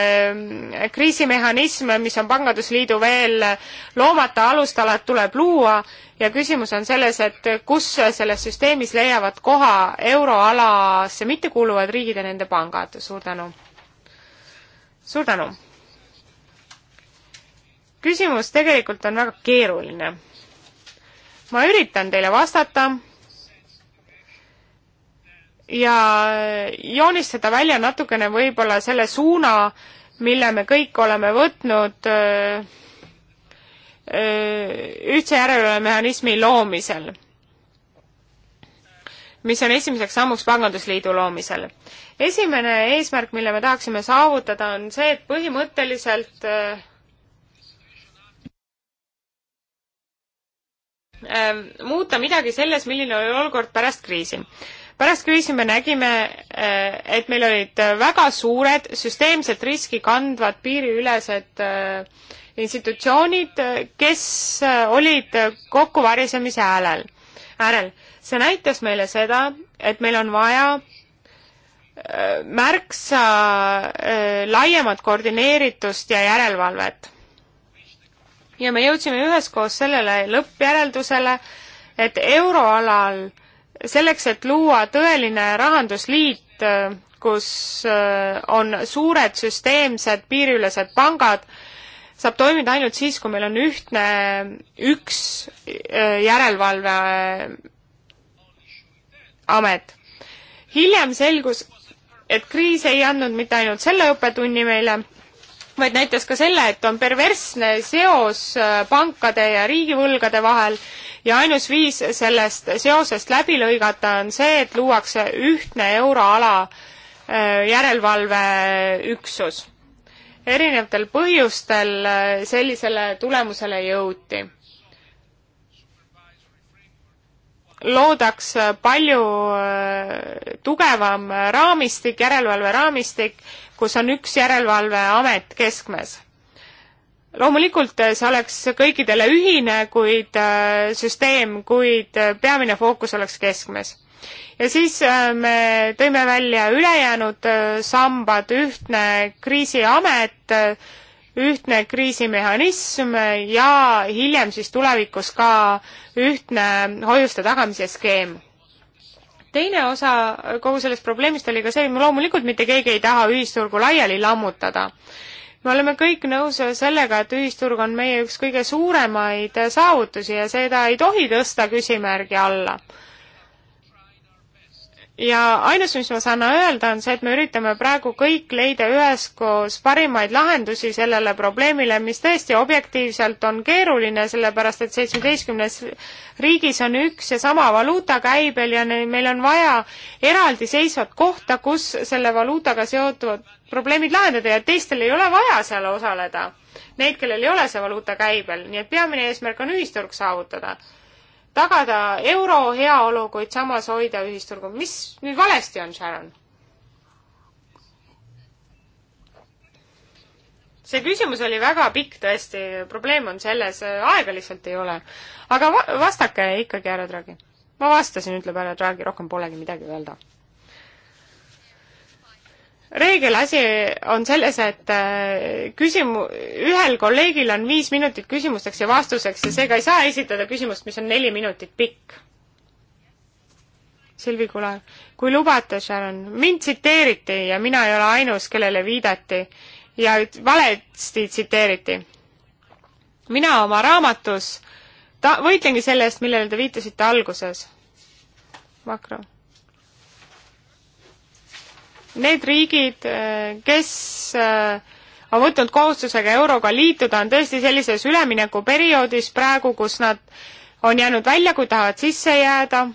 eh, kriisimehhanism, mis on Pangandusliidu veel loomata alustalad, tuleb luua ja küsimus on selles, et kus selles süsteemis leiavad koha euroalasse mittekuuluvad riigid ja nende pangad. suur tänu! suur tänu! küsimus tegelikult on väga keeruline. ma üritan teile vastata ja joonistada välja natukene võib-olla selle suuna, mille me kõik oleme võtnud äh, äh, ühtse järelevalvemehhanismi loomisel mis on esimeseks sammuks Pangandusliidu loomisel. esimene eesmärk, mille me tahaksime saavutada, on see, et põhimõtteliselt äh, äh, muuta midagi selles, milline oli olukord pärast kriisi. pärast kriisi me nägime äh,, et meil olid väga suured süsteemset riski kandvad piiriülesed äh, institutsioonid, kes äh, olid kokkuvarisemise häälel, äärel see näitas meile seda, et meil on vaja äh, märksa äh, laiemat koordineeritust ja järelevalvet. ja me jõudsime üheskoos sellele lõppjäreldusele, et euroalal selleks, et luua tõeline rahandusliit, äh, kus on suured süsteemsed piiriülesed pangad, saab toimida ainult siis, kui meil on ühtne, üks järelevalve amet. hiljem selgus, et kriis ei andnud mitte ainult selle õppetunni meile, vaid näitas ka selle, et on perversne seos äh, pankade ja riigivõlgade vahel ja ainus viis sellest seosest läbi lõigata on see, et luuakse ühtne euroala äh, järelevalveüksus. erinevatel põhjustel äh, sellisele tulemusele jõuti loodaks palju äh, tugevam raamistik, järelevalveraamistik, kus on üks järelevalveamet keskmes. loomulikult äh, see oleks kõikidele ühine, kuid äh, süsteem, kuid peamine fookus oleks keskmes. ja siis me tõime välja ülejäänud sambad, ühtne kriisiamet, ühtne kriisimehhanism ja hiljem siis tulevikus ka ühtne hoiuste tagamise skeem. teine osa kogu sellest probleemist oli ka see, et loomulikult mitte keegi ei taha ühisturgu laiali lammutada. me oleme kõik nõus sellega, et ühisturg on meie üks kõige suuremaid saavutusi ja seda ei tohi tõsta küsimärgi alla ja ainus, mis ma saan öelda, on see, et me üritame praegu kõik leida üheskoos parimaid lahendusi sellele probleemile, mis tõesti objektiivselt on keeruline, sellepärast et seitsmeteistkümnes riigis on üks ja sama valuuta käibel ja meil on vaja eraldiseisvat kohta, kus selle valuutaga seotuvad probleemid lahendada ja teistel ei ole vaja seal osaleda. Neid, kellel ei ole see valuuta käibel, nii et peamine eesmärk on ühisturg saavutada tagada euro heaolu, kuid samas hoida ühisturgu. mis nüüd valesti on, Sharon? see küsimus oli väga pikk tõesti, probleem on selles, aega lihtsalt ei ole. aga va vastake ikkagi, härra Draghi. ma vastasin, ütleb härra Draghi, rohkem polegi midagi öelda reegel asi on selles, et äh, küsimu-, ühel kolleegil on viis minutit küsimusteks ja vastuseks ja seega ei saa esitada küsimust, mis on neli minutit pikk. Silvi Kular, kui lubate, Sharon, mind tsiteeriti ja mina ei ole ainus, kellele viidati ja valesti tsiteeriti. mina oma raamatus ta-, võitlengi selle eest, millele te viitasite alguses. makro need riigid, äh, kes äh, on võtnud kohustusega euroga liituda, on tõesti sellises üleminekuperioodis praegu, kus nad on jäänud välja, kui tahavad sisse jääda.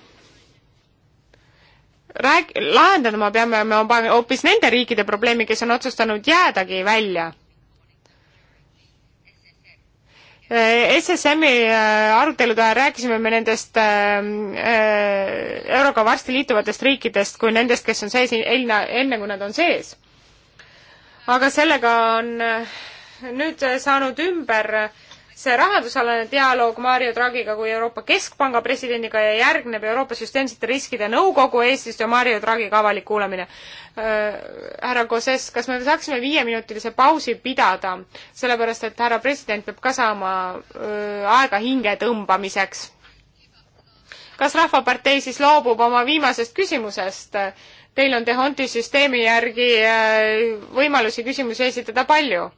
Rääg-, lahendama peame me hoopis nende riikide probleemi, kes on otsustanud jäädagi välja Eh, SSM-i eh, arutelude ajal rääkisime me nendest eh, euroga varsti liituvatest riikidest kui nendest, kes on sees enne, enne kui nad on sees. aga sellega on nüüd saanud ümber äh, see rahandusalane dialoog Mario Draghiga kui Euroopa Keskpanga presidendiga ja järgneb Euroopa Süsteemsete Riskide Nõukogu eesistuja Mario Draghiga avalik kuulamine. Äh, härra Koses, kas me saaksime viieminutilise pausi pidada, sellepärast et härra president peab ka saama öö, äh, aega hinge tõmbamiseks? kas Rahvapartei siis loobub oma viimasest küsimusest? Teil on Dehonti süsteemi järgi äh, võimalusi küsimusi esitada palju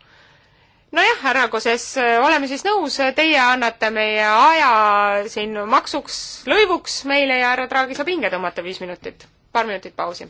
nojah, härra Koses, oleme siis nõus, teie annate meie aja siin maksuks, lõivuks meile ja härra Draagi saab hinge tõmmata viis minutit, paar minutit pausi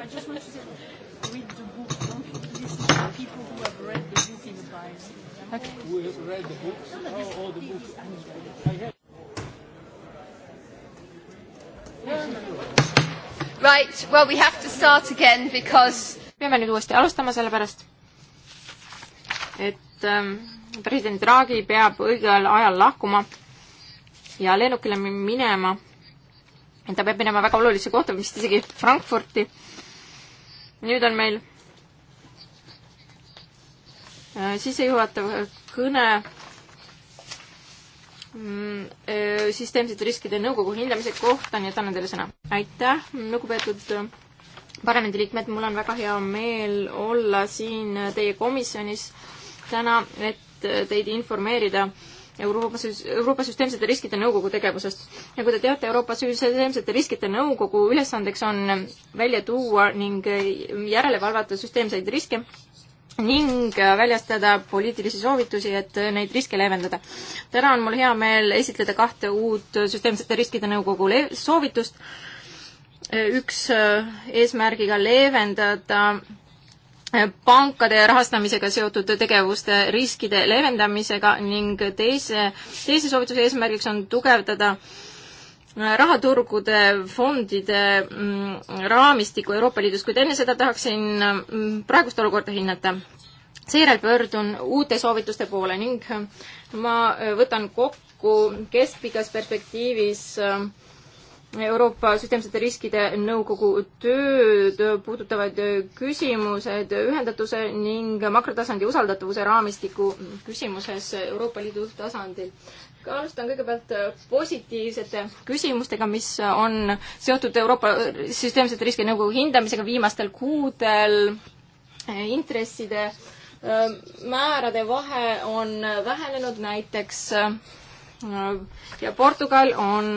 I just want to say, read the book. Don't listen to people who have read the book in the Bible. Okay. Who have read the books? No, no, this, oh, all the books. I have. Right, well we have to start again because peame nüüd uuesti alustama, sellepärast et ähm, president Draghi peab õigel ajal lahkuma ja lennukile minema. ta peab minema väga olulisse kohta vist isegi Frankfurti nüüd on meil äh, sissejuhatav kõne mm, äh, süsteemsete riskide nõukogu hindamise kohta, nii et annan teile sõna. aitäh, lugupeetud äh, parlamendiliikmed, mul on väga hea meel olla siin teie komisjonis täna, et teid informeerida äh, Euroopa, Euroopa Süsteemsete Riskide Nõukogu tegevusest. nagu te teate, Euroopa Süsteemsete Riskide Nõukogu ülesandeks on välja tuua ning järele valvata süsteemseid riske ning väljastada poliitilisi soovitusi, et neid riske leevendada. täna on mul hea meel esitleda kahte uut süsteemsete riskide nõukogu soovitust. üks äh, eesmärgiga leevendada pankade rahastamisega seotud tegevuste riskide leevendamisega ning teise, teise soovituse eesmärgiks on tugevdada äh, rahaturgude fondide mm, raamistiku Euroopa Liidus, kuid enne seda tahaksin mm, praegust olukorda hinnata. seejärel pöördun uute soovituste poole ning äh, ma äh, võtan kokku keskpikas perspektiivis äh, Euroopa Süsteemsete Riskide Nõukogu tööd puudutavad küsimused ühendatuse ning makrotasandi usaldatavuse raamistiku küsimuses Euroopa Liidu tasandil. alustan kõigepealt positiivsete küsimustega, mis on seotud Euroopa Süsteemsete Riskide Nõukogu hindamisega viimastel kuudel, intresside äh, määrade vahe on vähenenud näiteks äh, ja Portugal on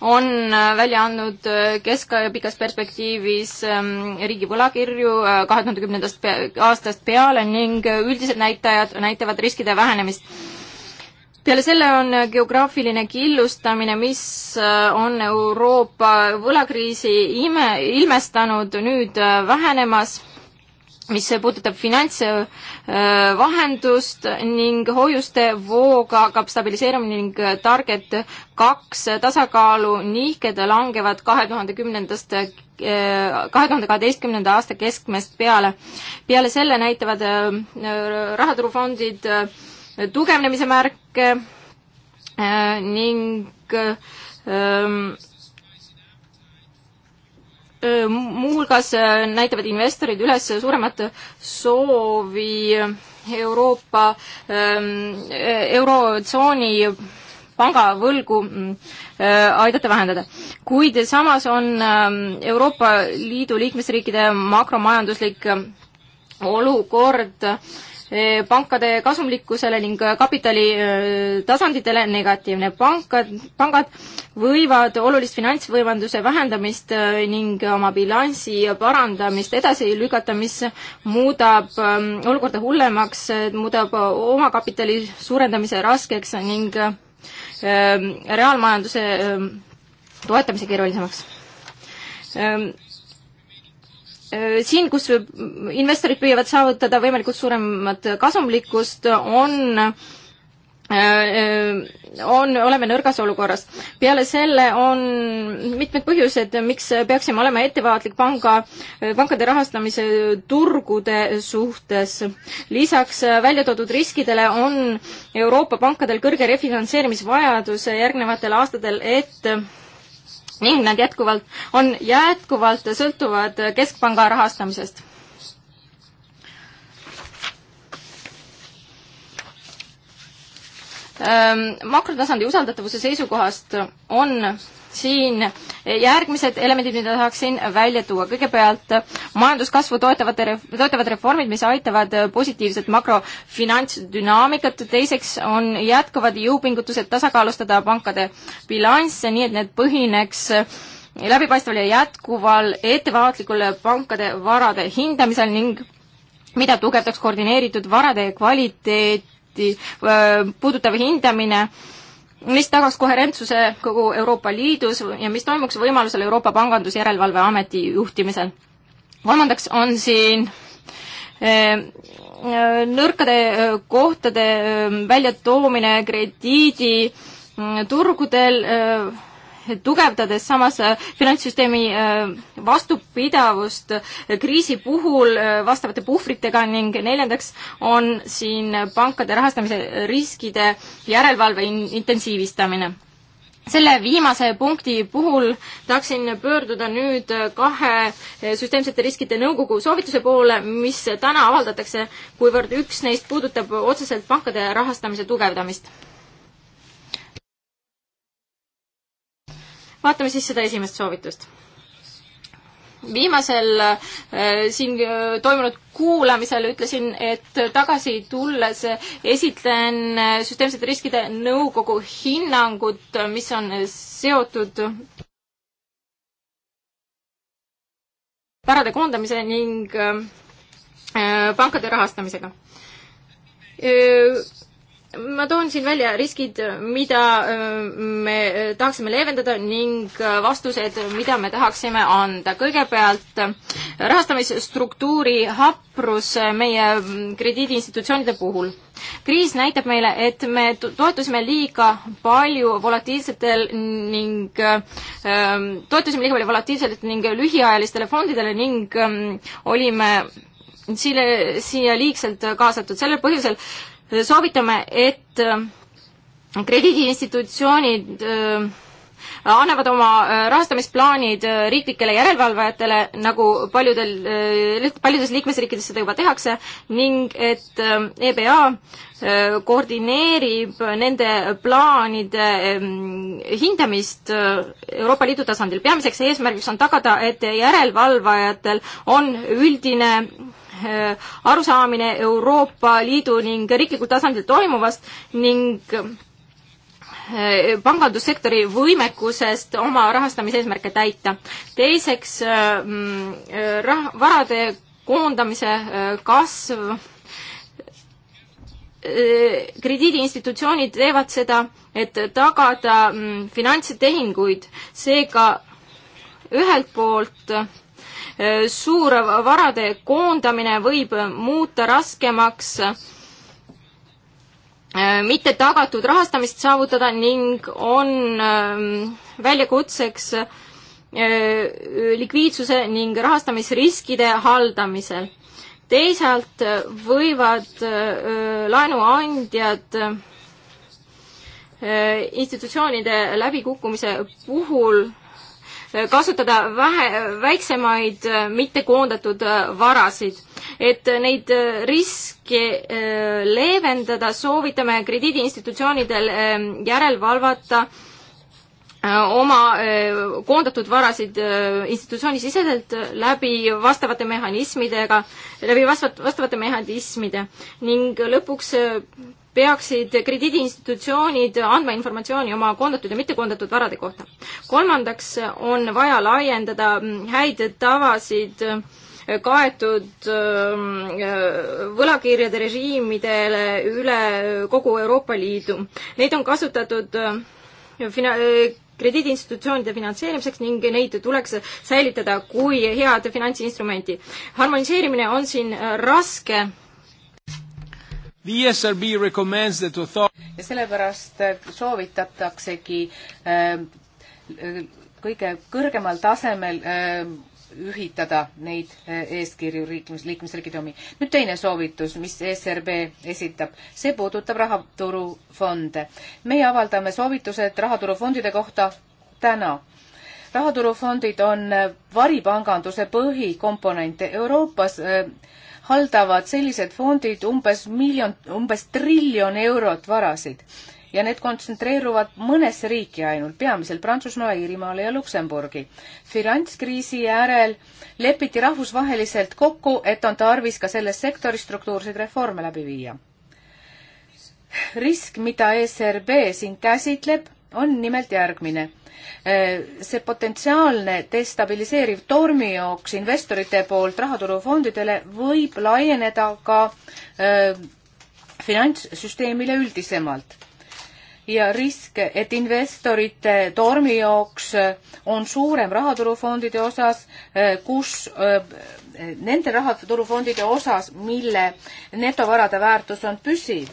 on äh, välja andnud äh, kesk- ja pikas perspektiivis ähm, riigi võlakirju äh, kahe tuhande kümnendast aastast peale ning üldised näitajad näitavad riskide vähenemist. peale selle on geograafiline killustamine, mis on Euroopa võlakriisi ime, ilmestanud, nüüd vähenemas mis puudutab finantsvahendust äh, ning hoiuste vooga hakkab stabiliseerumine ning target kaks tasakaalu nihked langevad kahe tuhande kümnendast, äh, kahe tuhande kaheteistkümnenda aasta keskmest peale. peale selle näitavad äh, rahaturufondid tugevnemise märke ning ähm, muuhulgas äh, näitavad investorid üles suuremat soovi Euroopa, ähm, äh, eurotsooni pangavõlgu mm, äh, aidata vähendada. kuid samas on ähm, Euroopa Liidu liikmesriikide makromajanduslik olukord äh, pankade kasumlikkusele ning äh, kapitali äh, tasanditele negatiivne. pankad, pangad võivad olulist finantsvõimenduse vähendamist äh, ning oma bilansi parandamist edasi lükata, mis muudab ähm, olukorda hullemaks, muudab omakapitali suurendamise raskeks ning reaalmajanduse ähm, toetamise keerulisemaks ähm, Äh, siin, kus investorid püüavad saavutada võimalikult suuremat kasumlikkust, on äh, äh, on, oleme nõrgas olukorras. peale selle on mitmed põhjused, miks peaksime olema ettevaatlik panga, pankade rahastamise turgude suhtes. lisaks välja toodud riskidele on Euroopa pankadel kõrge refinantseerimisvajadus järgnevatel aastatel, et ning nad jätkuvalt, on jätkuvalt sõltuvad keskpanga rahastamisest. makrotasandi usaldatavuse seisukohast on siin järgmised elemendid, mida tahaksin välja tuua. kõigepealt majanduskasvu toetavate, toetavad reformid, mis aitavad positiivset makrofinantsdünaamikat. teiseks on jätkuvad jõupingutused tasakaalustada pankade bilansse, nii et need põhineks läbipaistval ja jätkuval ettevaatlikul pankade varade hindamisel ning mida tugevdaks koordineeritud varade kvaliteeti puudutav hindamine äh, mis tagaks koherentsuse kogu Euroopa Liidus ja mis toimuks võimalusel Euroopa Pangandusjärelevalve Ameti juhtimisel. kolmandaks on siin eh, nõrkade eh, kohtade eh, väljatoomine krediiditurgudel tugevdades samas äh, finantssüsteemi äh, vastupidavust äh, kriisi puhul vastavate puhvritega ning neljandaks on siin pankade rahastamise riskide järelevalve intensiivistamine selle viimase punkti puhul tahaksin pöörduda nüüd kahe süsteemsete riskide nõukogu soovituse poole, mis täna avaldatakse, kuivõrd üks neist puudutab otseselt pankade rahastamise tugevdamist. vaatame siis seda esimest soovitust viimasel äh, siin äh, toimunud kuulamisel ütlesin, et tagasi tulles esitlen äh, süsteemsete riskide nõukogu hinnangut, mis on seotud varade koondamise ning äh, pankade rahastamisega äh, ma toon siin välja riskid, mida äh, me tahaksime leevendada ning äh, vastused, mida me tahaksime anda. kõigepealt äh, rahastamisstruktuuri haprus meie mm, krediidiinstitutsioonide puhul. kriis näitab meile, et me toetusime liiga palju volatiilsetel ning ähm, toetusime liiga palju volatiilsetele ning lühiajalistele fondidele ning ähm, olime siia, siia liigselt kaasatud. sellel põhjusel soovitame, et äh, krediidiinstitutsioonid äh, annavad oma äh, rahastamisplaanid riiklikele järelevalvajatele, nagu paljudel, paljudes liikmesriikides seda juba tehakse, ning et EBA koordineerib nende plaanide hindamist Euroopa Liidu tasandil. peamiseks eesmärgiks on tagada, et järelevalvajatel on üldine Äh, arusaamine Euroopa Liidu ning riiklikul tasandil toimuvast ning äh, pangandussektori võimekusest oma rahastamise eesmärke täita. teiseks, äh, mm, rah-, varade koondamise kasv, krediidiinstitutsioonid teevad seda, et tagada mm, finantstehinguid, seega ühelt poolt äh, suur varade koondamine võib muuta raskemaks äh, mitte tagatud rahastamist saavutada ning on ähm, väljakutseks äh, likviidsuse ning rahastamisriskide haldamisel. teisalt võivad äh, laenuandjad institutsioonide läbikukkumise puhul kasutada vähe, väiksemaid, äh, mitte koondatud äh, varasid. et neid äh, riske leevendada, soovitame krediidiinstitutsioonidel ähm, järelevalvata oma koondatud varasid institutsioonisiseselt läbi vastavate mehhanismidega, läbi vastavate mehhanismide ning lõpuks peaksid krediidiinstitutsioonid andma informatsiooni oma koondatud ja mittekoondatud varade kohta. kolmandaks on vaja laiendada häid tavasid äh, kaetud äh, võlakirjade režiimidele üle kogu Euroopa Liidu. Neid on kasutatud äh, fina-, krediidiinstitutsioonide finantseerimiseks ning neid tuleks säilitada kui head finantsinstrumenti. harmoniseerimine on siin raske E ja sellepärast äh, soovitataksegi ähm, äh, kõige kõrgemal tasemel ähm, ühitada neid äh, eeskirju liikmes, liikmesriigid omi. nüüd teine soovitus, mis e SRB esitab, see puudutab rahaturufonde. meie avaldame soovitused rahaturufondide kohta täna. rahaturufondid on varipanganduse põhikomponente Euroopas äh, haldavad sellised fondid umbes miljon, umbes triljon eurot varasid ja need kontsentreeruvad mõnesse riiki ainult, peamiselt Prantsusmaale, Iirimaale ja Luksemburgi. finantskriisi järel lepiti rahvusvaheliselt kokku, et on tarvis ka selles sektoris struktuurseid reforme läbi viia. risk, mida ESRB siin käsitleb, on nimelt järgmine. Äh, see potentsiaalne destabiliseeriv tormijooks investorite poolt rahaturufondidele võib laieneda ka äh, finantssüsteemile üldisemalt ja risk, et investorite tormijooks äh, on suurem rahaturufondide osas, kus nende rahaturufondide osas, mille netovarade väärtus on püsiv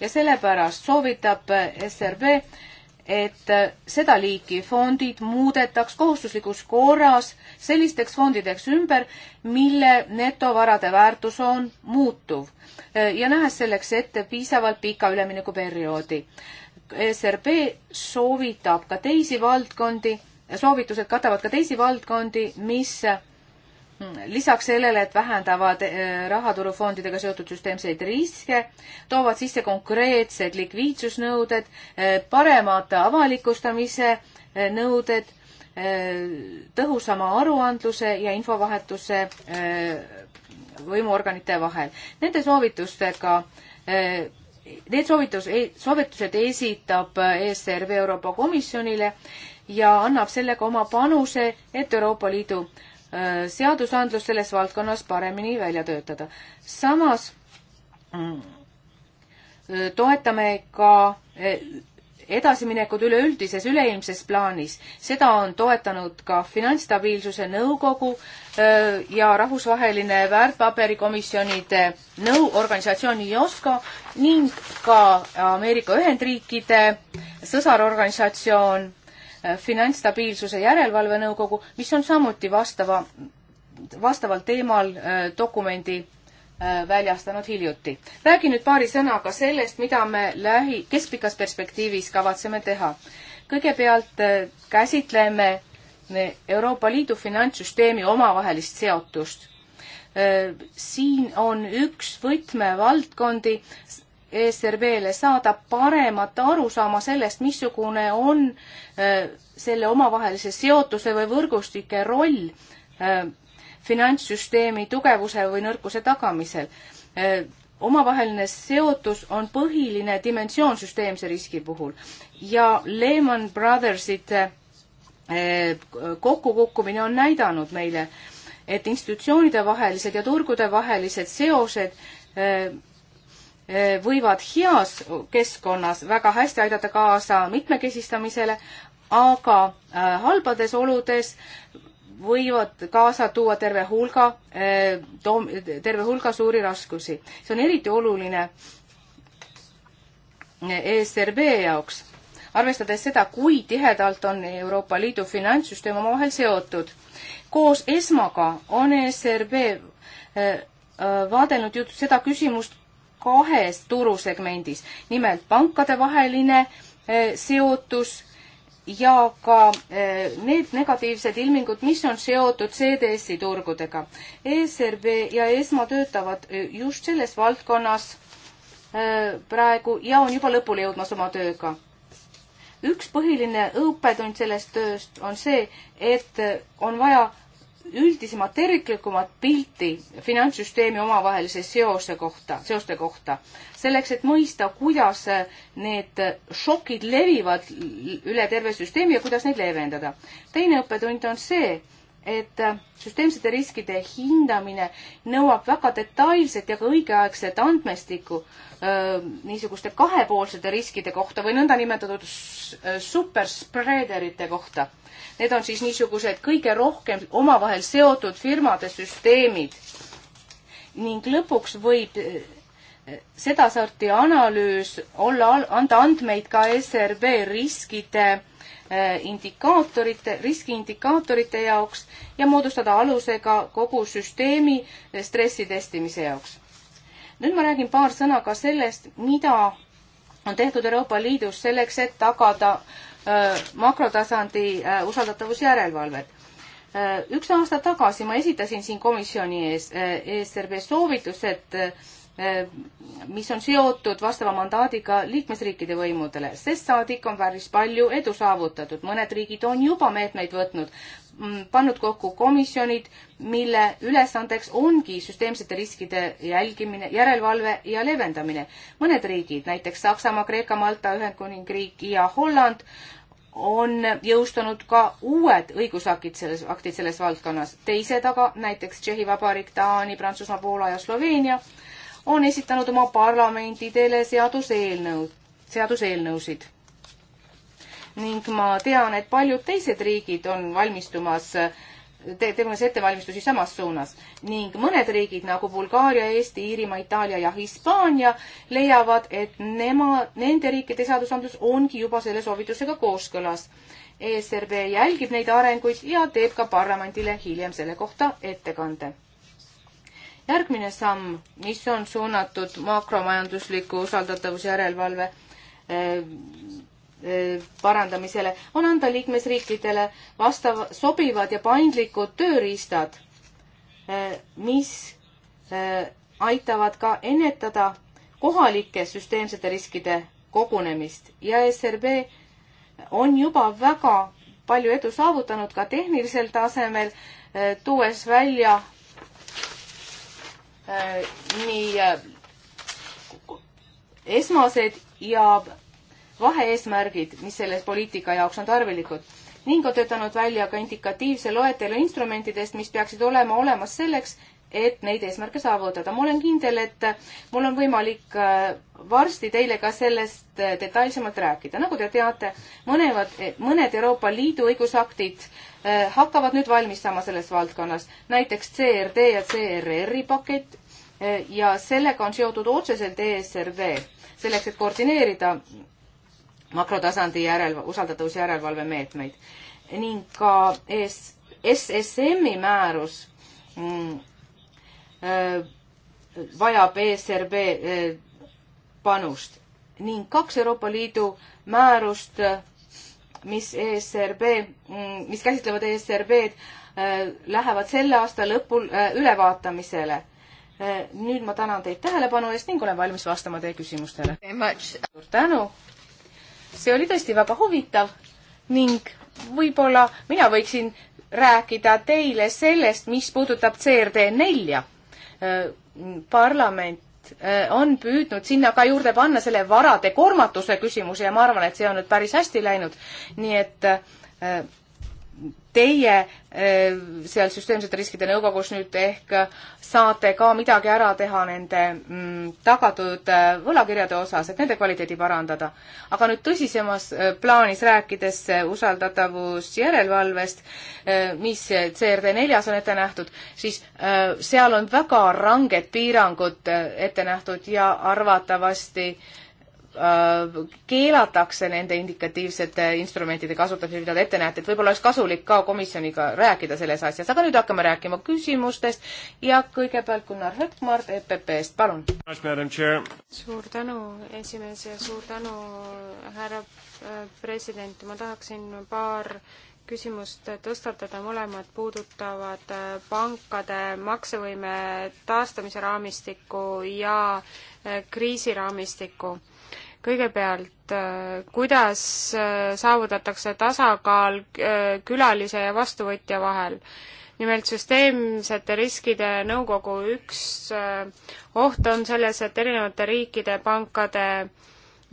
ja sellepärast soovitab SRB et äh, seda liiki fondid muudetaks kohustuslikus korras sellisteks fondideks ümber, mille netovarade väärtus on muutuv äh, ja nähes selleks ette piisavalt pika üleminekuperioodi. E SRB soovitab ka teisi valdkondi, soovitused katavad ka teisi valdkondi, mis lisaks sellele, et vähendavad eh, rahaturufondidega seotud süsteemseid riske, toovad sisse konkreetsed likviidsusnõuded, eh, paremad avalikustamise eh, nõuded, tõhusama aruandluse ja infovahetuse võimuorganite vahel. Nende soovitustega Need soovitus, e-, soovitused esitab ESRV e Euroopa Komisjonile ja annab sellega oma panuse, et Euroopa Liidu Äh, seadusandlus selles valdkonnas paremini välja töötada. samas mm, äh, toetame ka äh, edasiminekud üleüldises üleilmses plaanis, seda on toetanud ka Finantsstabiilsuse Nõukogu ja Rahvusvaheline väärtpaberikomisjonide nõu organisatsiooni JOSKA ning ka Ameerika Ühendriikide sõsarorganisatsioon Finantsstabiilsuse Järelevalvenõukogu, mis on samuti vastava, vastaval teemal äh, dokumendi äh, väljastanud hiljuti. räägin nüüd paari sõnaga sellest, mida me lähi, keskpikas perspektiivis kavatseme teha. kõigepealt äh, käsitleme Euroopa Liidu finantssüsteemi omavahelist seotust. siin on üks võtmevaldkondi ESRB-le saada paremat arusaama sellest, missugune on äh, selle omavahelise seotuse või võrgustike roll äh, finantssüsteemi tugevuse või nõrkuse tagamisel. Äh, omavaheline seotus on põhiline dimensioon süsteemse riski puhul ja Lehman Brothersite kokkukukkumine on näidanud meile, et institutsioonide vahelised ja turgude vahelised seosed võivad heas keskkonnas väga hästi aidata kaasa mitmekesistamisele, aga äh, halbades oludes võivad kaasa tuua terve hulga, äh, terve hulga suuri raskusi. see on eriti oluline äh, ESRB jaoks, arvestades seda, kui tihedalt on Euroopa Liidu finantssüsteem omavahel seotud. koos ESMAga on ESRB vaadelnud ju seda küsimust kahes turusegmendis, nimelt pankadevaheline eh, seotus ja ka eh, need negatiivsed ilmingud, mis on seotud CDS-i turgudega. ESRB ja ESMA töötavad eh, just selles valdkonnas praegu ja on juba lõpule jõudmas oma tööga. üks põhiline õppetund sellest tööst on see, et on vaja üldisemat, terviklikumat pilti finantssüsteemi omavahelise seose kohta, seoste kohta, selleks et mõista, kuidas need šokid levivad üle terve süsteemi ja kuidas neid leevendada. teine õppetund on see, et süsteemsete riskide hindamine nõuab väga detailset ja ka õigeaegset andmestikku niisuguste kahepoolsete riskide kohta või nõndanimetatud superspreaderite kohta. Need on siis niisugused kõige rohkem omavahel seotud firmade süsteemid. ning lõpuks võib sedasorti analüüs olla, anda andmeid ka SRB riskide Äh, indikaatorite, riskiindikaatorite jaoks ja moodustada aluse ka kogu süsteemi äh, stressi testimise jaoks. nüüd ma räägin paar sõna ka sellest, mida on tehtud Euroopa Liidus selleks, et tagada äh, makrotasandi usaldatavusjärelevalvet. üks aasta tagasi ma esitasin siin komisjoni ees, ESRB soovitused Eh, mis on seotud vastava mandaadiga liikmesriikide võimudele, sest saadik on päris palju edu saavutatud, mõned riigid on juba meetmeid võtnud, mm, pannud kokku komisjonid, mille ülesandeks ongi süsteemsete riskide jälgimine, järelevalve ja leevendamine. mõned riigid, näiteks Saksamaa, Kreeka, Malta, Ühendkuningriik ja Holland, on jõustunud ka uued õigusaktid selles, aktid selles valdkonnas. teised aga, näiteks Tšehhi Vabariik, Taani, Prantsusmaa, Poola ja Sloveenia, on esitanud oma parlamendidele seaduseelnõud, seaduseelnõusid. ning ma tean, et paljud teised riigid on valmistumas te-, tegemas ettevalmistusi samas suunas ning mõned riigid nagu Bulgaaria, Eesti, Iirimaa, Itaalia ja Hispaania leiavad, et nema, nende riikide seadusandlus ongi juba selle soovitusega kooskõlas. ESRB jälgib neid arenguid ja teeb ka parlamendile hiljem selle kohta ettekande järgmine samm, mis on suunatud makromajandusliku usaldatavusjärelevalve eh, eh, parandamisele, on anda liikmesriikidele vastav, sobivad ja paindlikud tööriistad, eh, mis aitavad ka ennetada kohalike süsteemsete riskide kogunemist ja SRB on juba väga palju edu saavutanud ka tehnilisel tasemel, tuues välja Äh, nii äh, esmased ja vaheeesmärgid, mis selle poliitika jaoks on tarvilikud ning on töötanud välja ka indikatiivse loetelu instrumentidest, mis peaksid olema olemas selleks, et neid eesmärke saavutada. ma olen kindel, et mul on võimalik äh, varsti teile ka sellest äh, detailsemalt rääkida. nagu te teate, mõnevad, eh, mõned Euroopa Liidu õigusaktid äh, hakkavad nüüd valmis saama selles valdkonnas, näiteks CRD ja CRR-i pakett ja sellega on seotud otseselt ESRV, selleks et koordineerida makrotasandi järel, usaldatavuse järelevalve meetmeid ning ka ES, SSM-i määrus mm, Äh, vajab ESRB äh, panust ning kaks Euroopa Liidu määrust, äh, mis ESRB, mm, mis käsitlevad ESRB-d, lähevad selle aasta lõpul ülevaatamisele. nüüd ma tänan teid tähelepanu eest ning olen valmis vastama teie küsimustele. suur tänu! see oli tõesti väga huvitav ning võib-olla mina võiksin rääkida teile sellest, mis puudutab CRD nelja parlament äh, on püüdnud sinna ka juurde panna selle varade koormatuse küsimuse ja ma arvan, et see on nüüd päris hästi läinud. nii et äh, teie eh, seal süsteemsete riskide nõukogus nüüd ehk saate ka midagi ära teha nende mm, tagatud eh, võlakirjade osas, et nende kvaliteedi parandada. aga nüüd tõsisemas eh, plaanis rääkides usaldatavusjärelevalvest, mis CRD neljas on ette nähtud, siis seal on väga ranged piirangud ette nähtud ja arvatavasti äh, Äh, keelatakse nende indikatiivsete instrumentide kasutamisel, mida te ette näete, et võib-olla oleks kasulik ka komisjoniga rääkida selles asjas, aga nüüd hakkame rääkima küsimustest ja kõigepealt Gunnar Hökmart EPP-st, palun. suur tänu, esimees ja suur tänu, härra äh, president, ma tahaksin paar küsimust tõstatada, mõlemad puudutavad äh, pankade maksevõime taastamise raamistikku ja kriisiraamistikku kõigepealt, äh, kuidas äh, saavutatakse tasakaal äh, külalise ja vastuvõtja vahel. nimelt süsteemsete riskide nõukogu üks oht on selles, et erinevate riikide pankade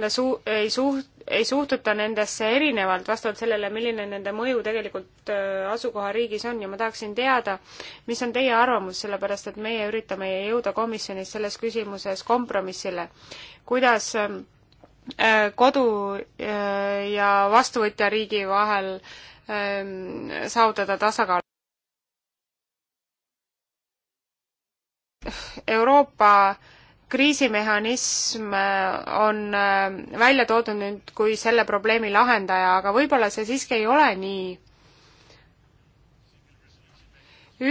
su-, ei suht-, ei suhtuta nendesse erinevalt, vastavalt sellele, milline nende mõju tegelikult asukohariigis on ja ma tahaksin teada, mis on teie arvamus, sellepärast et meie üritame jõuda komisjonis selles küsimuses kompromissile. kuidas ähm, Äh, kodu äh, ja vastuvõtja riigi vahel ähm, saavutada tasakaal. Euroopa kriisimehhanism äh, on välja toodud nüüd kui selle probleemi lahendaja, aga võib-olla see siiski ei ole nii.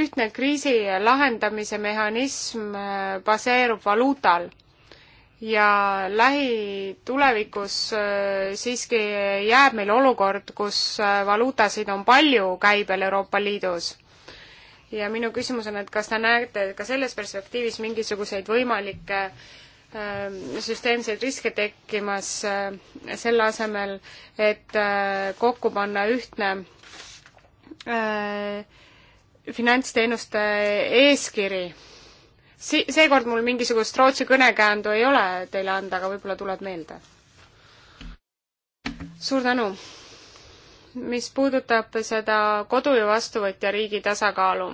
ühtne kriisi lahendamise mehhanism baseerub valuutal ja lähitulevikus äh, siiski jääb meil olukord, kus äh, valuutasid on palju käibel Euroopa Liidus. ja minu küsimus on, et kas te näete ka selles perspektiivis mingisuguseid võimalikke ähm, süsteemseid riske tekkimas äh, selle asemel, et kokku panna ühtne finantsteenuste eeskiri Si-, seekord mul mingisugust Rootsi kõnekäändu ei ole teile anda, aga võib-olla tuleb meelde. suur tänu! mis puudutab seda kodu ja vastuvõtja riigi tasakaalu,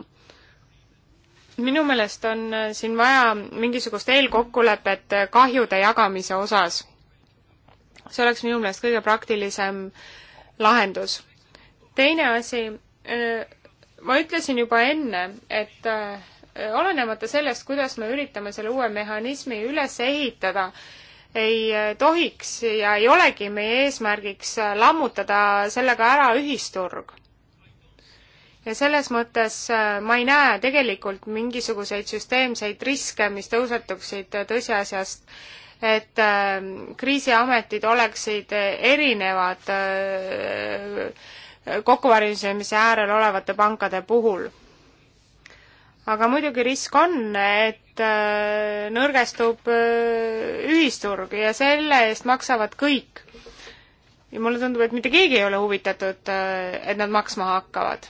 minu meelest on äh, siin vaja mingisugust eelkokkulepet äh, kahjude jagamise osas. see oleks minu meelest kõige praktilisem lahendus. teine asi, äh, ma ütlesin juba enne, et Äh, olenemata sellest, kuidas me üritame selle uue mehhanismi üles ehitada, ei äh, tohiks ja ei olegi meie eesmärgiks äh, lammutada sellega ära ühisturg. ja selles mõttes ma ei näe tegelikult mingisuguseid süsteemseid riske, mis tõusetuksid tõsiasjast, et kriisiametid oleksid erinevad kokkuvarjusemise äärel olevate pankade puhul aga muidugi risk on, et äh, nõrgestub äh, ühisturg ja selle eest maksavad kõik. ja mulle tundub, et mitte keegi ei ole huvitatud, äh, et nad maksma hakkavad.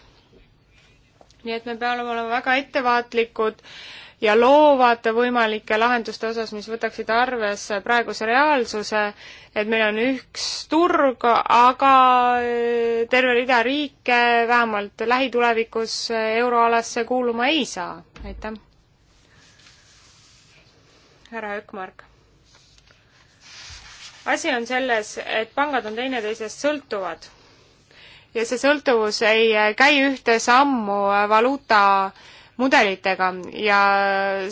nii et me peame olema väga ettevaatlikud ja loovad võimalike lahenduste osas, mis võtaksid arvesse praeguse reaalsuse, et meil on üks turg, aga äh, terve rida riike vähemalt lähitulevikus euroalasse kuuluma ei saa. aitäh! härra Ökmark asi on selles, et pangad on teineteisest sõltuvad ja see sõltuvus ei käi ühte sammu valuuta mudelitega ja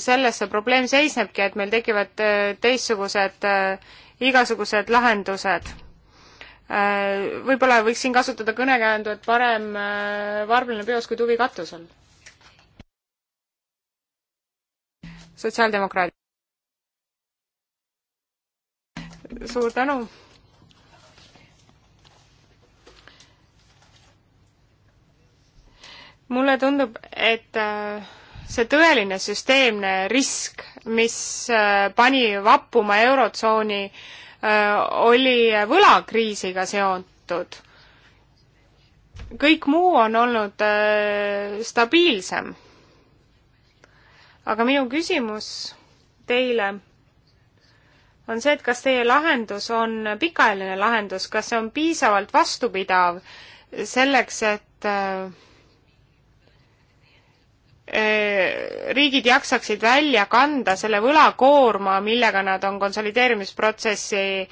selles see probleem seisnebki, et meil tekivad äh, teistsugused äh, igasugused lahendused. Äh, võib-olla võiks siin kasutada kõnekäändu, et parem varblane peos kui tuvi katusel. sotsiaaldemokraadid. suur tänu! mulle tundub, et äh, see tõeline süsteemne risk, mis äh, pani vappuma Eurotsooni, äh, oli võlakriisiga seotud. kõik muu on olnud stabiilsem. aga minu küsimus teile on see, et kas teie lahendus on pikaajaline lahendus, kas see on piisavalt vastupidav selleks, et äh, Eh, riigid jaksaksid välja kanda selle võlakoorma, millega nad on konsolideerimisprotsessi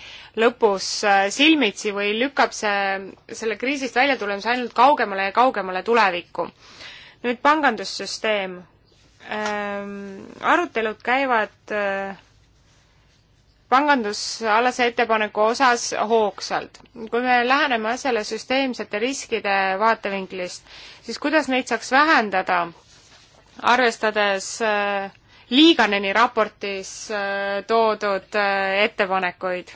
lõpus eh, silmitsi või lükkab see, selle kriisist väljatulemise ainult kaugemale ja kaugemale tulevikku. nüüd pangandussüsteem. Ehm, arutelud käivad eh, pangandusalase ettepaneku osas hoogsalt. kui me läheneme asjale süsteemsete riskide vaatevinklist, siis kuidas neid saaks vähendada arvestades äh, Liiganeni raportis äh, toodud äh, ettepanekuid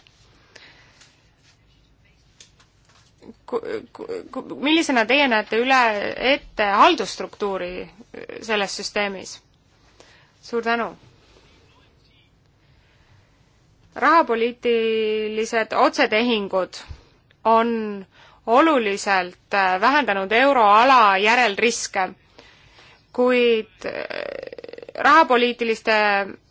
millisena teie näete üle ette haldusstruktuuri selles süsteemis? suur tänu! rahapoliitilised otsetehingud on oluliselt vähendanud euroala järelriske kuid äh, rahapoliitiliste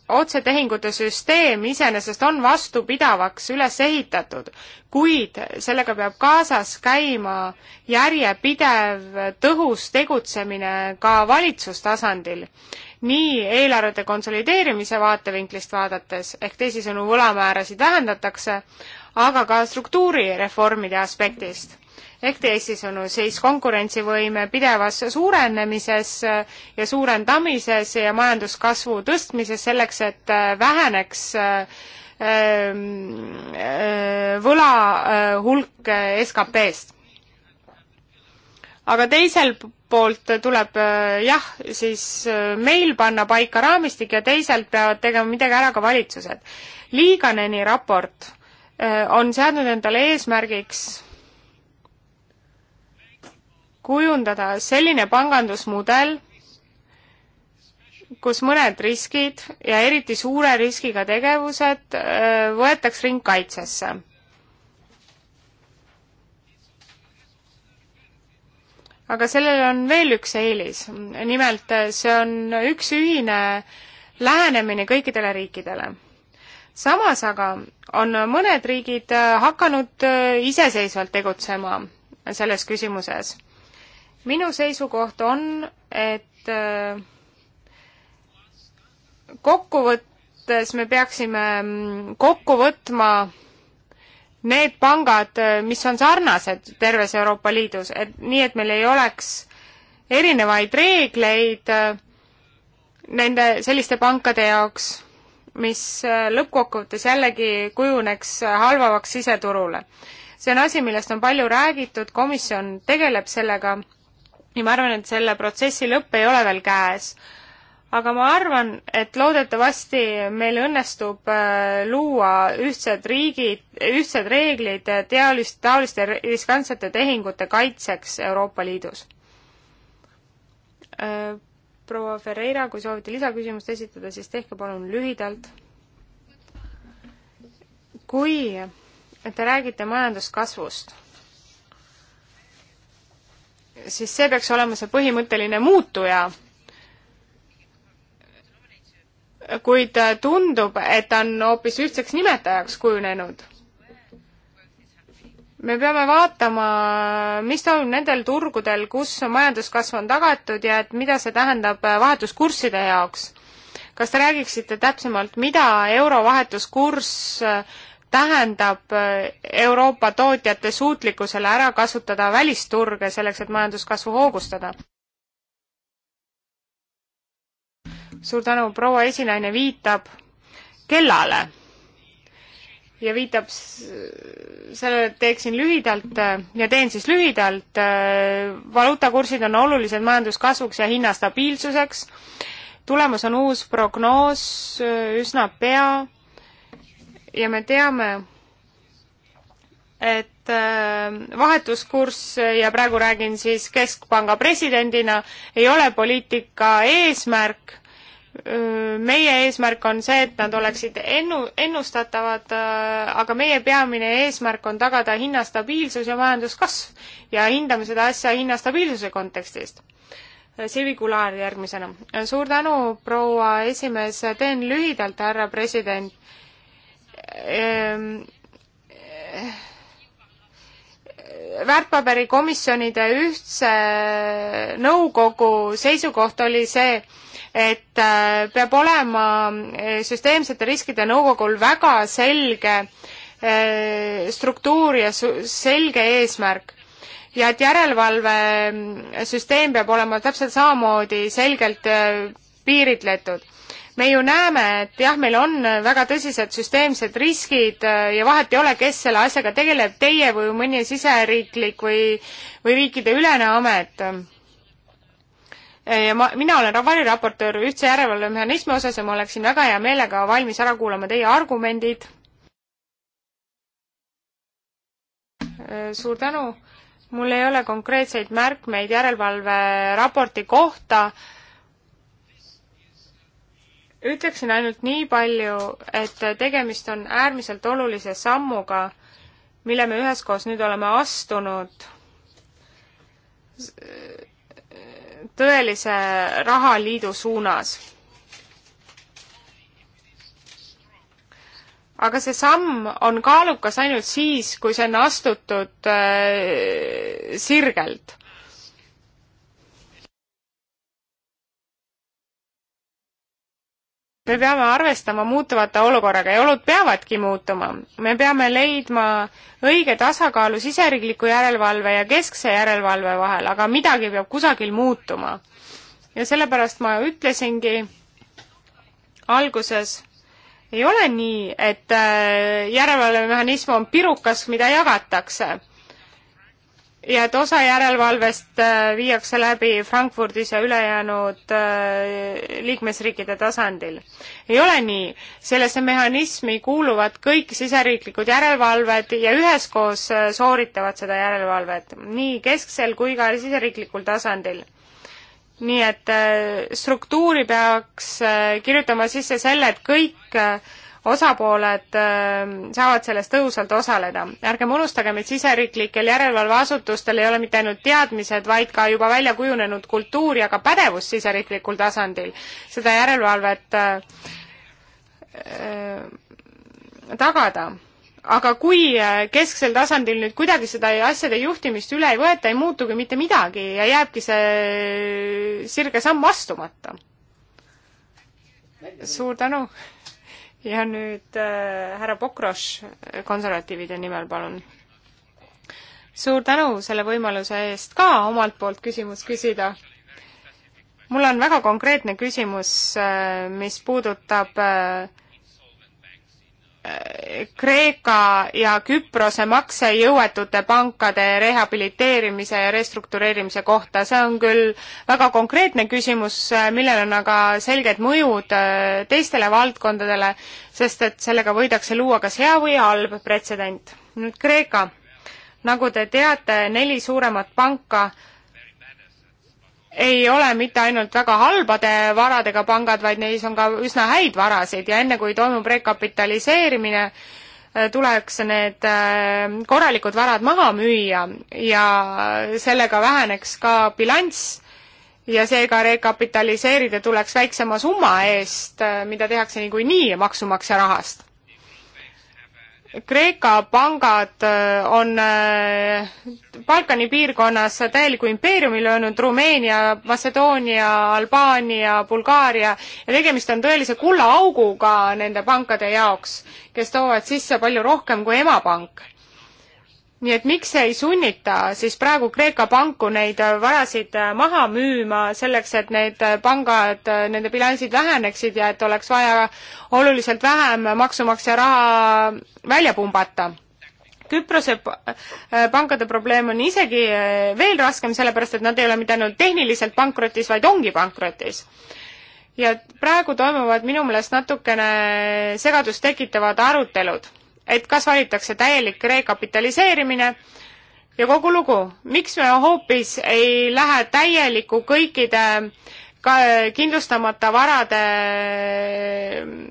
otsetehingute süsteem iseenesest on vastupidavaks üles ehitatud, kuid sellega peab kaasas käima järjepidev tõhus tegutsemine ka valitsustasandil, nii eelarvete konsolideerimise vaatevinklist vaadates, ehk teisisõnu, võlamäärasid vähendatakse, aga ka struktuurireformide aspektist ehk teisisõnu siis konkurentsivõime pidevas suurenemises ja suurendamises ja majanduskasvu tõstmises selleks, et äh, väheneks ähm, äh, võla äh, hulk SKP-st. aga teisel poolt tuleb jah, siis meil panna paika raamistik ja teisalt peavad tegema midagi ära ka valitsused. Liiganeni raport on seadnud endale eesmärgiks kujundada selline pangandusmudel, kus mõned riskid ja eriti suure riskiga tegevused äh, võetaks ringkaitsesse. aga sellel on veel üks eelis, nimelt äh, see on üks ühine lähenemine kõikidele riikidele. samas aga on mõned riigid äh, hakanud iseseisvalt tegutsema selles küsimuses minu seisukoht on, et äh, kokkuvõttes me peaksime mm, kokku võtma need pangad, äh, mis on sarnased terves Euroopa Liidus, et nii, et meil ei oleks erinevaid reegleid äh, nende selliste pankade jaoks, mis lõppkokkuvõttes jällegi kujuneks halvavaks siseturule. see on asi, millest on palju räägitud, komisjon tegeleb sellega ja ma arvan, et selle protsessi lõpp ei ole veel käes. aga ma arvan, et loodetavasti meil õnnestub äh, luua ühtsed riigid, ühtsed reeglid tealist, taoliste riskantsete tehingute kaitseks Euroopa Liidus. Äh, proua Ferreira, kui soovite lisaküsimust esitada, siis tehke palun lühidalt. kui te räägite majanduskasvust siis see peaks olema see põhimõtteline muutuja. kuid äh, tundub, et ta on hoopis ühtseks nimetajaks kujunenud. me peame vaatama, mis toimub nendel turgudel, kus majanduskasv on tagatud ja et mida see tähendab äh, vahetuskursside jaoks. kas te räägiksite täpsemalt, mida euro vahetuskurss äh, tähendab äh, Euroopa tootjate suutlikkusele ära kasutada välisturge selleks, et majanduskasvu hoogustada. suur tänu, proua esinaine viitab kellale ja viitab sellele, et teeksin lühidalt äh, ja teen siis lühidalt, äh, valuutakursid on olulised majanduskasvuks ja hinnastabiilsuseks, tulemas on uus prognoos üsna pea ja me teame, et äh, vahetuskurss ja praegu räägin siis Keskpanga presidendina, ei ole poliitika eesmärk. Äh, meie eesmärk on see, et nad oleksid ennu-, ennustatavad, äh, aga meie peamine eesmärk on tagada hinnastabiilsus ja majanduskasv ja hindame seda asja hinnastabiilsuse kontekstist. Silvi Kular järgmisena. suur tänu, proua esimees, teen lühidalt, härra president Ehm, väärtpaberikomisjonide ühtse nõukogu seisukoht oli see, et äh, peab olema äh, süsteemsete riskide nõukogul väga selge äh, struktuur ja selge eesmärk ja et järelevalvesüsteem mm, peab olema täpselt samamoodi selgelt piiritletud me ju näeme, et jah, meil on väga tõsised süsteemsed riskid äh, ja vahet ei ole, kes selle asjaga tegeleb, teie või mõni siseriiklik või, või riikideülene amet. ja ma, mina olen variraportöör ühtse järelevalvemehhanismi osas ja ma oleksin väga hea meelega valmis ära kuulama teie argumendid. Äh, suur tänu. mul ei ole konkreetseid märkmeid järelevalveraporti kohta ütleksin ainult nii palju, et tegemist on äärmiselt olulise sammuga, mille me üheskoos nüüd oleme astunud tõelise rahaliidu suunas. aga see samm on kaalukas ainult siis, kui see on astutud äh, sirgelt me peame arvestama muutuvate olukorraga ja olud peavadki muutuma. me peame leidma õige tasakaalu siseriikliku järelevalve ja keskse järelevalve vahel, aga midagi peab kusagil muutuma. ja sellepärast ma ütlesingi alguses, ei ole nii, et äh, järelevalvemehhanism on pirukas, mida jagatakse ja et osa järelevalvest äh, viiakse läbi Frankfurdis ja ülejäänud äh, liikmesriikide tasandil. ei ole nii, sellesse mehhanismi kuuluvad kõik siseriiklikud järelevalved ja üheskoos äh, sooritavad seda järelevalvet, nii kesksel kui ka siseriiklikul tasandil nii et struktuuri peaks kirjutama sisse selle, et kõik osapooled ähm, saavad selles tõhusalt osaleda. ärgem unustagem, et siseriiklikel järelevalveasutustel ei ole mitte ainult teadmised, vaid ka juba välja kujunenud kultuur ja ka pädevus siseriiklikul tasandil seda järelevalvet äh, äh, tagada. aga kui äh, kesksel tasandil nüüd kuidagi seda asjade juhtimist üle ei võeta, ei muutugi mitte midagi ja jääbki see sirge samm astumata. suur tänu! ja nüüd äh, härra Pokroš äh, konservatiivide nimel, palun. suur tänu selle võimaluse eest ka omalt poolt küsimus küsida. mul on väga konkreetne küsimus äh,, mis puudutab äh, Kreeka ja Küprose maksejõuetute pankade rehabiliteerimise ja restruktureerimise kohta. see on küll väga konkreetne küsimus, millel on aga selged mõjud äh, teistele valdkondadele, sest et sellega võidakse luua kas hea või halb pretsedent. nüüd Kreeka. nagu te teate, neli suuremat panka ei ole mitte ainult väga halbade varadega pangad, vaid neis on ka üsna häid varasid ja enne, kui toimub rekapitaliseerimine, äh, tuleks need äh, korralikud varad maha müüa ja sellega väheneks ka bilanss ja seega rekapitaliseerida tuleks väiksema summa eest, äh, mida tehakse niikuinii maksumaksja rahast Kreeka pangad äh, on äh, Balkani piirkonnas täieliku impeeriumi löönud Rumeenia, Macedoonia, Albaania, Bulgaaria ja tegemist on tõelise kullaauguga nende pankade jaoks, kes toovad sisse palju rohkem kui emapank nii et miks ei sunnita siis praegu Kreeka panku neid varasid äh, maha müüma selleks, et need äh, pangad, äh, nende bilansid väheneksid ja et oleks vaja oluliselt vähem maksumaksja raha välja pumbata? Küprose pankade probleem on isegi veel raskem, sellepärast et nad ei ole mitte ainult tehniliselt pankrotis, vaid ongi pankrotis ja praegu toimuvad minu meelest natukene segadust tekitavad arutelud et kas valitakse täielik rekapitaliseerimine ja kogu lugu. miks me hoopis ei lähe täieliku kõikide ka kindlustamata varade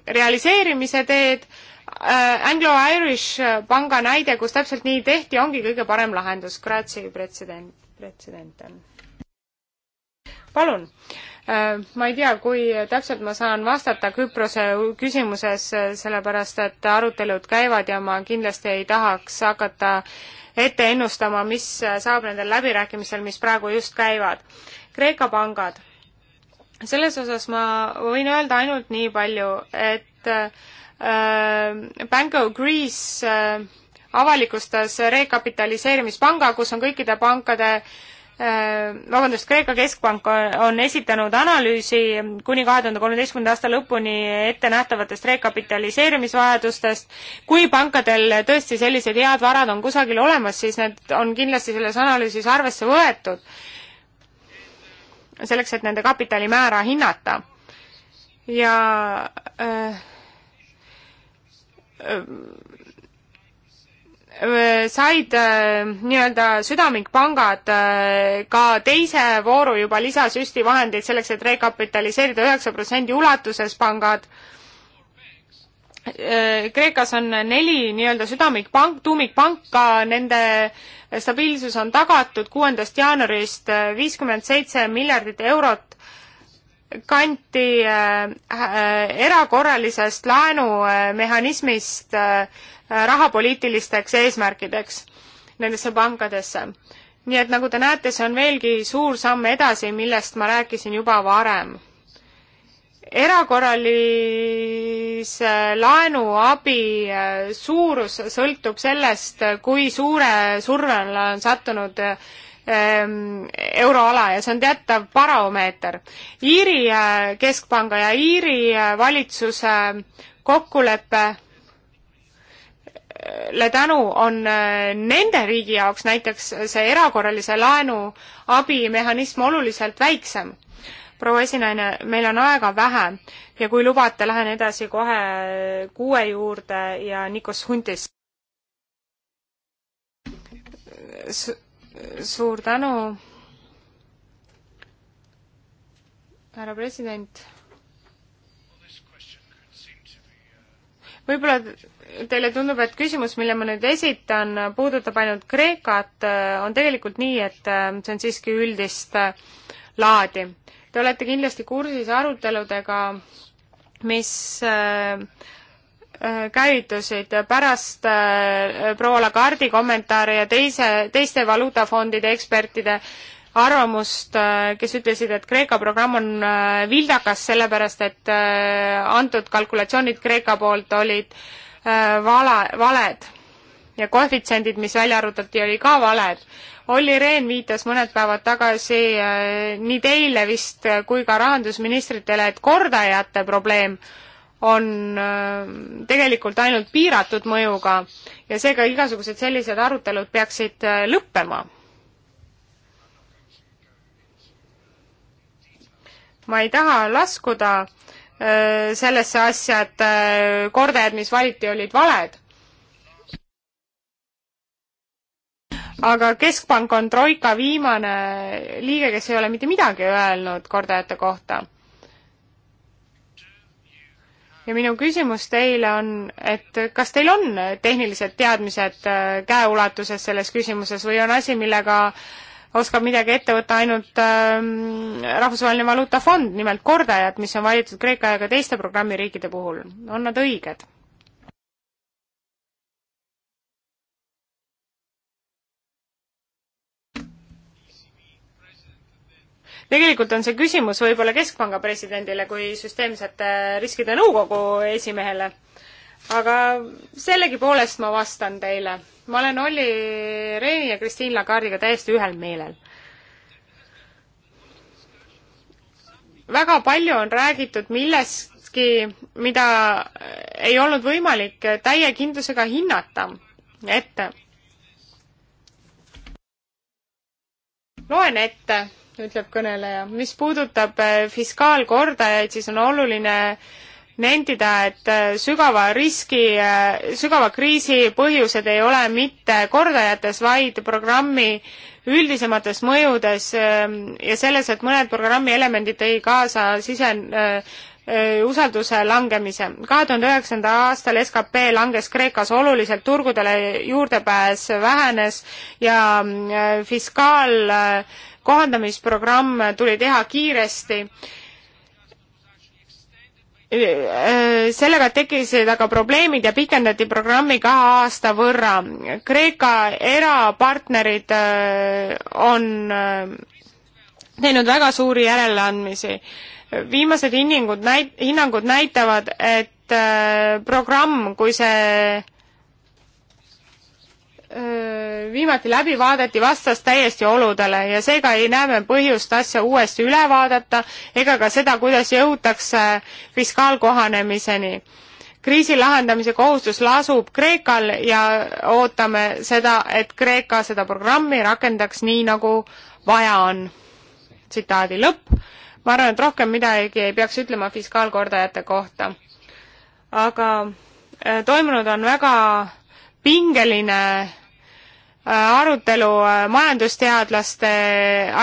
realiseerimise teed. Äh, Anglo-Irish panga näide, kus täpselt nii tehti, ongi kõige parem lahendus. Grazie, pretsedent, pretsedent on. palun Äh, ma ei tea, kui täpselt ma saan vastata Küprose küsimuses, äh, sellepärast et arutelud käivad ja ma kindlasti ei tahaks hakata ette ennustama, mis äh, saab nendel läbirääkimistel, mis praegu just käivad. Kreeka pangad. selles osas ma võin öelda ainult nii palju, et äh, Bank of Greece äh, avalikustas rekapitaliseerimispanga, kus on kõikide pankade äh, Äh, vabandust, Kreeka keskpank on esitanud analüüsi kuni kahe tuhande kolmeteistkümnenda aasta lõpuni ettenähtavatest rekapitaliseerimisvajadustest. kui pankadel tõesti sellised head varad on kusagil olemas, siis need on kindlasti selles analüüsis arvesse võetud. selleks, et nende kapitalimäära hinnata. ja öö, äh, öö, said äh, nii-öelda südamikpangad äh, ka teise vooru juba lisasüsti vahendeid selleks, et rekapitaliseerida üheksa protsendi ulatuses pangad. Äh, Kreekas on neli nii-öelda südamikpank, tuumikpanka, nende stabiilsus on tagatud kuuendast jaanuarist viiskümmend seitse miljardit eurot kanti äh, äh, erakorralisest laenumehhanismist äh, Äh, rahapoliitilisteks eesmärkideks nendesse pankadesse. nii et nagu te näete, see on veelgi suur samm edasi, millest ma rääkisin juba varem. erakorralise laenuabi äh, suurus sõltub sellest, kui suure surve alla on sattunud ähm, euroala ja see on teatav baromeeter. Iiri äh, keskpanga ja Iiri valitsuse kokkulepe le tänu on äh, nende riigi jaoks näiteks see erakorralise laenu abimehhanism oluliselt väiksem. proua esinaine, meil on aega vähe ja kui lubate, lähen edasi kohe kuue juurde ja Nikos Huntis Su. suur tänu, härra president võib-olla teile tundub, et küsimus, mille ma nüüd esitan, puudutab ainult Kreekat, on tegelikult nii, et äh, see on siiski üldist äh, laadi. Te olete kindlasti kursis aruteludega, mis äh, käivitusid pärast proua Lagardi kommentaare ja teise, teiste valuutafondide ekspertide äh, arvamust, äh, kes ütlesid, et Kreeka programm on äh, vildakas, sellepärast et äh, antud kalkulatsioonid Kreeka poolt olid vala, valed ja koefitsiendid, mis välja arvutati, oli ka valed. Olli Rehn viitas mõned päevad tagasi nii teile vist kui ka rahandusministritele, et kordajate probleem on tegelikult ainult piiratud mõjuga ja seega igasugused sellised arutelud peaksid lõppema ma ei taha laskuda äh, sellesse asja, et äh, kordajad, mis valiti, olid valed. aga Keskpank on Troika viimane liige, kes ei ole mitte midagi öelnud kordajate kohta. ja minu küsimus teile on, et kas teil on tehnilised teadmised äh, käeulatuses selles küsimuses või on asi, millega äh, oskab midagi ette võtta ainult ähm, Rahvusvaheline Valuutafond, nimelt kordajad, mis on valitud Kreeka ja ka teiste programmiriikide puhul. on nad õiged? tegelikult on see küsimus võib-olla Keskpanga presidendile kui süsteemsete riskide nõukogu esimehele aga sellegipoolest ma vastan teile. ma olen Olli Reini ja Kristiin Lagardiga täiesti ühel meelel. väga palju on räägitud millestki, mida ei olnud võimalik täie kindlusega hinnata ette. loen ette, ütleb kõneleja. mis puudutab eh, fiskaalkordajaid, siis on oluline äh, nentida, et äh, sügava riski, äh, sügava kriisi põhjused ei ole mitte kordajates, vaid programmi üldisemates mõjudes ähm, ja selles, et mõned programmi elemendid tõi kaasa sise äh, usalduse langemise. kahe tuhande üheksandal aastal skp langes Kreekas oluliselt, turgudele juurdepääs vähenes ja fiskaal kohandamisprogramm tuli teha kiiresti Äh, äh, sellega tekkisid aga probleemid ja pikendati programmi kahe aasta võrra. Kreeka erapartnerid äh, on teinud väga suuri järeleandmisi. viimased hinnangud näit-, hinnangud näitavad, et programm, kui see viimati läbi vaadati, vastas täiesti oludele ja seega ei näe me põhjust asja uuesti üle vaadata ega ka seda, kuidas jõutakse fiskaalkohanemiseni. kriisi lahendamise kohustus lasub Kreekal ja ootame seda, et Kreeka seda programmi rakendaks nii, nagu vaja on. tsitaadi lõpp. ma arvan, et rohkem midagi ei peaks ütlema fiskaalkordajate kohta. aga äh, toimunud on väga pingeline Äh, arutelu äh, majandusteadlaste,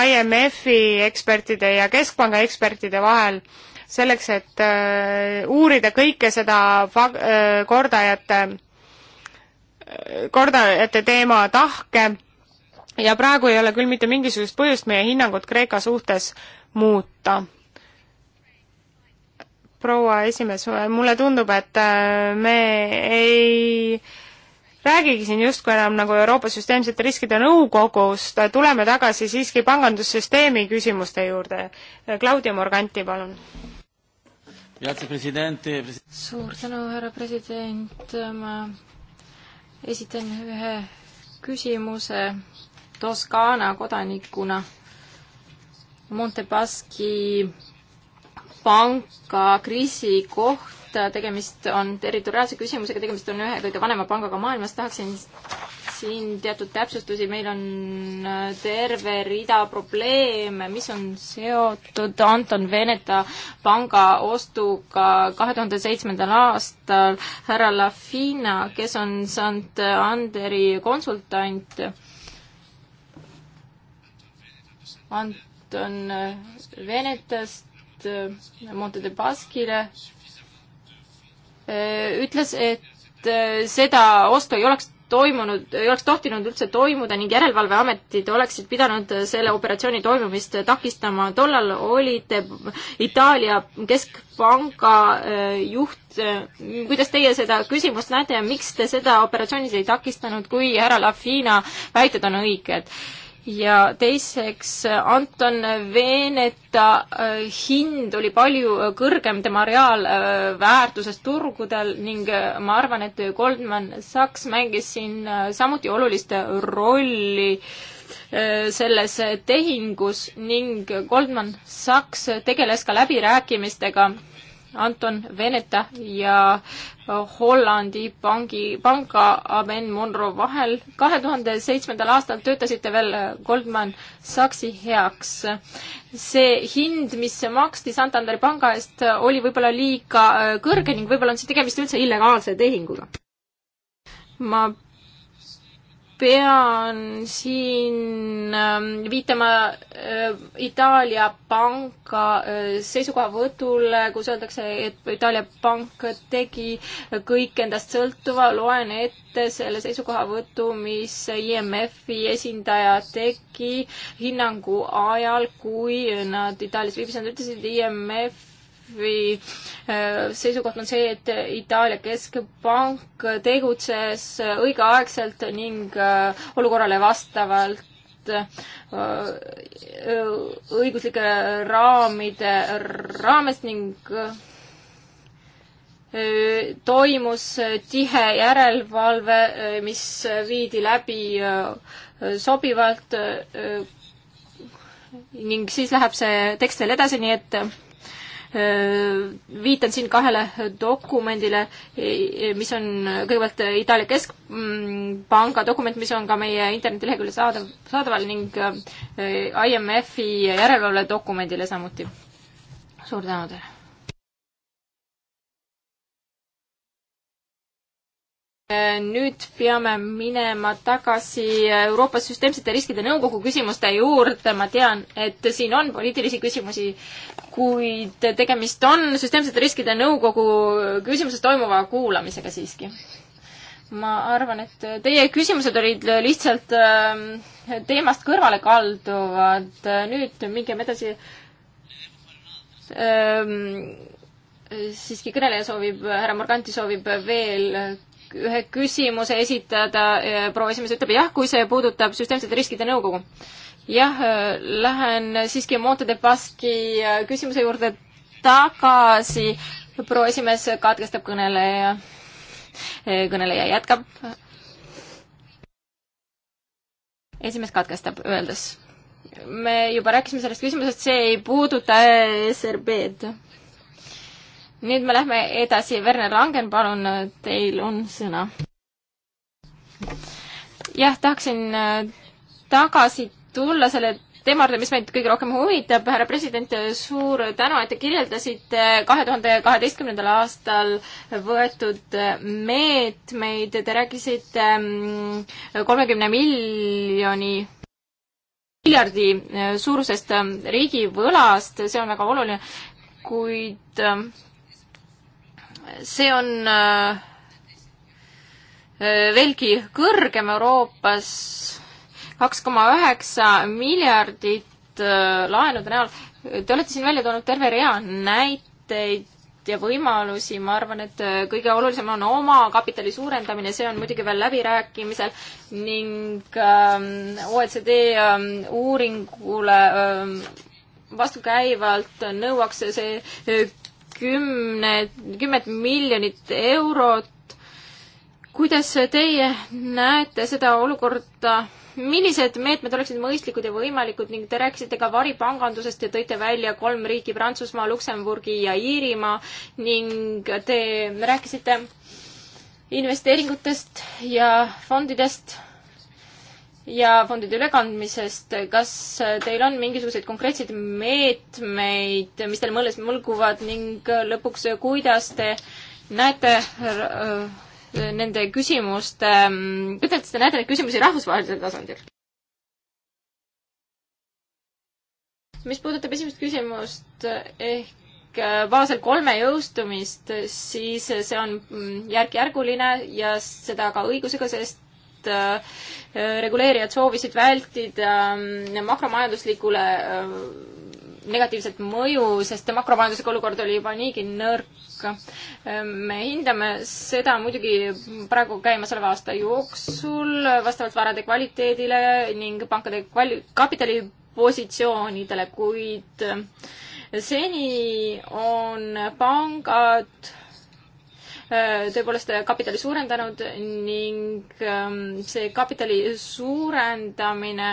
IMF-i ekspertide ja Keskpanga ekspertide vahel selleks, et äh, uurida kõike seda kordajate, kordajate teema tahke ja praegu ei ole küll mitte mingisugust põhjust meie hinnangut Kreeka suhtes muuta. proua esimees, mulle tundub, et me ei äh, räägigi siin justkui enam nagu Euroopa Süsteemsete Riskide Nõukogust, tuleme tagasi siiski pangandussüsteemi küsimuste juurde. Claudia Morganti, palun. suur tänu, härra president, ma esitan ühe küsimuse Toskaana kodanikuna. Montepaschi panka kriisi kohta sest äh, tegemist on territoriaalse küsimusega, tegemist on ühe kõige vanema pangaga maailmas, tahaksin siin teatud täpsustusi, meil on äh, terve rida probleeme, mis on seotud Anton Veneta panga ostuga kahe tuhande seitsmendal aastal. härra Lafina, kes on Sant Anderi konsultant, Anton Venetast Monte de Baskile Äh, ütles, et äh, seda ostu ei oleks toimunud, ei oleks tohtinud üldse toimuda ning järelevalveametid oleksid pidanud äh, selle operatsiooni toimumist takistama. tollal olid Itaalia keskpanga juht. kuidas teie seda küsimust näete ja miks te seda operatsioonis ei takistanud, kui härra Lafina väited on õiged? ja teiseks Anton Veeneta äh, hind oli palju äh, kõrgem tema reaalväärtusest äh, turgudel ning ma arvan, et Goldman Sachs mängis siin samuti olulist rolli selles tehingus ning Goldman Sachs tegeles ka läbirääkimistega Anton Veneta ja Hollandi pangi, panga Aben Monroe vahel. kahe tuhande seitsmendal aastal töötasite veel äh, Goldman Sachsi heaks. see hind, mis maksti Santanderi panga eest, äh, oli võib-olla liiga äh, kõrge ning võib-olla on see tegemist üldse illegaalse tehinguga. ma pean siin ähm, viitama äh, Itaalia panka äh, seisukohavõtule, kus öeldakse, et Itaalia pank tegi kõik endast sõltuva, loen ette selle seisukohavõtu, mis IMF-i esindaja tegi hinnangu ajal, kui nad Itaalias viibisid, nad ütlesid, IMF Monti äh, seisukoht on see, et Itaalia keskpank tegutses äh, õigeaegselt ning äh, olukorrale vastavalt õiguslike raamide raames ning toimus tihe järelevalve, mis viidi läbi sobivalt ning siis läheb see tekst veel edasi, nii et Äh, viitan siin kahele dokumendile, e, e, mis on kõigepealt Itaalia Keskpanga dokument, mis on ka meie internetileheküljel saadav, saadaval ning äh, IMF-i järelevalvedokumendile samuti. suur tänu teile! nüüd peame minema tagasi Euroopa Süsteemsete Riskide Nõukogu küsimuste juurde, ma tean, et siin on poliitilisi küsimusi, kuid tegemist on Süsteemsete Riskide Nõukogu küsimuses toimuva kuulamisega siiski. ma arvan, et teie küsimused olid lihtsalt ähm, teemast kõrvale kalduvad, nüüd mingem edasi ähm, siiski kõneleja soovib, härra Morganti soovib veel ühe küsimuse esitada, äh, proua esimees ütleb jah, kui see puudutab süsteemsete riskide nõukogu. jah, äh, lähen siiski Monte de Paschi äh, küsimuse juurde tagasi. proua esimees katkestab kõneleja, kõneleja jätkab. esimees katkestab, öeldes me juba rääkisime sellest küsimusest, see ei puuduta SRB-d nüüd me lähme edasi, Werner Langen, palun, teil on sõna. jah, tahaksin äh, tagasi tulla selle teema juurde, mis meid kõige rohkem huvitab, härra president, suur tänu, et te kirjeldasite kahe tuhande kaheteistkümnendal aastal võetud äh, meetmeid, te rääkisite mm, kolmekümne miljoni miljardi äh, suurusest riigivõlast, see on väga oluline, kuid see on äh, äh, veelgi kõrgem Euroopas, kaks koma üheksa miljardit äh, laenude näol. Te olete siin välja toonud terve rea näiteid ja võimalusi, ma arvan, et kõige olulisem on omakapitali suurendamine, see on muidugi veel läbirääkimisel ning ähm, OECD ähm, uuringule ähm, vastukäivalt nõuaks see kümne, kümmet miljonit eurot. kuidas teie näete seda olukorda? millised meetmed oleksid mõistlikud ja võimalikud ning te rääkisite ka varipangandusest ja tõite välja kolm riiki Prantsusmaa, Luksemburgi ja Iirimaa ning te rääkisite investeeringutest ja fondidest ja fondide ülekandmisest, kas teil on mingisuguseid konkreetseid meetmeid, mis teil mõeldes mõlguvad ning lõpuks, kuidas te näete äh, nende küsimuste, kuidas te näete neid küsimusi rahvusvahelisel tasandil? mis puudutab esimest küsimust ehk äh, Baasel kolme jõustumist, siis see on mm, järk-järguline ja seda ka õigusega, sest et äh, reguleerijad soovisid vältida ähm, makromajanduslikule äh, negatiivset mõju, sest makromajanduslik olukord oli juba niigi nõrk. Ähm, me hindame seda muidugi praegu käimasoleva aasta jooksul vastavalt varade kvaliteedile ning pankade kvali-, kapitalipositsioonidele, kuid äh, seni on pangad Äh, tõepoolest kapitali suurendanud ning ähm, see kapitali suurendamine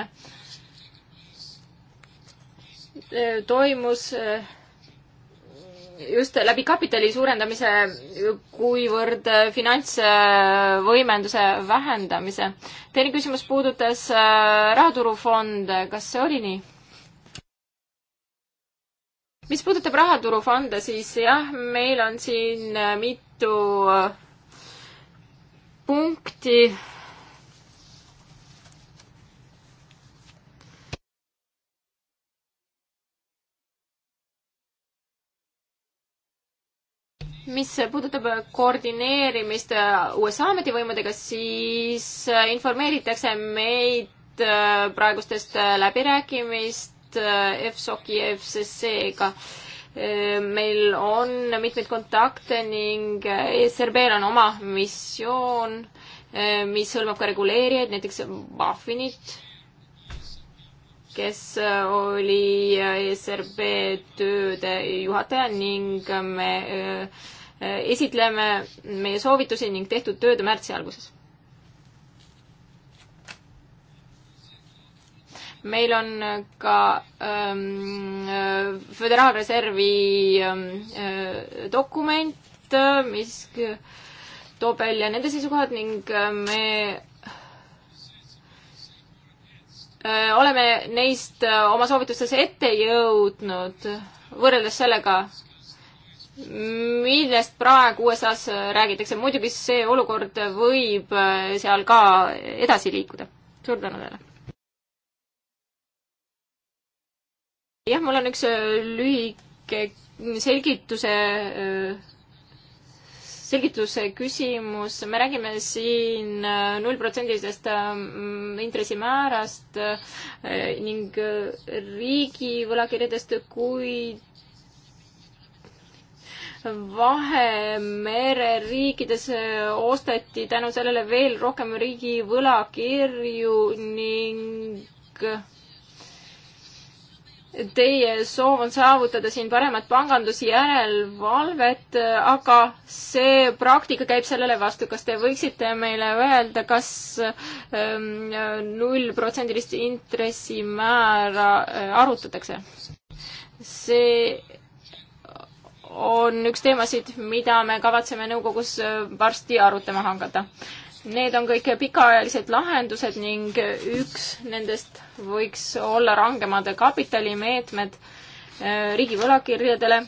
äh, toimus äh, just läbi kapitali suurendamise, kuivõrd finantsvõimenduse vähendamise. teine küsimus puudutas rahaturufonde, kas see oli nii? mis puudutab rahaturufonde, siis jah, meil on siin mit-, mitu äh, punkti. mis puudutab koordineerimist USA ametivõimudega, siis äh, informeeritakse meid äh, praegustest läbirääkimist EFSOC-i ja FCC-ga Ehm, meil on mitmeid kontakte ning ESRB-l eh, e on oma missioon, eh, mis hõlmab ka reguleerijaid, näiteks Buffinit, kes eh, oli ESRB e tööde juhataja ning me esitleme meie soovitusi ning tehtud tööd märtsi alguses meil on ka ähm, äh, föderaalreservi ähm, äh, dokument, äh, mis toob välja nende seisukohad ning me äh, oleme neist äh, oma soovitustes ette jõudnud võrreldes sellega, millest praegu USA-s räägitakse. muidugi see olukord võib seal ka edasi liikuda. suur tänu teile! jah, mul on üks äh, lühike selgituse, äh, selgituse küsimus, me räägime siin äh, nullprotsendilisest ähm, intressimäärast ning riigi võlakirjadest, kuid Vahemere riikides osteti tänu sellele veel rohkem riigi võlakirju ning teie soov on saavutada siin paremat pangandusjärelevalvet, aga see praktika käib sellele vastu. kas te võiksite meile öelda kas, kas ähm, nullprotsendilist intressimäära äh, arutatakse? see on üks teemasid, mida me kavatseme nõukogus äh, varsti arutama hakata. Need on kõik pikaajalised lahendused ning üks nendest võiks olla rangemad kapitalimeetmed äh, riigi võlakirjadele.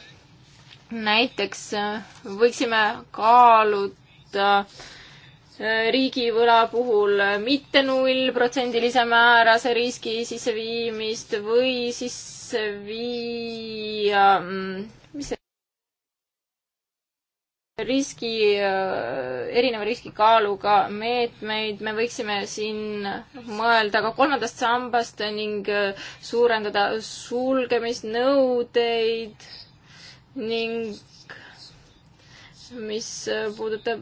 näiteks äh, võiksime kaaluda äh, riigivõla puhul mitte nullprotsendilise määrase riski sisseviimist või siis viia mm, riski, äh, erineva riskikaaluga meetmeid, me võiksime siin mõelda ka kolmandast sambast ning äh, suurendada sulgemisnõudeid ning mis äh, puudutab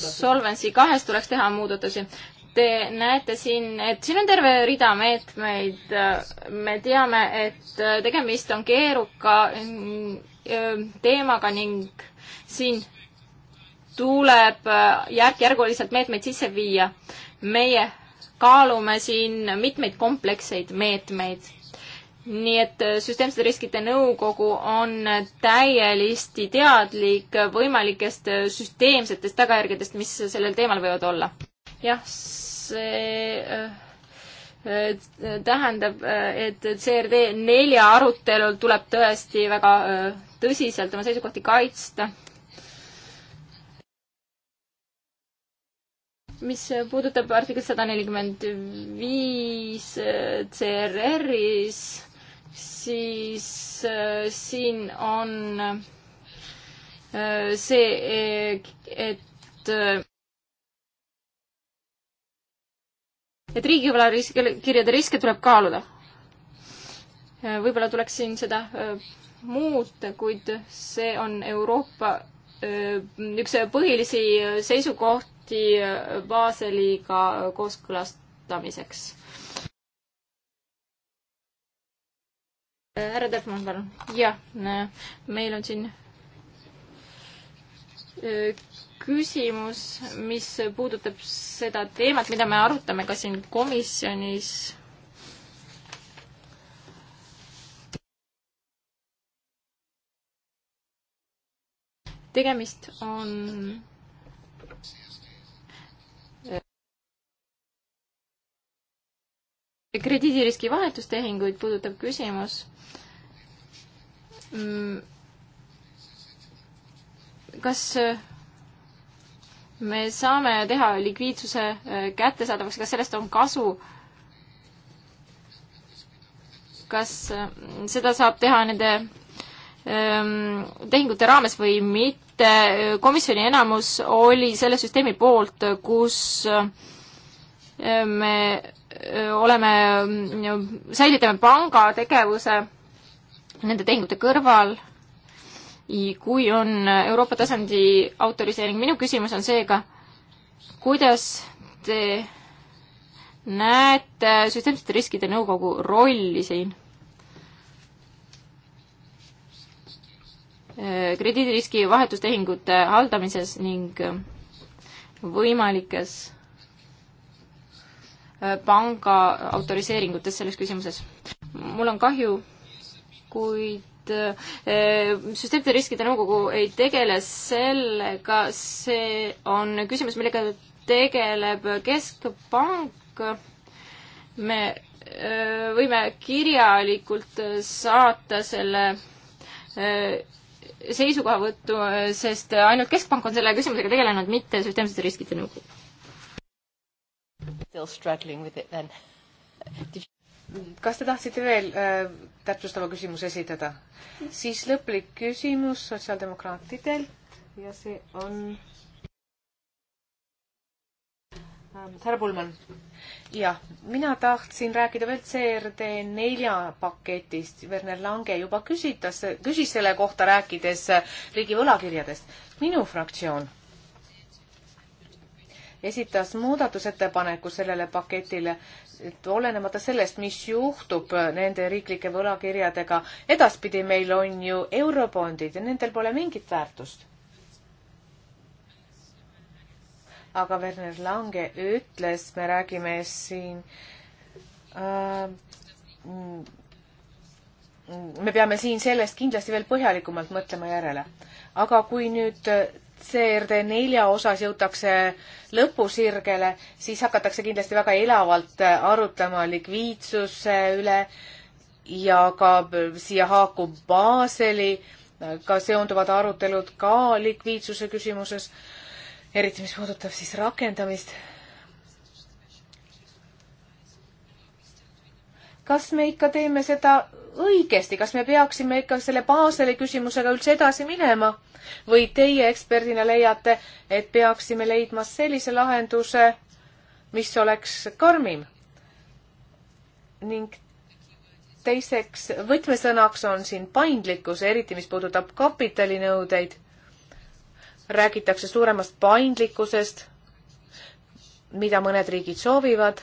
Solvency kahes tuleks teha muudatusi. Te näete siin, et siin on terve rida meetmeid. me teame, et tegemist on keeruka mm, teemaga ning siin tuleb äh, järk-järguliselt meetmeid sisse viia. meie kaalume siin mitmeid kompleksseid meetmeid nii et äh, Süsteemsete Riskide Nõukogu on täielisti teadlik võimalikest äh, süsteemsetest tagajärgedest, mis sellel teemal võivad olla jah, see äh, äh, tähendab, äh, et CRD nelja arutelul tuleb tõesti väga tõsiselt oma seisukohti kaitsta. mis puudutab artiklit sada nelikümmend viis CRR-is, siis siin on see, et et riigivõlakirjade riske tuleb kaaluda. võib-olla tuleks siin seda muuta, kuid see on Euroopa üks põhilisi seisukohti Baseliga kooskõlastamiseks. härra Tehman, palun. jah, meil on siin küsimus, mis puudutab seda teemat, mida me arutame ka siin komisjonis tegemist on krediidiriski vahetustehinguid puudutav küsimus. Mm, kas äh, me saame teha likviidsuse äh, kättesaadavaks, kas sellest on kasu? kas äh, seda saab teha nende ähm, tehingute raames või mitte, komisjoni enamus oli selle süsteemi poolt, kus me oleme, mm, säilitame panga tegevuse nende tehingute kõrval kui on Euroopa tasandi autoriseering. minu küsimus on seega, kuidas te näete süsteemsete riskide nõukogu rolli siin? Äh, krediidiriski vahetustehingute haldamises ning võimalikes äh, panga autoriseeringutes selles küsimuses. mul on kahju, kuid Eh, süsteemide riskide nõukogu ei tegele sellega, see on küsimus, millega tegeleb Keskpank. me eh, võime kirjalikult saata selle eh, seisukohavõttu, sest ainult Keskpank on selle küsimusega tegelenud, mitte süsteemsete riskide nõukogu. Still struggling with it then kas te tahtsite veel äh, täpsustava küsimuse esitada? siis lõplik küsimus sotsiaaldemokraatidelt ja see on ähm, härra Pulman. jah, mina tahtsin rääkida veel CRD nelja paketist. Werner Lange juba küsitas, küsis selle kohta, rääkides äh, riigi võlakirjadest. minu fraktsioon esitas muudatusettepaneku sellele paketile, et olenemata sellest, mis juhtub nende riiklike võlakirjadega, edaspidi meil on ju eurobondid ja nendel pole mingit väärtust. aga Werner Lange ütles, me räägime siin äh, me peame siin sellest kindlasti veel põhjalikumalt mõtlema järele. aga kui nüüd äh, CRD nelja osas jõutakse lõpusirgele, siis hakatakse kindlasti väga elavalt arutlema likviidsuse üle ja ka siia haakub Baseli, ka seonduvad arutelud ka likviidsuse küsimuses, eriti mis puudutab siis rakendamist. kas me ikka teeme seda õigesti, kas me peaksime ikka selle Baseli küsimusega üldse edasi minema või teie eksperdina leiate, et peaksime leidma sellise lahenduse, mis oleks karmim? ning teiseks võtmesõnaks on siin paindlikkus, eriti mis puudutab kapitalinõudeid. räägitakse suuremast paindlikkusest, mida mõned riigid soovivad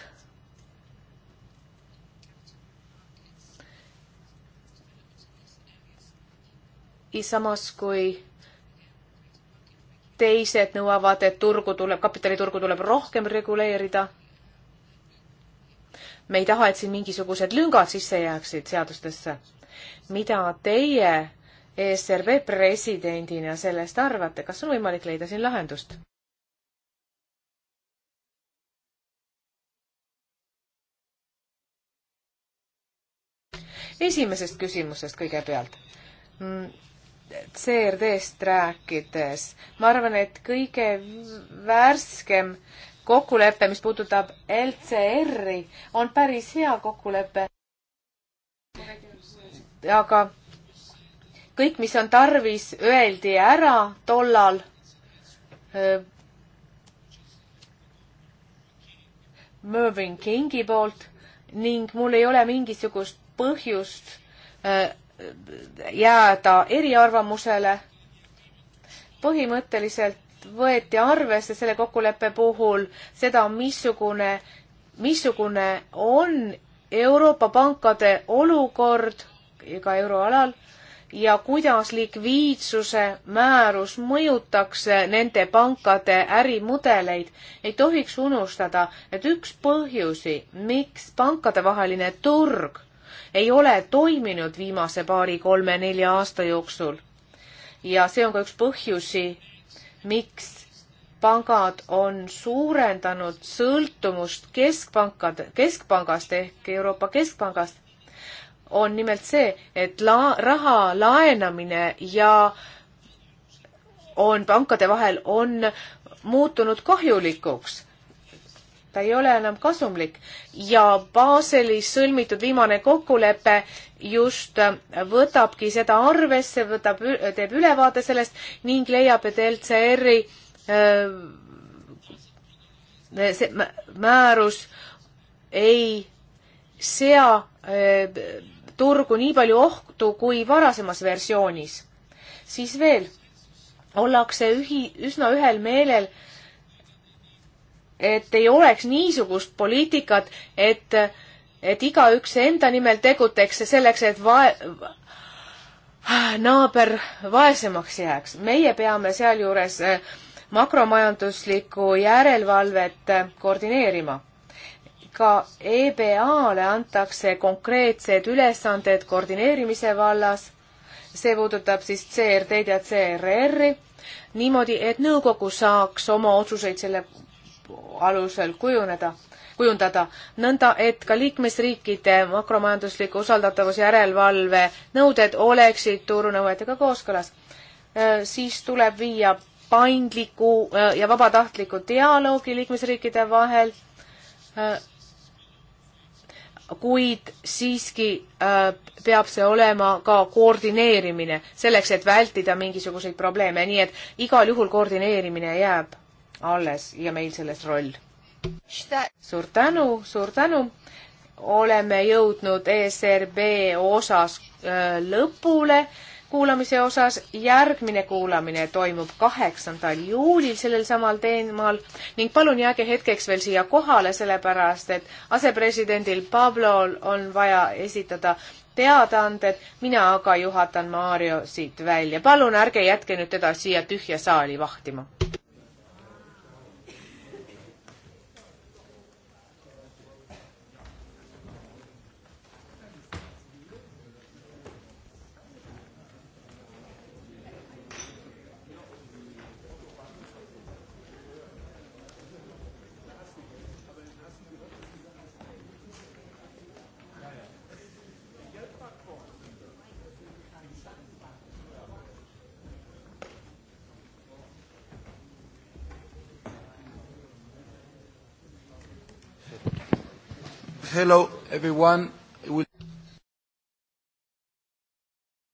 samas kui teised nõuavad, et turgu tuleb, kapitaliturgu tuleb rohkem reguleerida. me ei taha, et siin mingisugused lüngad sisse jääksid seadustesse. mida teie ESRV presidendina sellest arvate, kas on võimalik leida siin lahendust? esimesest küsimusest kõigepealt mm, CRD-st rääkides, ma arvan, et kõige värskem kokkulepe, mis puudutab LCR-i, on päris hea kokkulepe. aga kõik, mis on tarvis, öeldi ära tollal. Mervyn Kingi poolt ning mul ei ole mingisugust põhjust öö, äh, jääda eriarvamusele. põhimõtteliselt võeti arvesse selle kokkuleppe puhul seda, missugune, missugune on Euroopa pankade olukord ka euroalal ja kuidas likviidsuse määrus mõjutaks nende pankade ärimudeleid, ei tohiks unustada, et üks põhjusi, miks pankadevaheline turg ei ole toiminud viimase paari-kolme-nelja aasta jooksul. ja see on ka üks põhjusi, miks pangad on suurendanud sõltumust keskpankade, keskpangast ehk Euroopa Keskpangast, on nimelt see, et la-, raha laenamine ja on pankade vahel, on muutunud kahjulikuks ta ei ole enam kasumlik ja Baselis sõlmitud viimane kokkulepe just äh, võtabki seda arvesse, võtab, teeb ülevaate sellest ning leiab, et LCR-i äh, see määrus ei sea äh, turgu nii palju ohtu kui varasemas versioonis. siis veel ollakse ühi-, üsna ühel meelel äh, et ei oleks niisugust poliitikat, et, et igaüks enda nimel teguteks selleks, et vae-, naaber vaesemaks jääks. meie peame sealjuures eh, makromajanduslikku järelevalvet eh, koordineerima. ka EBA-le antakse konkreetsed ülesanded koordineerimise vallas. see puudutab siis CRD-d ja CRR-i niimoodi, et nõukogu saaks oma otsuseid selle alusel kujuneda, kujundada, nõnda et ka liikmesriikide makromajandusliku usaldatavuse järelevalve nõuded oleksid turunõuetega kooskõlas. Äh, siis tuleb viia paindliku äh, ja vabatahtliku dialoogi liikmesriikide vahel, äh, kuid siiski peab see olema ka koordineerimine, selleks et vältida mingisuguseid probleeme, nii et igal juhul koordineerimine jääb alles ja meil selles roll. suur tänu, suur tänu. oleme jõudnud ESRB osas öö, äh, lõpule kuulamise osas. järgmine kuulamine toimub kaheksandal juulil sellel samal teemal ning palun jääge hetkeks veel siia kohale, sellepärast et asepresidendil Pablol on vaja esitada teadaanded, mina aga juhatan Mario siit välja. palun ärge jätke nüüd teda siia tühja saali vahtima. Hello everyone. Will...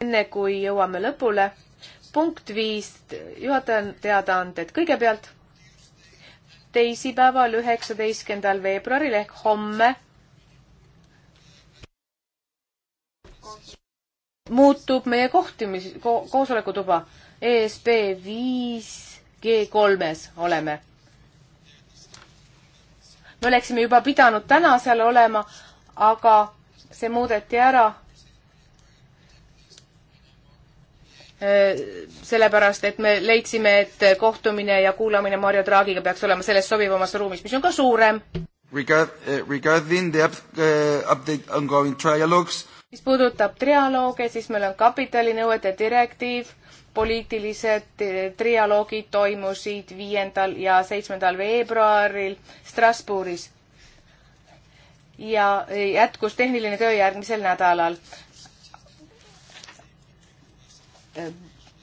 enne kui jõuame lõpule, punkt viis, juhataja on teadaanded. kõigepealt teisipäeval, üheksateistkümnendal veebruaril ehk homme muutub meie kohtumis ko, koosolekutuba ESB viis G kolmes oleme me oleksime juba pidanud täna seal olema, aga see muudeti ära. sellepärast, et me leidsime, et kohtumine ja kuulamine Mario Draghiga peaks olema selles sobivamas ruumis, mis on ka suurem. Regard, eh, regarding the up, uh, update ongoing trialogues mis puudutab trialooge, siis meil on kapitalinõuete direktiiv poliitilised trialoogid toimusid viiendal ja seitsmendal veebruaril Strasbourgis ja jätkus tehniline töö järgmisel nädalal.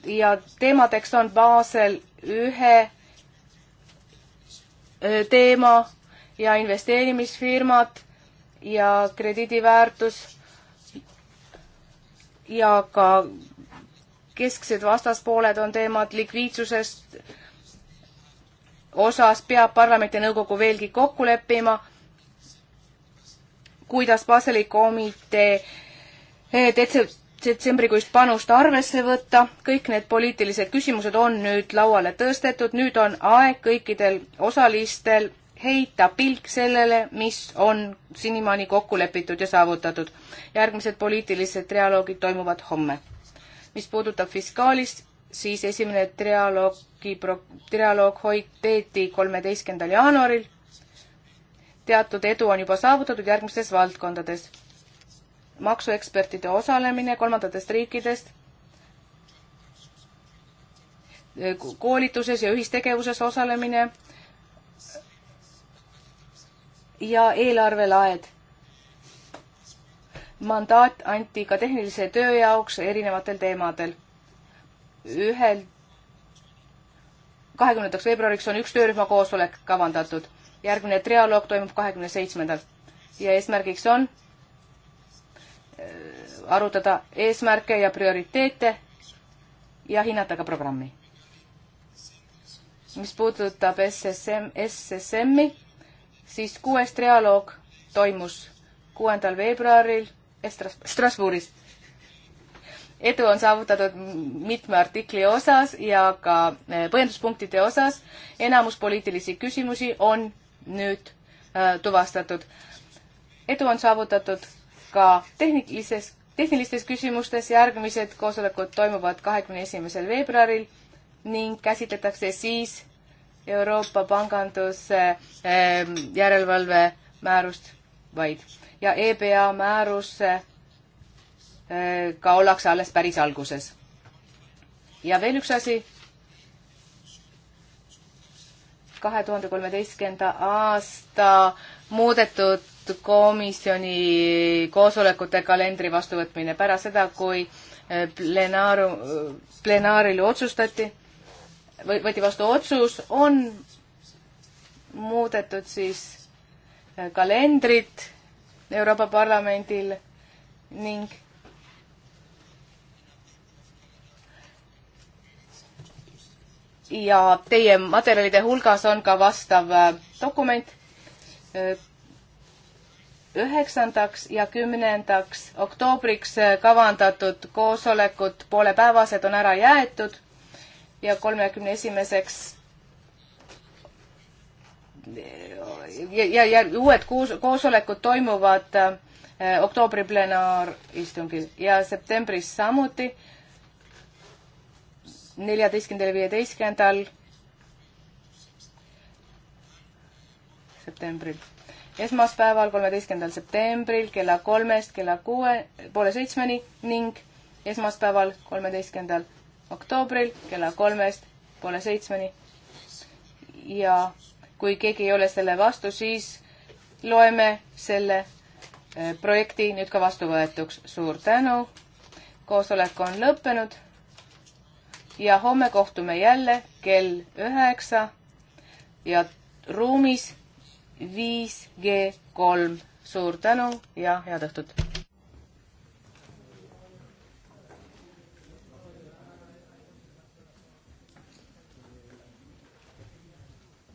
ja teemadeks on Basel ühe teema ja investeerimisfirmad ja krediidiväärtus ja ka kesksed vastaspooled on teemad likviidsusest osas peab parlamenti ja nõukogu veelgi kokku leppima, kuidas Baseli komitee eh, detsembrikuist panust arvesse võtta, kõik need poliitilised küsimused on nüüd lauale tõstetud, nüüd on aeg kõikidel osalistel heita pilk sellele, mis on senimaani kokku lepitud ja saavutatud. järgmised poliitilised trialoogid toimuvad homme mis puudutab fiskaalist, siis esimene trialoogi, trialoog hoiti kolmeteistkümnendal jaanuaril. teatud edu on juba saavutatud järgmistes valdkondades. maksuekspertide osalemine kolmandatest riikidest, koolituses ja ühistegevuses osalemine ja eelarvelaed mandaat anti ka tehnilise töö jaoks erinevatel teemadel. ühel, kahekümnendaks veebruariks on üks töörühma koosolek kavandatud. järgmine trialoog toimub kahekümne seitsmendal ja eesmärgiks on äh, arutada eesmärke ja prioriteete ja hinnata ka programmi. mis puudutab SSM, SSM-i, siis kuues trialoog toimus kuuendal veebruaril Estras-, Strasbourgis. edu on saavutatud mitme artikli osas ja ka eh, põhjenduspunktide osas. enamus poliitilisi küsimusi on nüüd äh, tuvastatud. edu on saavutatud ka tehnilises, tehnilistes küsimustes. järgmised koosolekud toimuvad kahekümne esimesel veebruaril ning käsitletakse siis Euroopa pangandusjärelevalve eh, äh, määrust vaid ja EBA määrusega äh, ollakse alles päris alguses. ja veel üks asi. kahe tuhande kolmeteistkümnenda aasta muudetud komisjoni koosolekute kalendri vastuvõtmine pärast seda, kui äh, plenaaru, äh, plenaaril otsustati, võeti vastu otsus, on muudetud siis kalendrit Euroopa Parlamendil ning ja teie materjalide hulgas on ka vastav äh, dokument. Äh, üheksandaks ja kümnendaks oktoobriks äh, kavandatud koosolekud poolepäevased on ära jäetud ja kolmekümne esimeseks ja, ja uued koos, koosolekud toimuvad äh, oktoobri plenaaristungil ja septembris samuti, neljateistkümnendal ja viieteistkümnendal septembril. esmaspäeval, kolmeteistkümnendal septembril kella kolmest kella kuue, poole seitsmeni ning esmaspäeval, kolmeteistkümnendal oktoobril kella kolmest poole seitsmeni ja kui keegi ei ole selle vastu, siis loeme selle äh, projekti nüüd ka vastuvõetuks. suur tänu, koosolek on lõppenud ja homme kohtume jälle kell üheksa ja ruumis viis G kolm. suur tänu ja head õhtut!